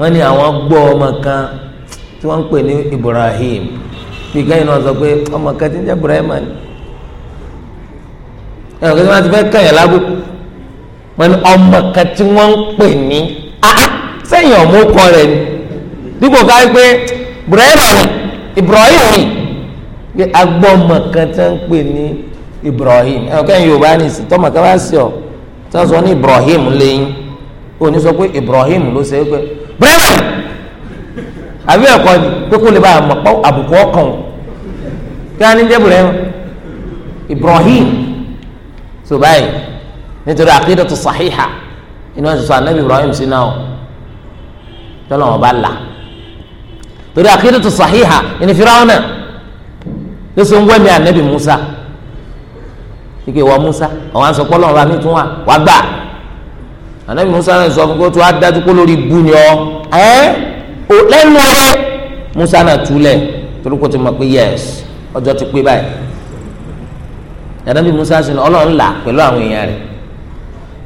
wọ́n ní àwọn gbọ́ ọmọ kan tí wọ́n ń pè ní Ibrahim bí kẹ́yìn náà sọ pé ọmọ kan ti ń jẹ́ Ibrahim ni ẹ̀rọ kí wọ́n ti fẹ́ kẹ́yìn lábùkù wọ́n ní ọmọ kan tí wọ́n ń pè ní sẹ́yìn ọ̀mú kọ rẹ̀ ni dípò ká pé Ibrahim ni Ibrahim ni pé agbọ́ ọmọ kan tí wọ́n ń pè ní Ibrahim ẹ̀rọ kẹ́yìn Yorùbá ni tọ́mọ kan bá sí ọ tí wọ́n sọ ní Ibrahim lẹ́yìn òní sọ pé Ibrahim ló ṣe é pé brethren àbí ẹ̀kọ́ ni kókó lè bá àmọ́ àbùkù ọkàn o kí wọ́n á ní jẹ́ brethren Ibrahim so báyìí nítorí àkídàtu sàhíhà iná sísọ anabi Ibrahim sí náà tọ́lọ̀ wọn bá là torí àkídàtu sàhíhà ìní Fíráúnà ló sọ ń wẹ́mi anabi Musa ike wọ Musa ọ̀hún àṣọ pọ́lọ́ ọ̀rọ̀ àmì tún wà wá gbà anabi musa náà sọ fún kó tó adájú kó lórí bu ni ọ ẹ ò lẹ́nu rẹ musa náà túlẹ̀ torí kó ti mọ̀ pé yẹs ọjọ́ ti pé báyìí anabi musa sì ní ọlọ́run là pẹ̀lú àwọn èèyàn rẹ̀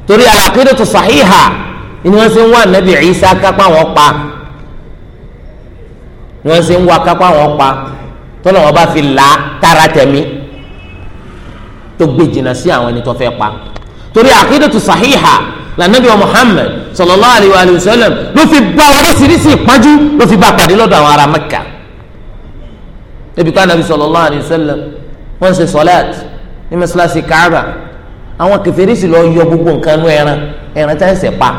torí àlàkídà tó sàhíhà ni wọ́n ṣe ń wá anabi isa kápá wọn pa ni wọ́n ṣe ń wá kápá wọn pa tọ́lọ̀ wọn bá fi là tara tẹ̀mí tó gbé jìnnà sí àwọn ẹni tó fẹ́ pa torí àkídà tó sàhíhà lànàbí wa Muhammad sallallahu alayhi wa alayhi wa sallam ló fi bá oríṣiríṣi ìpọ́njú ló fi bá pàdé lọ́dọ̀ àwọn ará Mẹ́kà ebi ká nàbí sallallahu alayhi wa sallam wọ́n ń ṣe sọ́láàt ní mẹ́sàlásì káàbà àwọn kẹfẹ́rẹ́sì lọ yọ gbogbo nǹkan nú ẹran ẹran tá ń sẹ̀ pa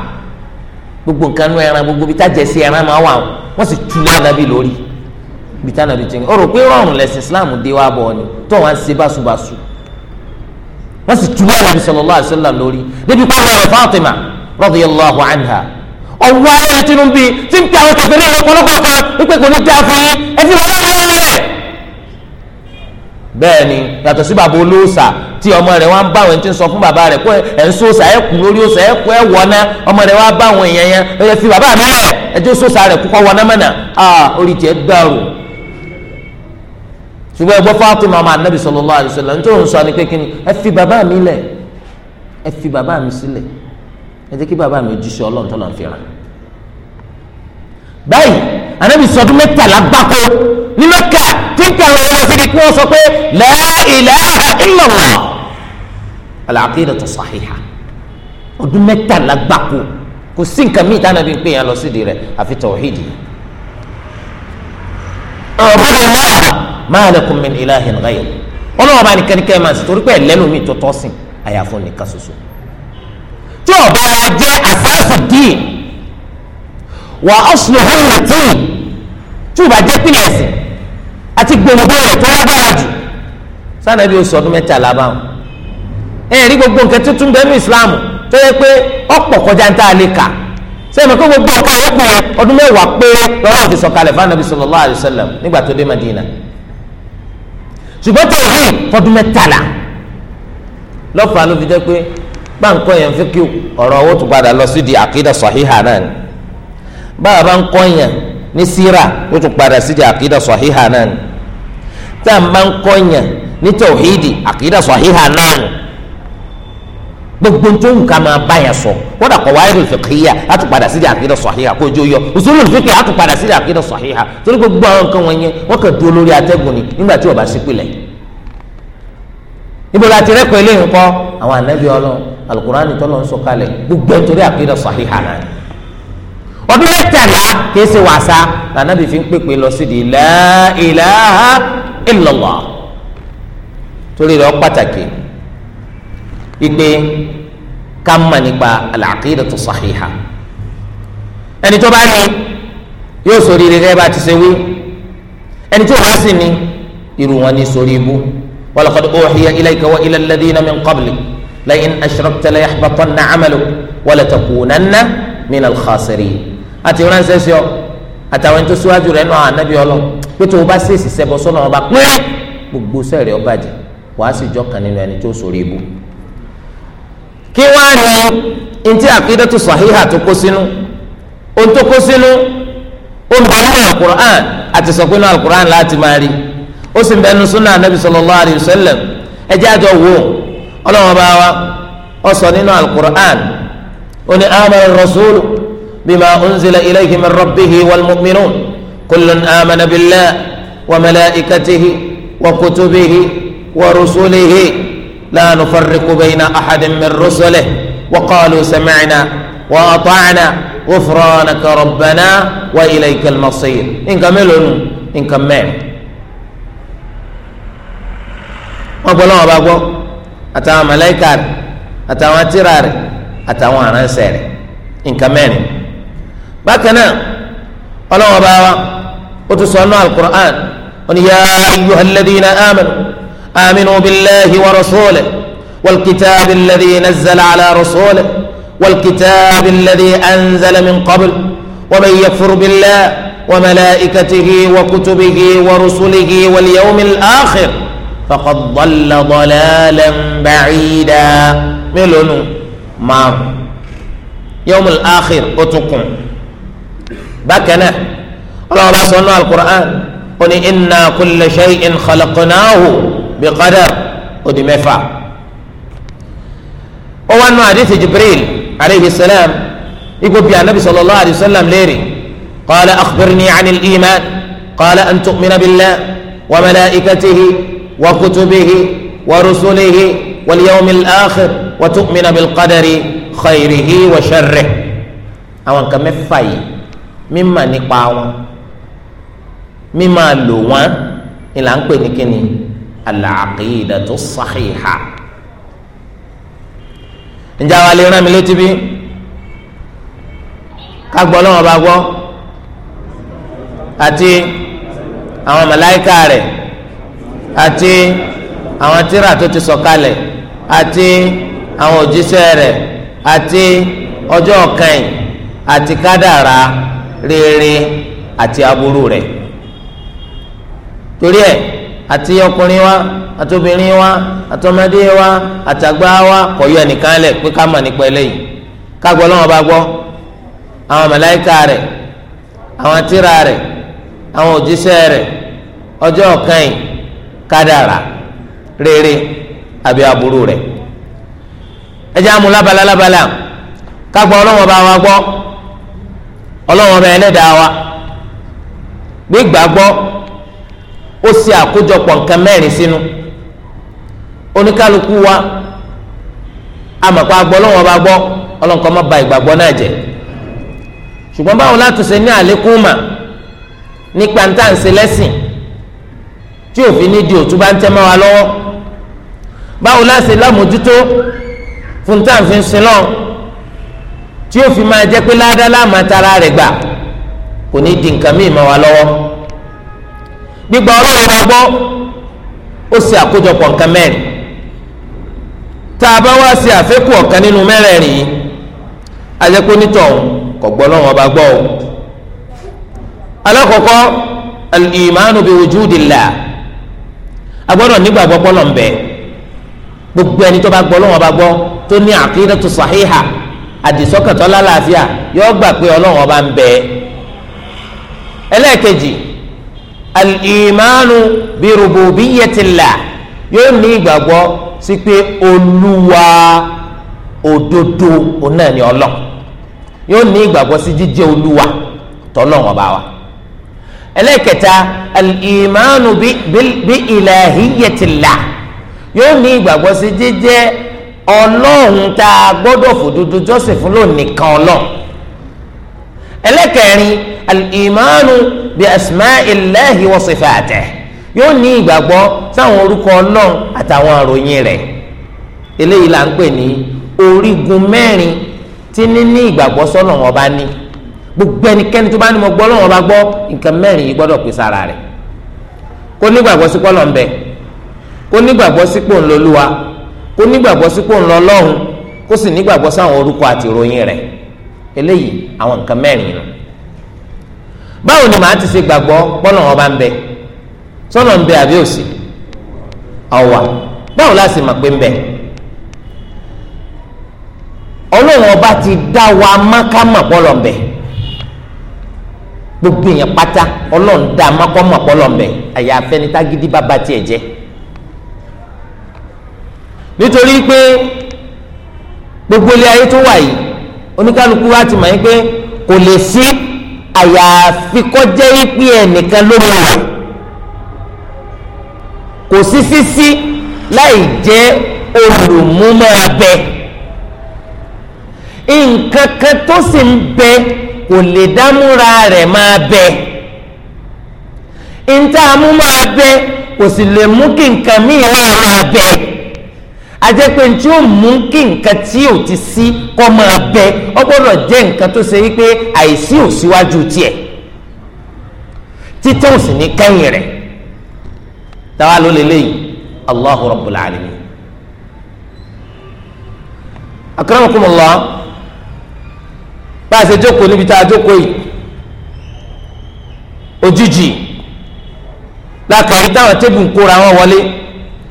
gbogbo nǹkan nú ẹran gbogbo bí tájẹ̀ sí ẹran máa wà wọ́n sì túlẹ̀ ànábì lórí bí tá nàbí ti ń pé rọrùn lẹ́sìn Islam dé wá bọ̀ ni tó wọn ṣe báṣubàṣu wọ́n sì túlẹ̀ nàbí sallallahu alaihi wasallam lórí débi pàmò rẹ̀ Fatima radiyallahu anha ọ̀wọ́ ayé tinubu ti ń pe àwọn kẹfẹ́lẹ́ ọ̀pọ̀lọpọ̀ kan wípé kò ní dá fún yín ẹ fi wọn lọ́wọ́ wọn lẹ̀. bẹ́ẹ̀ ni yàtọ̀ sí bàbá olóòṣà tí ọmọ rẹ̀ wá ń bá àwọn ẹni tí ń sọ fún bàbá rẹ̀ kó ẹ̀ ń sóòṣà ẹ̀ kú lórí òṣà ẹ̀ kú ẹ̀ wọ̀nà ọmọ rẹ̀ wá bá àwọn èèyàn yẹn ẹ̀ fi bàbá mi lẹ̀ ẹjọ́ sóòṣà rẹ̀ kúkọ́ wọ̀nà mọ́nà ah orí tiẹ̀ dàrú ṣùgbọ́n ẹgbọ́ Fatima ọmọ anabi sallallahu alaihi wasallam nítorí òun sọ ni pé kíni ẹ fi bàbá mi lẹ̀ ẹ fi bàbá mi sílẹ̀ ẹ jẹ́ kí bàbá mi ojúṣe ọlọ́run tó lọ́n fi ràn. báyìí anabi sọdún mẹ́tàlá gbáko ní mẹ́ka tí ń kàwé wọn sí ni kí wọ́n sọ pé la ilaha illallah al-aqidatu ọdún mẹ́tàlá gbáko kò sí nǹkan míì tí anabi ń pè yẹn lọ sídìí rẹ̀ àfi tawhidi ọ̀bùdó náà máa lakum min ilahin ghayr ọlọ́wọ́ bá nìkan máa sì torí pé tó nìkan ṣoṣo tí ọba wa jẹ́ àsáàsì díì wà ọ̀sùn òhùnà tíì tí ò bá jẹ́ pílẹ̀ ẹ̀sìn àti gbòǹgbò rẹ̀ tó lágbára jù oṣù ọdún gbogbo nǹkan tuntun bẹ́ẹ̀ ní pé sẹ́mi kó gbogbo ọ̀ka yókù yẹn ọdún mẹ́wàá péré lọ́wọ́ fi sọ̀kalẹ̀ fún anabi sallallahu alayhi wa sallam nígbà tó dé Madina ṣùgbọ́n tẹ̀wé fọdún mẹ́tàlá lọ́fàá ló fi jẹ́ pé báńkọ́ yẹn fi kí ọ̀rọ̀ owó tó padà lọ sí di àkídà sọ̀híhà náà ni báwa bá ń kọ́ yẹn ní síra ó tún padà sí di àkídà sọ̀híhà náà ni tá à ń bá ń kọ́ yẹn ní tẹ̀wéèdì àkídà sọ̀híhà náà ni gbogbo tó nǹkan máa bá yẹn sọ kódà qawaidul fiqhiyya àtúpadà sí àkídà sahiha kó jó yọ usulul fiqhi àtúpadà sí àkídà sahiha torí gbogbo àwọn nǹkan wọ̀nyẹn wọ́n kàn dúró lórí atẹ́gùn ni nígbà tí ó bá sí pilẹ̀. ibo la ti rẹ́kọ̀ọ́ eléyìí kọ́ àwọn ànábì Ọlọ́run Al-Qur'ani tó lọ ń sọ kalẹ̀ gbogbo nítorí àkídà sahiha náà ọdún mẹ́tàlá kìí ṣe wàsá lànàbì fi ń pèpè lọ sídìí la ilaha illallah torí rẹ̀ ó pàtàkì ipe ká mọ̀ nípa al-aqidatu sahiha ẹni tó bá ní yóò sori rẹ gẹ́gẹ́ bá ti ṣe wí ẹni tó wàá sì ní irú wọn ní sori ibú wa laqad uhiya ilayka wa ila alladhina min qablik la in ashrakta la yahbatanna 'amaluk wa la takunanna min al-khasirin àti ránṣẹ́ sí ọ àtàwọn ẹni tó síwájú rẹ náà ànábì ọlọ pé tó o bá ṣèṣì ṣẹbọ sọ́nà ọba pé gbogbo sẹ́ẹ̀rẹ̀ ọba jẹ wàá sì jọ kàn nínú ẹni tó sori ibú kí wọ́n á ní ntí àkídàtú sàhíhà tó kó sínú ohun tó kó sínú ó ń bẹ nínú alukur'an àti sọ̀kún nínú alukur'an láti máa rí ó sì ń bẹ nínú sunnah anabi sallallahu alayhi wa sallam ẹ àjọ wò ọlọ́wọ́n bá wa ó sọ nínú alukur'an ó ní amara rasulu bima unzila ilayhi min rabbihi wal mu'minun kullun amana billah wa malaikatihi wa kutubihi wa rusulihi. لا نفرق بين أحد من رسله وقالوا سمعنا وأطعنا غفرانك ربنا وإليك المصير إن كملوا إن كمل wọ́n lọ́wọ́ bá gbọ́ àtàwọn màláíkà rẹ̀ àtàwọn atírà rẹ̀ àtàwọn aránṣẹ́ rẹ̀ nǹkan mẹ́rin bákan náà ọlọ́wọ́ bá wa ó tún sọ ọ́nà alukur'an ó ní yá ayyuhalladhina amanu. آمنوا بالله ورسوله والكتاب الذي نزل على رسوله والكتاب الذي أنزل من قبل ومن يكفر بالله وملائكته وكتبه ورسله واليوم الآخر فقد ضل ضلالا بعيدا ملون ما يوم الآخر أتقم بكنا الله سبحانه القرآن قل إنا كل شيء خلقناه bi qadar ó di mẹ́fà ó wá nù àdìsí jibril aleyhi salam igbó bíi anabi sallallahu alayhi wa sallam léèrè qala akhbirni ani iman qala an tu'mina billah wa malaikatihi wa kutubihi wa rusulihi wal yawmil akhir wa tu'mina bil qadari khayrihi wa sharrihi àwọn nǹkan mẹ́fà yìí mímà nípa wọn mímà lò wọn ìlà pè ní kíni al-aqidatu sahiha ǹjẹ́ àwọn alẹ́ rán mi létí bí ká gbọ́ lọ́wọ́ bá gbọ́ àti àwọn màláíkà rẹ̀ àti àwọn tírà tó ti sọ̀kalẹ̀ àti àwọn òjíṣẹ́ rẹ̀ àti ọjọ́ kan àti kádàrá rere àti aburú rẹ̀ torí ẹ̀ àti ọkùnrin wa àti obìnrin wa àti ọmọdé wa àtàgbà wa kò yọ ẹnìkan lẹ̀ pé ká mọ̀ nípa eléyìí ká gbọ́ lọ́wọ́ bá gbọ́ àwọn màláíkà rẹ̀ àwọn tírà rẹ. àwọn òjíṣẹ́ rẹ̀ ọjọ́ ọ̀kan yìí kádàrà rere àbí aburú rẹ̀ ẹ jẹ́ àmú lábala lábala ká gbọ. ọlọ́wọ́ bá wa gbọ́ ọlọ́wọ́ bá wa gbígbà gbọ. ó ṣe àkójọpọ̀ nǹkan mẹ́rin sínú oníkálukú wa amọ̀pá gbọ́ lọ́wọ́ bá gbọ́ ọlọ́nkọ́ má ba ìgbàgbọ́ náà jẹ́ ṣùgbọ́n báwo láti ṣe ní àlékún mà nípa ń tà ń ṣe lẹ́sìn tí òfin ní di òtún bá ń tẹ́ mọ́ wa lọ́wọ́ báwo láti lámòjútó fún tá à tí òfin máa jẹ́ pé ládàá láàmú rẹ̀ gbà kò ní di nǹkan míì mọ́ wa lọ́wọ́ gbígba ọlọ́run bá gbọ́ ó ṣe àkójọpọ̀ nǹkan mẹ́rin tá a bá wá ṣe àfẹ́kù ọ̀kan nínú mẹ́rẹ̀ẹ̀rin yìí ajẹ́pọ̀ nítọ̀hún kò gbọ́ ọlọ́run bá gbọ́ o alákọ̀ọ́kọ́ al-imanu bi wujudillah agbọ́dọ̀ nígbàgbọ́ pé Ọlọ́run ń gbogbo ẹni tó bá gbọ́ ọlọ́run bá gbọ́ tó ní aqidatu sahiha àdìsọ́kàn tó lálàáfíà yóò gbà pé ọlọ́run bá ń bẹ ẹlẹ́ẹ̀kejì al-imanu bi rububiyatillah yóò ní ìgbàgbọ́ sí pé olúwa òdodo ọ̀nà ni ọlọ́ yóò ní ìgbàgbọ́ sí jíjẹ́ olúwa tọ́lọ́wọ́n bá wa ẹlẹ́kẹta al-imanu bi ilahiyatillah yóò ní ìgbàgbọ́ sí jíjẹ́ ọlọ́run tá a gbọ́dọ̀ fòdodo jọ́sìn lónìí kan ọlọ́run ẹlẹ́kẹrin al-imanu bi asma'illahi wa sifatihi yóò ní ìgbàgbọ́ sáwọn orúkọ ọlọ́run àtàwọn àròyìn rẹ̀ eléyìí là ń pè ní orígun mẹ́rin tí níní ìgbàgbọ́ sọ́nà wọn bá ní gbogbo ẹnikẹ́ni tó bá ní mo gbọ́ lọ́wọ́ bá gbọ́ nǹkan mẹ́rin yìí gbọ́dọ̀ pè sára rẹ̀ kó nígbàgbọ́ sípò lọ́n bẹ kó nígbàgbọ́ sípò ńlọlúwa kó nígbàgbọ́ sípò ńlọlọ́hun kó sì nígbàgbọ́ sáwọn orúkọ àti rẹ̀ eléyìí àwọn nǹkan mẹ́rin nù báwo ni màá ti se gbàgbọ́ pọ́nà wọn bá ń bẹ sọ́nà ń bẹ àbí òsì ọ̀wà báwo la sì pé ń bẹ ọba ti dá wa mákàmà pọ́lọ̀ ń bẹ gbogbo èèyàn pátá ọlọ́run dá mákàmà pọ́lọ̀ ń bẹ àyàfẹ́ ni tágídí bá ba tiẹ̀ jẹ́ nítorí pé gbogbo ilé ayé tó wà yìí oníkálukú wa ti mọ̀ àyàfi kọjá ìpín ẹnìkan ló mú un kò sí sísí láì jẹ́ olùmúmọ́ abẹ nǹkan kan tó sì ń bẹ kò lè dámúra rẹ̀ máa bẹ nta mú kò sì lè mú kí nǹkan míì náà máa bẹ ajẹ́pẹ́ tí ó mú kí nǹkan tí ò ti sí kọ́ máa bẹ ọ gbọ́dọ̀ jẹ́ nǹkan tó ṣe wípé àìsí ò síwájú tiẹ̀ títí ò sì ní kẹ́yìn rẹ̀ táwa ló lélẹ́yìí Allahu Rabbul Alamin. akramakumullah bá a ṣe jókòó níbi tá a jókòó yìí òjijì lákàrí táwọn tébù ń kóra wọn wọlé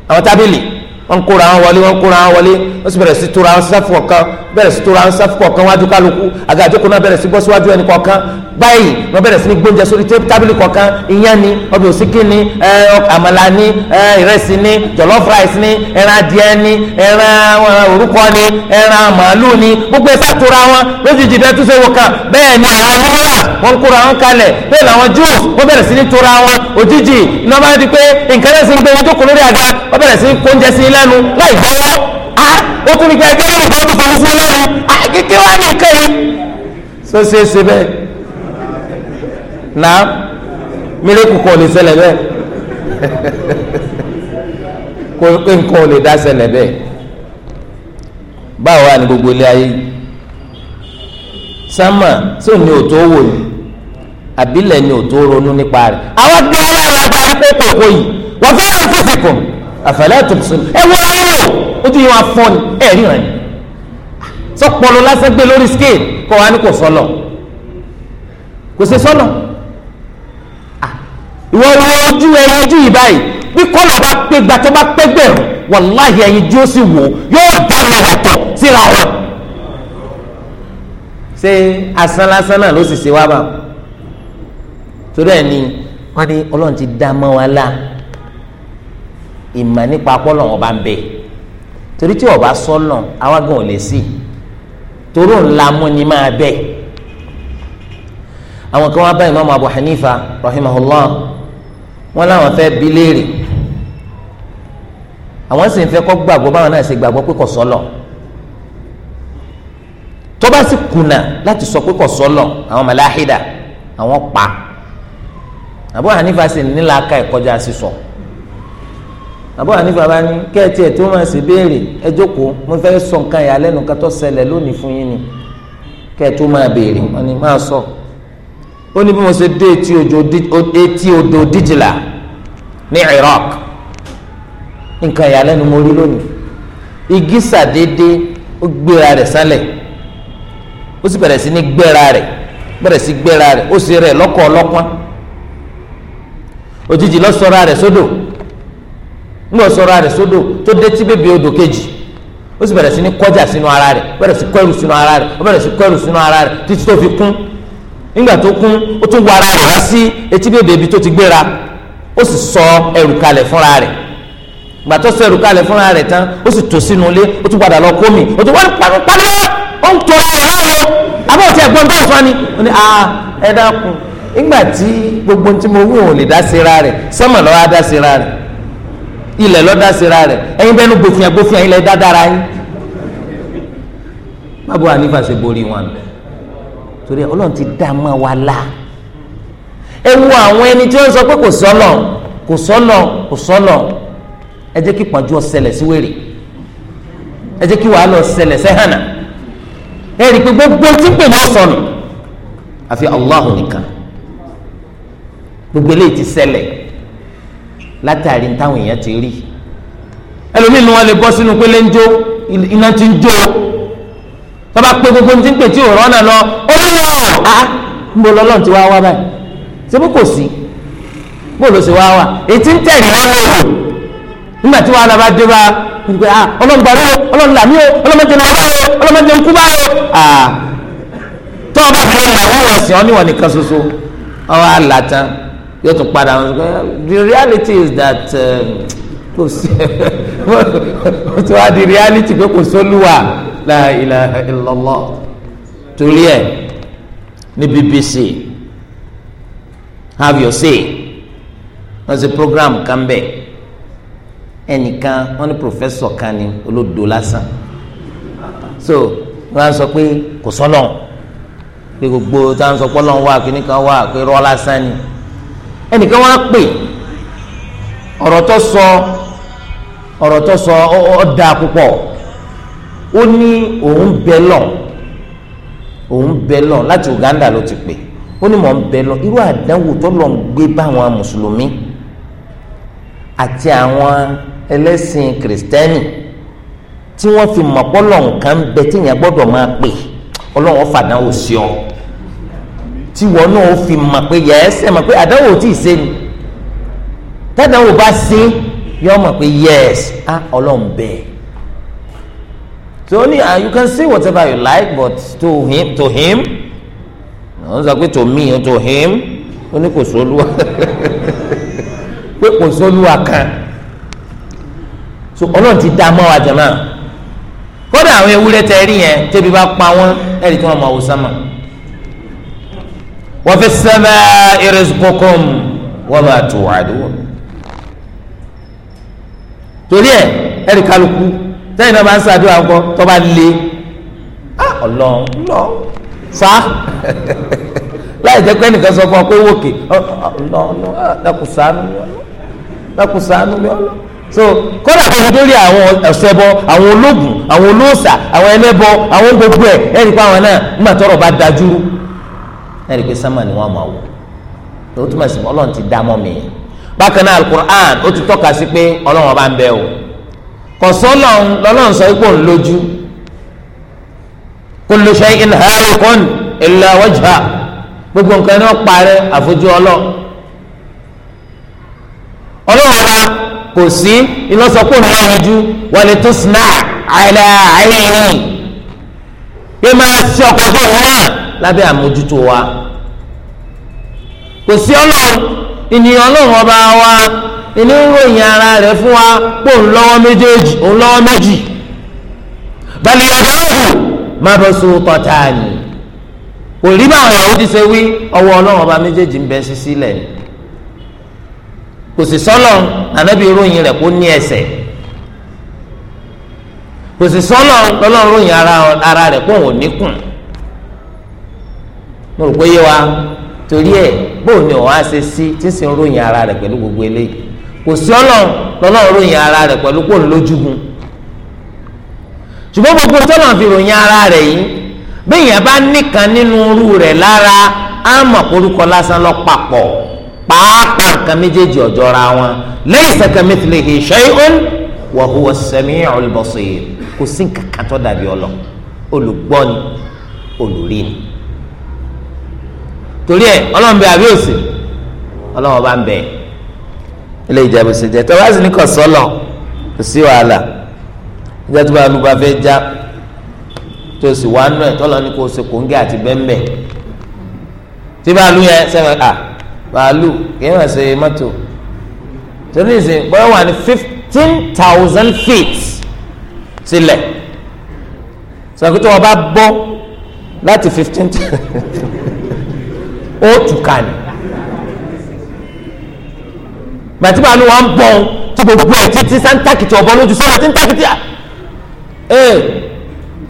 àwọn tábìlì wọ́n kóra wọn wọlé wọ́n kóra wọn wọlé wọ́n sì bẹ̀rẹ̀ sí tóra wọn sáfù kọ̀ọ̀kan bẹ̀rẹ̀ sí tóra wọn sáfù kọ̀ọ̀kan wájú kálukú àgàjókòó náà bẹ̀rẹ̀ sí bọ́ síwájú ẹni kọ̀ọ̀kan báyìí wọ́n bẹ̀rẹ̀ sí ní gbóúnjẹ sórí tábìlì kọ̀ọ̀kan ìyàn ni ọbẹ̀ òsíkì ni àmàlà ni ìrẹsì ni jollof rice ni ẹran adìẹ ni ẹran orúkọ ni ẹran màálù ni gbogbo ẹ̀ sàtúra wọn lójijì bẹ́ẹ̀ tún ṣe wò kan bẹ́ẹ̀ ni àwọn múra wọn kóra wọn kalẹ̀ bẹ́ẹ̀ làwọn júù wọ́n bẹ̀rẹ̀ sí ní tóra wọn òjijì iná bá di pé nǹkan lẹ́nu láì gbọ́wọ́ a ó tún ní kí ẹgbẹ́ yóò bá tó fọwọ́ fún lẹ́nu a kékeré wà ní kẹ́yìn. sọ ṣe é ṣe bẹ́ẹ̀ náà mírèkù kò lè ṣẹlẹ̀ bẹ́ẹ̀ kò nǹkan ò lè dá ṣẹlẹ̀ bẹ́ẹ̀ báwo wà ní gbogbo ilé ayé sámà tí ò ní òtó wò ní àbílẹ̀ ní òtó ronú nípa rẹ̀ àwọn gbé ọlọ́run àtàrí kókò kò yìí wọ́n fẹ́ràn fífi kùn àfàlẹ́ àtọ̀sọ ẹ wọ ayé o ó ti yẹ wọn afọ ni ẹ ríran ni sọpọlọ lásán gbé lórí scale kọ wa ni kò sọlọ kò sí sọlọ ìwọ wo ojú ẹyin ojú yìí báyìí bí kọlọ bá pé gba tó bá pé gbẹrù wàláhì ẹyin tí ó sì wò yóò dá mi yàtọ̀ síra wọn. ṣé asán lásán náà ló sì ṣe wá bá torí ẹ ni wọn ní Ọlọ́run ti dá mọ́ wa lá ìmọ̀ nípa pọ́lọ̀ wọn bá ń bẹ torí tí ọba sọ́nà awágan ò lè sí toró ńlá mú ni máa bẹ àwọn kan wá bá Imam Abu Hanifa rahimahullah wọn làwọn fẹ́ bi léèrè àwọn sì ń fẹ́ kọ́ gbàgbọ́ báwọn náà ṣe gbàgbọ́ pé kò sọ́lọ̀ tó sì kùnà láti sọ pé kò sọ́lọ̀ àwọn màláhídà àwọn pa Abu Hanifa sì nílà ká ẹ̀kọ́jà sí sọ. So àbọ̀ àní bàbá ni kẹ́ẹ̀tì ẹ̀ tó máa ṣe béèrè ẹ jókòó mo fẹ́ sọ nǹkan ìyàlẹ́nu kan tó ṣẹlẹ̀ lónìí fún yín ni kẹ́ẹ̀ tó máa béèrè wọn ni máa sọ ó ní bí mo ṣe dé etí odò díjìlá ní Iraq nǹkan ìyàlẹ́nu mo rí lónìí igi sàdédé ó gbéra rẹ̀ sálẹ̀ ó sì bẹ̀rẹ̀ sí ní gbéra rẹ̀ bẹ̀rẹ̀ sí gbéra rẹ̀ ó sì rẹ̀ lọ́kọ̀ òjijì lọ́sọ̀rọ̀ rẹ̀ sódò. So ńgbà sọ̀rọ̀ rẹ̀ sódò tó dé tí bèbè odò kejì ó sì bẹ̀rẹ̀ sí ní kọjá sínú ara rẹ̀ bẹ̀rẹ̀ sí kọ́rù sínú ara rẹ̀ ó bẹ̀rẹ̀ sí kọ́rù sínú ara rẹ̀ títí tó fi kún ńgbà tó kún ó tún wọ ara rẹ̀ wá sí etí bèbè ibi tó ti gbéra ó sì sọ ẹrù kalẹ̀ fúnra rẹ̀ gbà tó sọ ẹrù kalẹ̀ fúnra rẹ̀ tán ó sì tò sínú ilé ó tún padà lọ kómi ó tún wọ́n pàdé pàdé ó ń tora rẹ̀ láàrọ̀ ni ó ní ah, ẹ dákun ilẹ̀ lọ́dà síra rẹ̀ ẹ̀yin bẹ́ẹ̀ ní gbófin agbófin lẹ̀ dáadáa yín báwo ànífà ṣe borí wọn torí ọlọ́run ti dá a mọ́ la ẹ wo àwọn ẹni tí wọ́n sọ pé kò sọ́nà kò sọ́nà kò sọ́nà ẹ jẹ́ kí pọ́njú ọ̀sẹ̀lẹ̀ sí wèrè ẹ jẹ́ kí wàhálà ọ̀sẹ̀lẹ̀ sẹ́hànà ẹ rí i gbogbo tí pè látàrí táwọn èèyàn ti rí ẹlòmínú wọn lè bọ́ sínú pélé ń jó iná ti ń jó tọ́ba pé gbogbo ní ti ń pè tí òòrùn ọ̀nà lọ olúwa á ń bo lọ́lọ́run ti wá wá báyìí ṣé bó kò sí bó ló ṣe wá wá ètí ń tẹ̀lé wọn lóru nígbà tí wàhálà bá dé bá ìgbé ah ọlọ́mọgbà rẹ o ọlọ́mọlà mi o ọlọ́mọdé náà rẹ o ọlọ́mọdé nkú bá rẹ o ah tọ́ba fi ń lọ wọ́n wọ̀ sí ọ níwọ̀n nìkan ṣoṣo ọ wá là tán yóò tún padà wọn eh, the reality is that eh, kò sí o tún wá di reality pé kò sólùwà la ilaha illallah torí ẹ ní BBC have your say wọ́n ṣe program kan bẹ́ẹ̀ ẹnìkan wọ́n ní professor kan ní olódo lásán so wọ́n á sọ pé kò sọ́lọ́n pé gbogbo táwọn sọ pé ọlọ́run wà kíní kan wà pé rọ́ lásán ni ẹnìkan wá pè ọ̀rọ̀ tó sọ ọ̀rọ̀ tó sọ ó dáa púpọ̀ ó ní òun bẹ lọ òun bẹ lọ láti Uganda ló ti pè ó ní mò ń bẹ lọ irú àdánwò tó lọ ń gbé báwọn mùsùlùmí àti àwọn ẹlẹ́sìn kìrìsìtẹ́nì tí wọ́n fi mọ̀pọ́lọ̀ nǹkan bẹ tí ìyẹn máa pè ọlọ́run fàdánwò sí ọ tí wọn náà ó fi mọ̀ pé yẹ́sẹ̀ mọ̀ pé àdánwò tí ì ṣe ni bá ṣe yọ mọ̀ pé yẹ́s á ọlọ́run bẹ́ẹ̀ so ni ah, you can say whatever you like but to him to him wọ́n sọ pé to me to him ó ní kò sólúwa pé kò sólúwa kan so ọlọ́run ti dá mọ́ wa jẹ̀mọ́ kódà àwọn ewúrẹ́ tẹ rí yẹn tẹ́bi bá pa wọ́n ẹ̀rí tí wọ́n mọ̀ ọ́ sánmọ̀ wa fi s-samaa'i rizqukum wa ma tu'adun. torí ẹ ẹ̀rí kálukú sẹ́yìn náà bá ń ṣàdúrà ńkọ tó bá lé ọlọ́run lọ fa láì jẹ́ pé ẹnìkan sọ fún ọ pé wòkè ọlọ́run dákùsánú dákùsánú lọ́ọ́ so kódà àwọn olórí àwọn ọ̀sẹ̀bọ àwọn ológun àwọn olóòṣà àwọn ẹlẹ́bọ àwọn gbogbo ẹ̀ ẹ̀rí pa àwọn náà nígbà tọ́rọ̀ bá dájú ẹ̀rí pé sámà ni wọ́n máa wò ló túmọ̀ sí ọlọ́run ti dá mọ́ mi yẹn bákan náà alukur'an ó ti tọ́ka sí pé ọlọ́run ọba ń bẹ o kọ̀sọ́lọ́run lọ́lọ́run sọ ipò ńlójú kullu shay'in halikun illa wajha gbogbo nǹkan ni wọ́n parẹ́ àfojú ọlọ́ ọlọ́run ọba kò sí ìlọsọ̀kò náà yanjú wọlé tó sinà àìlà àìlẹ́yìn pé máa ṣe ọkọ̀ ọjọ́ náà. lábẹ́ àmójútó wa kò sí ọlọ́run ènìyàn ọlọ́run ọba wa ìní ń ròyìn ara rẹ̀ fún wa lọ́wọ́ méjèèjì lọ́wọ́ méjì bẹ́ẹ̀ni ọ̀dọ́ òhùn má bọ́ so tọ́ta ni kò rí báwọn ìyàwó ti ṣe wí ọwọ́ ọlọ́run ọba méjèèjì ń bẹ sí sílẹ̀ kò sì sọ́lọ̀ ànábì ròyìn rẹ̀ kó ní ẹsẹ̀ kò sì sọ́lọ̀ lọ́lọ́run ròyìn ara mo rò pé yé wa torí ẹ bó ni òun á ṣe sí tí sì ń ròyìn ara rẹ̀ pẹ̀lú gbogbo eléyìí kò sí ọlọ́run lọ́lọ́run ròyìn ara rẹ̀ pẹ̀lú kò ń lójúgun ṣùgbọ́n gbogbo tọ́lọ̀ fi ròyìn ara rẹ̀ yìí bẹ́ẹ̀ yẹn bá nìkan nínú irú rẹ̀ lára á mọ̀ orúkọ lásán lọ papọ̀ pàápàá nǹkan méjèèjì ọ̀jọ́ ra wọn laysa kamithlihi shay'un wa huwa as-sami'ul basir kò sí nǹkan kan tó dàbí ọlọ olùgbọ́ olùrí ni torí ẹ ọlọ́run bẹ àbí òsì ọlọ́run ọba ń bẹ ilé ìjẹ́bù sí jẹ́ tọ́wá sí ní kò sọ́lọ̀ kò sí wàhálà ìjà tó bá lùbá fẹ́ já tó sì wá nù ẹ̀ tọ́lọ́ ní kò ṣe kòńgẹ́ àti bẹ́ńbẹ́ tí bàálù yẹn sẹ́wọ̀n à bàálù kì í wọ́n ṣe mọ́tò torí ìsìn bọ́lá wà ní fifteen thousand feet sílẹ̀ sọ pé tí wọ́n bá bọ́ láti fifteen thousand ó tùkà ní. gbàtí bàánú wọn ń bọ̀ tí gbogbo ẹ̀ títí sáńtàkìtì ọ̀bọ lójú sọ́wọ́ tí ń tàkìtì à. ẹ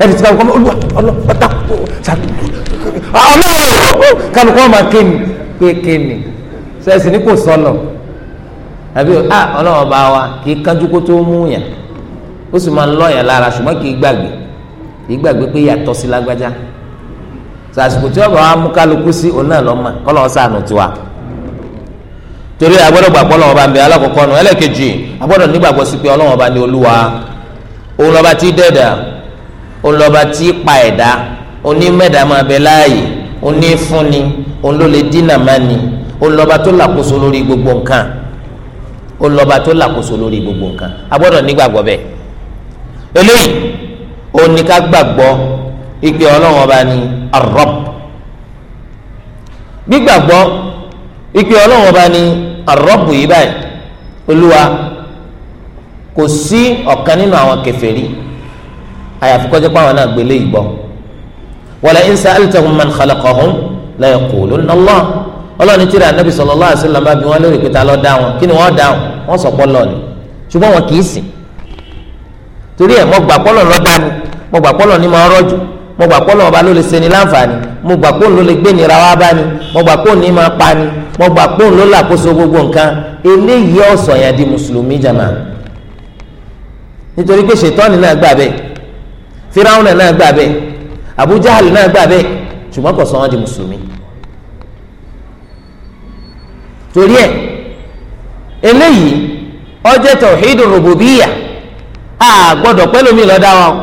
ẹ ti sọ́kọ́ olúwa ọlọ́ọ̀tà ọlọ́ọ̀ kálukọ́ máa kéènì pé kéènì sẹ́sì ní kò sọ́lọ̀ àbí à ọlọ́wọ́ bá wa kì í kánjú kó tó mú yàn ó sì máa ń lọ́yàn lára ṣùgbọ́n kì í gbàgbé kì í gbàgbé pé yàtọ̀ sí lágbájá sàsìkò tí ọba wa mú kálukú sí òun náà lọ́mọ kọ́lọ́ sànù tiwa torí agbọ́dọ̀ gbàgbọ́ lọ́wọ́ bá ń bẹ alákọ̀ọ́kọ́ nu ẹlẹ́kejì agbọ́dọ̀ nígbàgbọ́ sí pé ọlọ́wọ́ bá ní olúwa òun lọ́ba tí dẹ̀dà òun lọ́ba tí pa ẹ̀dá òní mẹ́ẹ̀dá máa bẹ láàyè òní fúnni òun ló lè dínà má ni òun lọ́ba tó làkóso lórí gbogbo nǹkan òun lọ́ba tó làkóso lórí gbogbo nǹkan agbọ́dọ̀ nígbàgbọ́ bẹ́ẹ̀ eléyìí òun ní ká gbàgbọ́ ìpè ọlọ́run ọba ní arọ́b gbígbàgbọ́ ìpè ọlọ́run ọba ní arọ́b yìí báyìí olúwa kò sí ọ̀kan nínú àwọn kèfèrí àyàfi kó jẹ́ pé àwọn náà gbélé ìgbọ́ wala in sa'altahum man khalaqahum la yaqulunna Allah ọlọ́ni tíra anabi sallallahu alaihi wasallam bí wọ́n lérò pé ta dá wọn kí ni wọ́n dá wọn wọ́n sọ pọ́ lọ́ọ̀ni ṣùgbọ́n wọn kì í sìn torí ẹ̀ mọ́ gbà pọ́lọ̀ lọ́dá mi mọ́ gbà pọ́lọ̀ ni mo rọ́jù mo gbà pọ́ lọ́wọ́ba ló lè ṣe ni láǹfààní mo gbà pọ́ ló lè gbé nira wá bá ni mo gbà pọ́ ní máa pa ni mo gbà pọ́ ló làkóso gbogbo nǹkan eléyìí ọ̀sọ̀ yẹn di mùsùlùmí jama nítorí pé ṣètọ́ni náà gbà bẹ́ẹ̀ firawuna náà gbà bẹ́ẹ̀ Abu Jahal náà gbà bẹ́ẹ̀ ṣùgbọ́n kò sọ wọ́n di mùsùlùmí torí ẹ̀ eléyìí ó jẹ́ tauhidur rububiyyah a gbọ́dọ̀ pẹ́ lómi lọ́dá wọn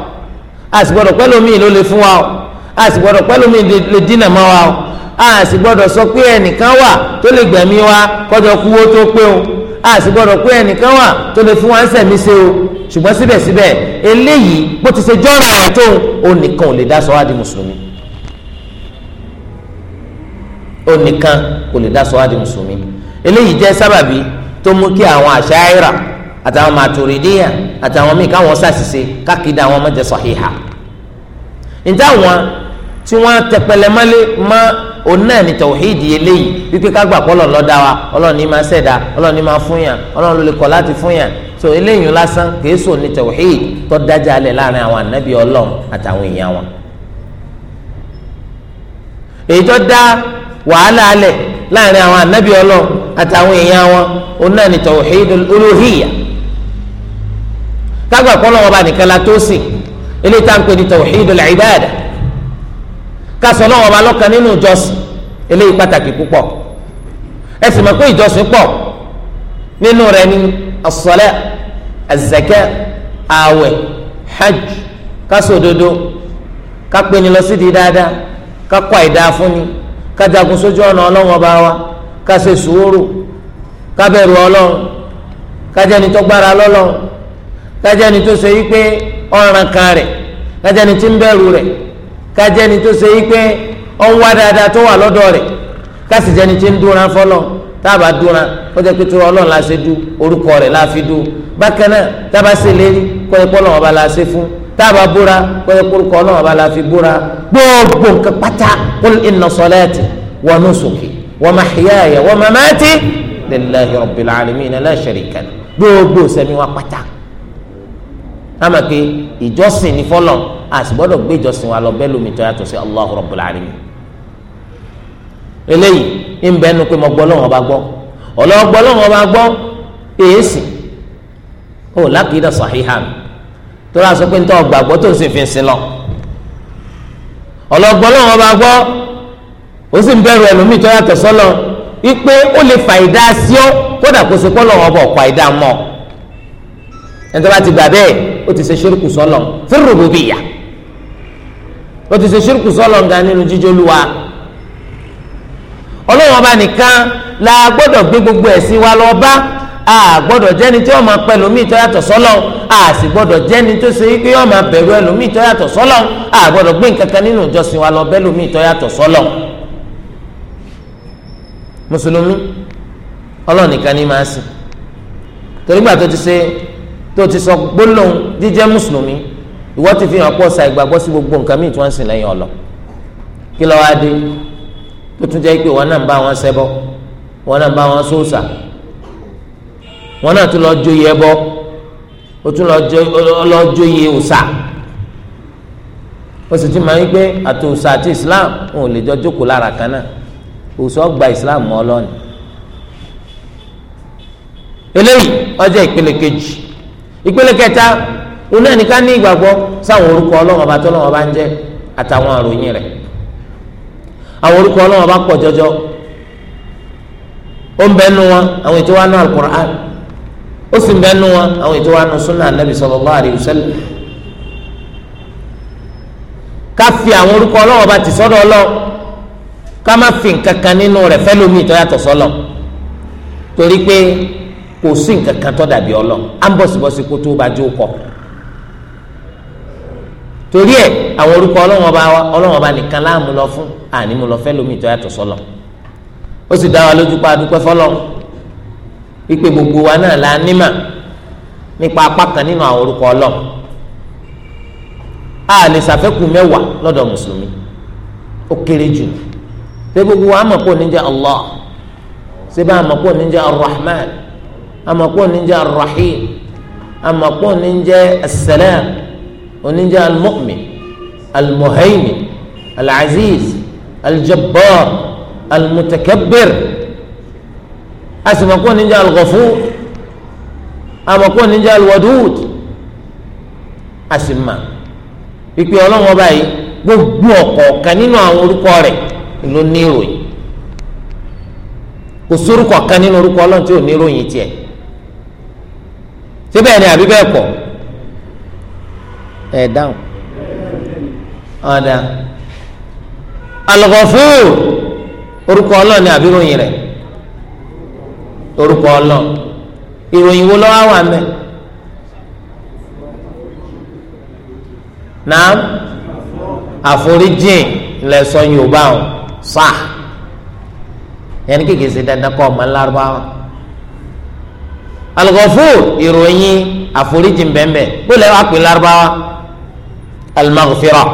a sì gbọ́dọ̀ pẹ̀lú mi ló lè fún wa o a sì gbọ́dọ̀ pẹ̀lú mi lè dínà mọ́ wa o a sì gbọ́dọ̀ sọ pé ẹnìkan wà tó lè gbẹ̀mí wa kọjọ kú owó tó pé o a sì gbọ́dọ̀ pé ẹnìkan wà tó lè fún wa ń sẹ̀mí ṣe o ṣùgbọ́n síbẹ̀síbẹ̀ eléyìí bó ti ṣe jọ́ràn ẹ̀ tó o nìkan ò lè dá sọ wá di mùsùlùmí o nìkan le da dá sọ wá di mùsùlùmí eléyìí jẹ́ sábàbí tó mú kí àwọn àṣà àìrà àtàwọn màtòrídìyà àtàwọn míì káwọn ṣàṣìṣe kákìdá àwọn mọ̀jẹ̀ sọ̀híhà níta wọn tí wọn tẹpẹlẹ mọ́lé mọ́ òun náà ni tọ̀hídì eléyìí wípé ká gbà pé Ọlọ́run dá wa Ọlọ́run ni máa ṣẹ̀dá Ọlọ́run ni máa fún yàn Ọlọ́run ló lè kọ̀ láti fún yàn so eléyìí lásán kìí sọ ní tọ̀hídì tó dájà lẹ̀ láàrin àwọn ànábì Ọlọ́run àtàwọn èèyàn wọn. èyí tó dá wàhálà alẹ̀ láàrin àwọn ànábì Ọlọ́run àtàwọn èèyàn wọn òun náà ni tọ̀hídì olóhìyà kágbà kọ́ lọ́wọ́ bá nìkan la tó sìn eléyìí tá à ń pè ní tawhidul ibada kásọ̀ lọ́wọ́ bá lọ́kàn nínú ìjọsìn eléyìí pàtàkì púpọ̀ ẹ sì mọ̀ pé ìjọsìn pọ̀ nínú rẹ̀ ní as-sala az-zaka àwẹ̀ hajj kásọ̀ òdodo kápẹ́ni sídìí dáadáa kákọ́ àìdáa fúnni kájagun sójú ọ̀nà ọlọ́wọ́n bá wa ká ṣe sùúrù ká bẹ̀rù ọlọ́run kájẹ́ni kájẹ́ni tó ṣe yí pé ọ̀ràn kan rẹ̀ kájẹ́ni tí ń bẹ̀rù rẹ̀ kájẹ́ni tó ṣe yí pé ọ̀nwá dáadáa tó wà lọ́dọ̀ rẹ̀ kásìjẹ́ni tí ń dúnra fọlọ́ táàbà dúnra ó jẹ́ pé tó ọlọ́run la ṣe dú orúkọ rẹ̀ la fi dú bákan náà tábà ṣe lérí kọ́ ẹ pọ́lọ́ ọba la fún táàbà búra kọ́ ẹ pọ́lọ́ ọlọ́run ọba búra gbogbo nǹkan pátá qul inna salati wa nusuki wa mahyaya wa mamati lillahi rabbil alamin la sharika gbogbo sẹ́mi wa pátá ama pé ìjọsìn ní fọlọ àti gbọ́dọ̀ gbé ìjọsìn wa lọ bẹ́ẹ̀ lómi tó yàtọ̀ sí Allahu Rabbul Alamin eléyìí ń bẹ nu pé mo gbọ́ lọ́wọ́ ọba gbọ́ ọlọ́wọ́ gbọ́ lọ́wọ́ ọba gbọ́ èèsì ó lákìídà sàhíhà mi tó rà sọ pé nítorí ọgbà gbọ́ tó ń sìn fi ń sin lọ ọlọ́gbọ́ lọ́wọ́ ọba gbọ́ ó sì ń bẹ̀rù ẹlòmíì tó yàtọ̀ sọ́lọ ó lè fàyídá sí ọ kódà kó se kọ́ lọ́wọ́ ọba ọ̀pá ẹni tó bá ti gbà bẹ́ẹ̀ ó ti ṣe ṣírkù sọ́lọ̀ fún rògbòbìyà ó ti ṣe ṣírkù sọ́lọ̀ ga nínú jíjólúwa ọlọ́run ọba nìkan la gbọ́dọ̀ gbé gbogbo ẹ̀sìn wa lọ bá a gbọ́dọ̀ jẹ́ni tí ó máa pẹ̀lú mi tó yàtọ̀ sọ́lọ̀ a sì gbọ́dọ̀ jẹ́ni tó ṣe pé ó máa bẹ̀rù ẹlòmíì tó yàtọ̀ sọ́lọ̀ a gbọ́dọ̀ gbé nǹkan nínú ìjọsìn wa lọ bẹ́lòmíì tó yàtọ̀ sọ́lọ̀ mùsùlùmí ọlọ́run ni máa sìn torí gbà tó ti ṣe tó ti sọ gbólóhùn jíjẹ́ mùsùlùmí ìwọ ti fi hàn pọ̀ sa ìgbàgbọ́ sí gbogbo nǹkan míì tí wọ́n ń sìn lẹ́yìn ọ̀lọ́ kí lọ́wọ́ adé tó tún jẹ́ pé wọ́n náà ń bá wọn ṣẹbọ wọ́n náà ń bá wọn sóòṣà wọ́n náà tún lọ joyè ẹbọ ó tún lọ joyè òòṣà ó sì ti máa ń gbé àti òòṣà àti Islam wọn ò lè jọ jókòó lára kan náà òòṣà gba Islam mọ́ ọlọ́ni eléyìí ó jẹ́ ìpele kejì ìpele kẹta òun náà nìkan ní ìgbàgbọ́ sáwọn orúkọ ọlọ́run ọba tọ́lọ́run ọba ń jẹ́ àtàwọn àròyìn rẹ̀ àwọn orúkọ ọlọ́run ọba pọ̀ jọjọ ó ń bẹ́ẹ̀ wọn àwọn ètò wa nù alukur'an ó sì ń bẹ́ẹ̀ wọn àwọn ètò wa nù sunna anabi sallallahu alayhi wa sallam ká fi àwọn orúkọ ọlọ́run ọba tì sọ́dọ̀ ọlọ́run ká má fi nǹkan kan nínú rẹ̀ fẹ́ lómi ìtọ́yàtọ̀ sọ́lọ̀ torí pé kò sí nǹkan kan tó dàbí ọlọ à ń bọ̀sibọ̀si kó tó bá jó kọ torí ẹ àwọn orúkọ ọlọ́wọ́n bá wa ọlọ́wọ́n bá nìkan láàmú lọ fún àní mo lọ fẹ́ lómi tó sọlọ ó sì dá wa lójú pa àdúpẹ́ fọlọ́ wípé gbogbo wa náà la nímà nípa apá kan nínú àwọn orúkọ ọlọ́ a lè ṣàfẹ́kù mẹ́wàá lọ́dọ̀ mùsùlùmí ó kéré jù pé gbogbo wa mọ̀ pé oníjẹ́ Allah ṣé bá a mọ̀ pé oníjẹ́ Ar-Rahman amakpọ ninjẹ arahim amakpọ ninjẹ asalam oninjẹ almu'min almuhaimin alaziz aljabbar almutakabir asimakpọ ninjẹ alghafur amakpọ ninjẹ alwadud asima pípé ọlọ́wọ́n báyìí gbogbo ọ̀kọ̀ọ̀kan nínú àwọn orúkọ rẹ̀ ló ní ìròyìn kò sórúkọ kan nínú orúkọ ọlọ́run tí ò ní ìròyìn ṣé ni àbí bẹ́ẹ̀ kọ́ ẹ̀ dáhùn ọ̀dà al orúkọ Ọlọ́run ni àbí ròyìn rẹ̀ orúkọ Ọlọ́run ìròyìn wo lọ́wọ́ wà mẹ́ náà àforíjìn lẹ́sọ̀ Yorùbá ọ̀ sáà yẹn ní kékeré ṣe dandan kọ́ ọmọ ńlá rẹ̀ al-Ghafur ìròyìn àforíjì bẹ́ẹ̀nbẹ́ẹ́ gbọ́dọ̀ wà pé Lárúbáwá al-Maghfira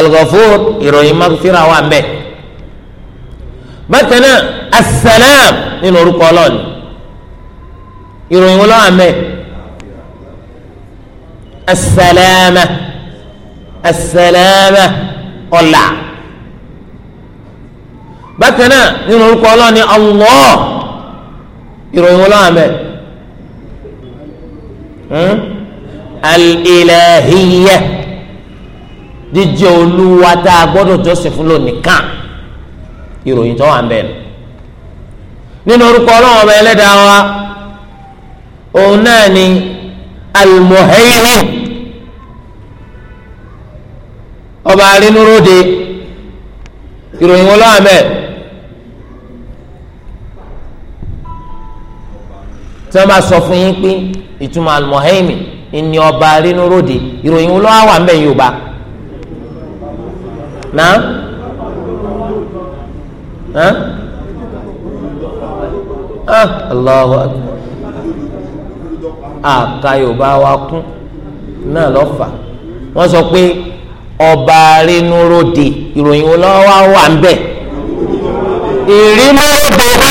al-Ghafur ìròyìn maghfira wà ń bẹ. bákan náà as-Salam nínú orúkọ ọlọ́ọ̀ni ìròyìn wọn lọ́wọ́ àmẹ́ as-Salama as ọ̀la bákan nínú orúkọ ọlọ́ọ̀ni Allah ìròyìn wọn lọ́wọ́ àmẹ́ al-ilahiyya jíjẹ́ olúwa tá a gbọ́dọ̀ jọ́sìn fún lò nìkan ìròyìn tó wà ń bẹ nù nínú orúkọ ọlọ́run ọba ẹlẹ́dàá wa òun náà ni al-muhaymin ọba arínúróde ìròyìn wọn lọ́wọ́ ń tí wọ́n bá sọ fún yín pé ìtumọ̀ almuhaimi ìní ọba rínúròde ìròyìn wo ló wà ń bẹ yorùbá náà ah allahu akbar àka yorùbá wa kún náà lọ́fà wọ́n sọ pé ọba rínúròde ìròyìn wo ló wà ń bẹ ìrínúròde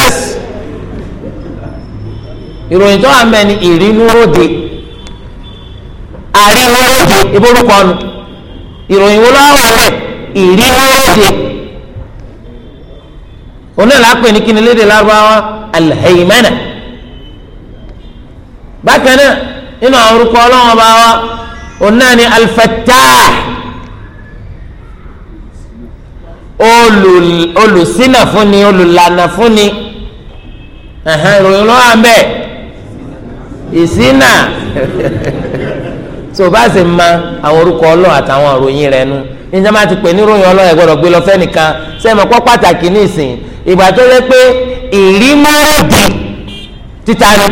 ìròyìn tó wà ń bẹ ni ìrínúróde àrínúróde ìbórúkọ nu ìròyìn wo lọ́wọ́ rẹ̀ ìrínúróde onáà lápè ní kíni lédè lárúbáwá alhaimana bákan náà nínú àwọn orúkọ ọlọ́wọ́n bá wa onáà ní alfatah olùsínà fúnni olùlànà fúnni ìròyìn lọ́wọ́ à ń bẹ́ẹ̀. ìsínà tó bá sì ma àwọn orúkọ àtàwọn òròyìn nu máa ti pè ní ròyìn ọlọ́run gbé lọ fẹ́nìkan sẹ́mi ọ̀pọ̀ pàtàkì ní ìgbà tó lé pé ìrí máa títa ni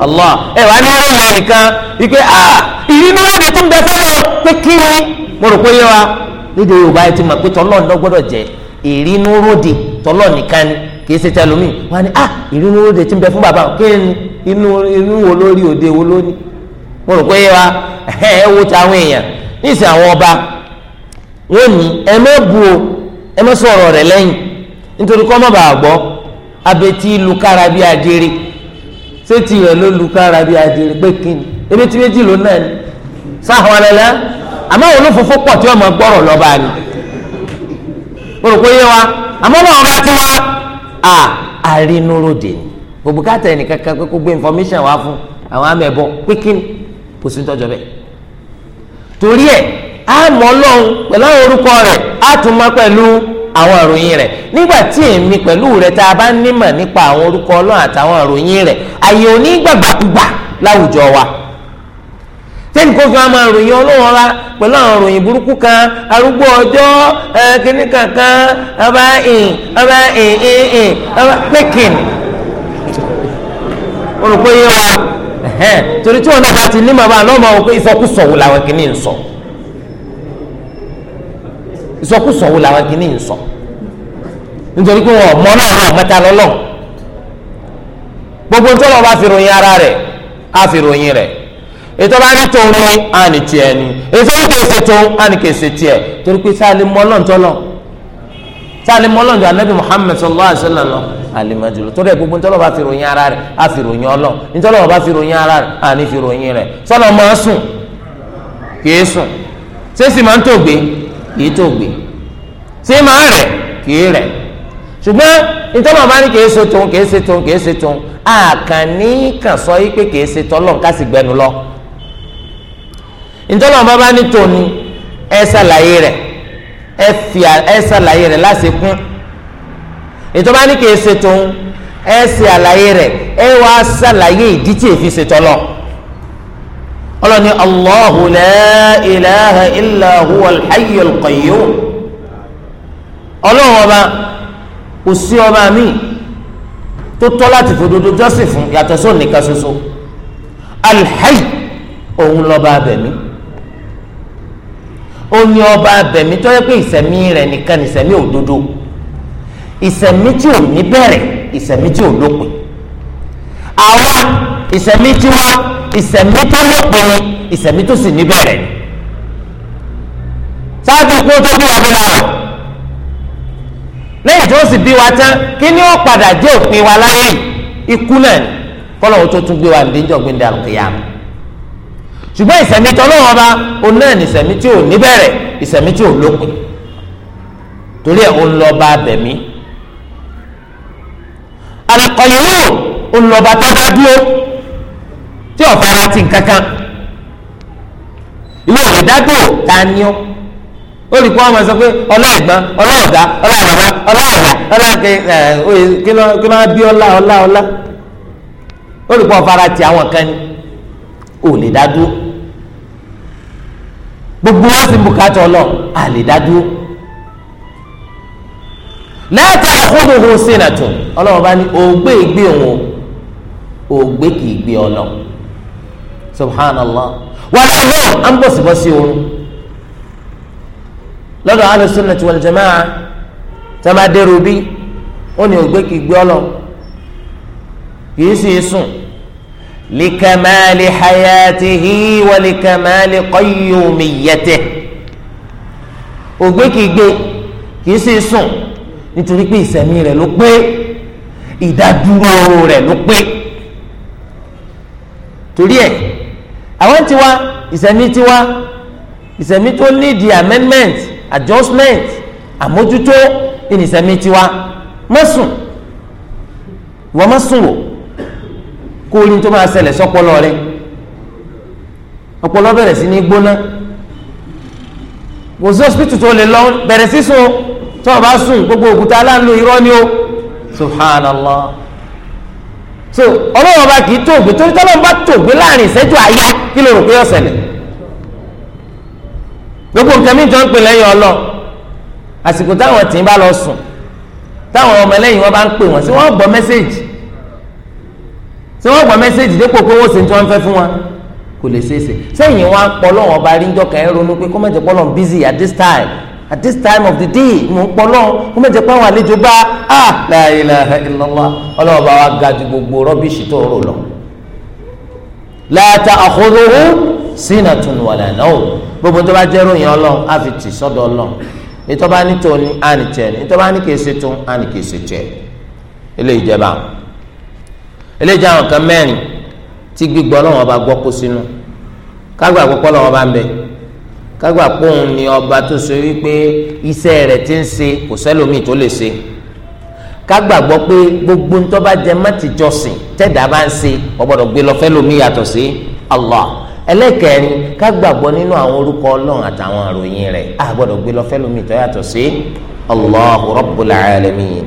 Allah ẹ wá ní ròyìn ẹnìkan wípé ìrí tó ń bẹ fẹ́ràn pé kí ni mo rò pé wa nídìí Yorùbá ẹ ti mọ̀ kì ṣe tẹlumi wọn ah, ni ah ìrònú òde tí ń bẹ fún kí ni inú wo lórí òde wo lóní mo rò pé wa ẹ wo ti àwọn èèyàn ọba wọn ni ẹ má bu o ẹ má sọ ọ̀rọ̀ rẹ̀ lẹ́yìn nítorí kọ́ mọ̀ gbọ́ abẹ́tí lukára bíi ló lukára bíi pé kí ni méjì ló náà ni sáwọn àmọ́ ló pọ̀ tí wa a ah, arínúròdè ni gbogbo káàtà ẹnìkan kan pé kó gbé information wá fún àwọn amẹ̀bọ pínpín kò sí tọ́jọ́ bẹ́ẹ̀ torí ẹ̀ a mọ̀ ọlọ́run pẹ̀lú àwọn orúkọ rẹ̀ á tún mọ́ pẹ̀lú àwọn ìròyìn rẹ̀ nígbà tí èmi pẹ̀lú rẹ̀ tá a bá nímọ̀ nípa àwọn orúkọ ọlọ́run àtàwọn ìròyìn rẹ̀ àyè onígbàgbàkúgbà láwùjọ wa. tẹ́ni kó fi máa ròyìn ọlọ́wọ́ la pẹ̀lú àwọn ròyìn burúkú kan arúgbó ọjọ́ kínní kankan ọba ìn ọba ìn ìn ìn ọba pékin olùkóyè wa torí tí wọn náà bá ti ní màmá lọ́mọ òkú ìsọkúsọ wò làwọn kìíní ń sọ ìsọkúsọ wò làwọn kìíní ń sọ nítorí pé wọn mọ náà wọn mẹ́ta lọlọ gbogbo ntọ́lọ́ bá fi ròyìn ara rẹ̀ á fi ròyìn rẹ̀ ètò bá ní tòun ní àní tiẹ̀ ni ètò bá kèsè tòun àní kèsè tiẹ̀ torí pé sáàlì mọ́lọ́ntọ́lọ́ sáàlì mọ́lọ́ntọ́ anabi muhammed sallallahu alayhi wa sallam lọ alimajulo torí ẹ gbogbo ntọ́lọ́ bá fi ròyìn ara rẹ̀ á fi ròyìn ọlọ́ ntọ́lọ́ bá fi ròyìn ara rẹ̀ àní fi ròyìn rẹ̀ sọlọ máa sùn kìí sùn sẹ́sì máa ń tògbé kìí tògbé sí máa rẹ̀ kìí rẹ̀ ṣùgbọ́n ìtọ́mọ̀ bá ní kìí ṣe tòun kìí ṣe tòun kìí ṣe tòun àkànní sọ yí pé kìí ṣe tọ́lọ́ nǹkan sì gbẹnu lọ ntọ́lọ́wọ́n bá bá ní tòní ẹ ṣàlàyé rẹ̀ ẹ fi ẹ ṣàlàyé rẹ̀ lásìkún ìtọ́ba ní kì í ṣe tòun ẹ ṣe àlàyé rẹ̀ ẹ wá ṣàlàyé ìdí tí èfi ṣe tọ́lọ̀ ọlọ́ni allahu la ilaha illa huwa alhayy alqayyum ọlọ́run ọba kò sí ọba mi tó tọ́ láti fòdodo jọ́sìn yàtọ̀ sóun nìkan ṣoṣo alhayy òun lọ́ba abẹ̀mí ó ní ọba abẹ̀mí tó yẹ pé ìsẹ̀mí rẹ̀ nìkan ìsẹ̀mí òdodo ìsẹ̀mí tí ò ní bẹ̀rẹ̀ ìsẹ̀mí tí ò lópin àwa ìsẹ̀mí tí wá ìsẹ̀mí tó lópin ìsẹ̀mí tó sì ní bẹ̀rẹ̀ sáájú kó tó bí wa bí lára lẹ́yìn tó sì bí wa tán kí ni ó padà jẹ́ òpin wa láyé ikú náà kọ́lọ́wọ́ tó tún gbé wa ní ìjọ̀gbìn dàrú kìyàmù ṣùgbọ́n ìsẹ̀mí tọ́lọ́wọ́ bá òun náà ní ìsẹ̀mí tí ò ní bẹ̀rẹ̀ ìsẹ̀mí tí ò lópin torí ẹ̀ òun lọ bá bẹ̀mí. àlùkòyìnwó òun lọ bá tó bá dúró tí ọ̀fà ara ti kankan ìwé òrìdágbò ta ni ó olùkọ́ ọmọ sọ pé ọlọ́ọ̀gbọ́n ọlọ́ọ̀gá ọlọ́ọ̀rọ̀bá ọlọ́ọ̀yà ọlọ́ọ̀kẹ́ kí ló bí ọlá ọlá ọlá olùkọ́ ọ̀fà ara ti àwọn kan ni ò lè dá dúró gbogbo wọn sì bùkátà ọlọ àlè dájú láti àkókò sínàtò ọlọ́run bá ní ògbé ìgbé òun ògbé kì í gbé ọlọ subhanallah wàlá yóò à ń bọ̀sibọ́sí oorun lọ́dọ̀ alùsùnàtì wal jamaa tẹ́lẹ̀ dẹ́rù bí ó ní ògbé kì í gbé ọlọ kì í likamali hayatihi wa likamali qayyumiyatih ògbé kìí gbé kìí sì sùn nítorí pé ìsẹ̀mí rẹ̀ ló pé ìdádúró rẹ̀ ló pé torí ẹ̀ àwọn tiwa ìsẹ̀mí tiwa ìsẹ̀mí tó nídìí amendment adjustment àmójútó ìnìsẹ̀mí tiwa mọ́sùn wọ́n mọ́sùn wò kó o ní tó máa ṣẹlẹ̀ sọ́pọlọ rẹ ọpọlọ bẹ̀rẹ̀ sí ní gbóná kò sí hospital tó lè lọ bẹ̀rẹ̀ sí sùn tó o bá sùn gbogbo òkúta aláǹlò irọ́ ni o subhanallah so ọlọ́wọ́n bá kì í tòògbé torí tọ́lọ́wọ́n bá tòògbé láàrin ìṣẹ́jú àyà kí ló rò pé ó ṣẹlẹ̀ gbogbo nǹkan mìíràn ń pè lẹ́yìn ọlọ́ àsìkò táwọn tì í bá lọ sùn táwọn ọmọ ẹlẹ́yìn wọn bá ń pè wọ́n sí wọ́n gbọ́ mẹ́sẹ̀gì se wọ́n gba mẹ́sẹ̀gì dépò pé wọ́n ṣe tí wọ́n fẹ́ fún wa kò lè ṣeé ṣe sẹ́yìn wọn pọlọ́wọ́n ọba ríńjọ kan ẹ̀ ronú pé kó má jẹ́ pọlọ́wọ́n busy at this time at this time of the day mò ń pọlọ́wọ́n kó má jẹ́ pé àwọn àlejò bá a ah, la ilaha illallah ọlọ́wọ́ bá wa ga ju gbogbo rọ́bìṣì tó rò lọ. la ta'khudhuhu sinatun wala nawm gbogbo tó bá jẹ́ ròyìn ọlọ́run á fi tì sọ́dọ̀ ọlọ́run ìtọ́ bá ní tòun eléjà àwọn kan mẹ́rin tí gbígbọ́ lọ́wọ́n bá gbọ́ kó sínú kágbà púpọ̀ lọ́wọ́n bá ń bẹ kágbà pòun ni ọba tó so wípé iṣẹ́ rẹ̀ ti ń ṣe kò sẹ́lòmíì tó lè ṣe kágbàgbọ́ pé gbogbo ń tọ́ba jẹ mọ́tìjọsìn tẹ̀dá bá ń ṣe ọgbọ́dọ̀ gbé lọ fẹ́lòmíì yàtọ̀ sí Allah ẹlẹ́kẹ̀ẹ́ni kágbàgbọ́ nínú àwọn orúkọ ọlọ́run àtàwọn àròyìn rẹ̀ àgbọ́dọ̀ gbé lọ fẹ́lòmíì tó yàtọ̀ sí Allahu Rabbul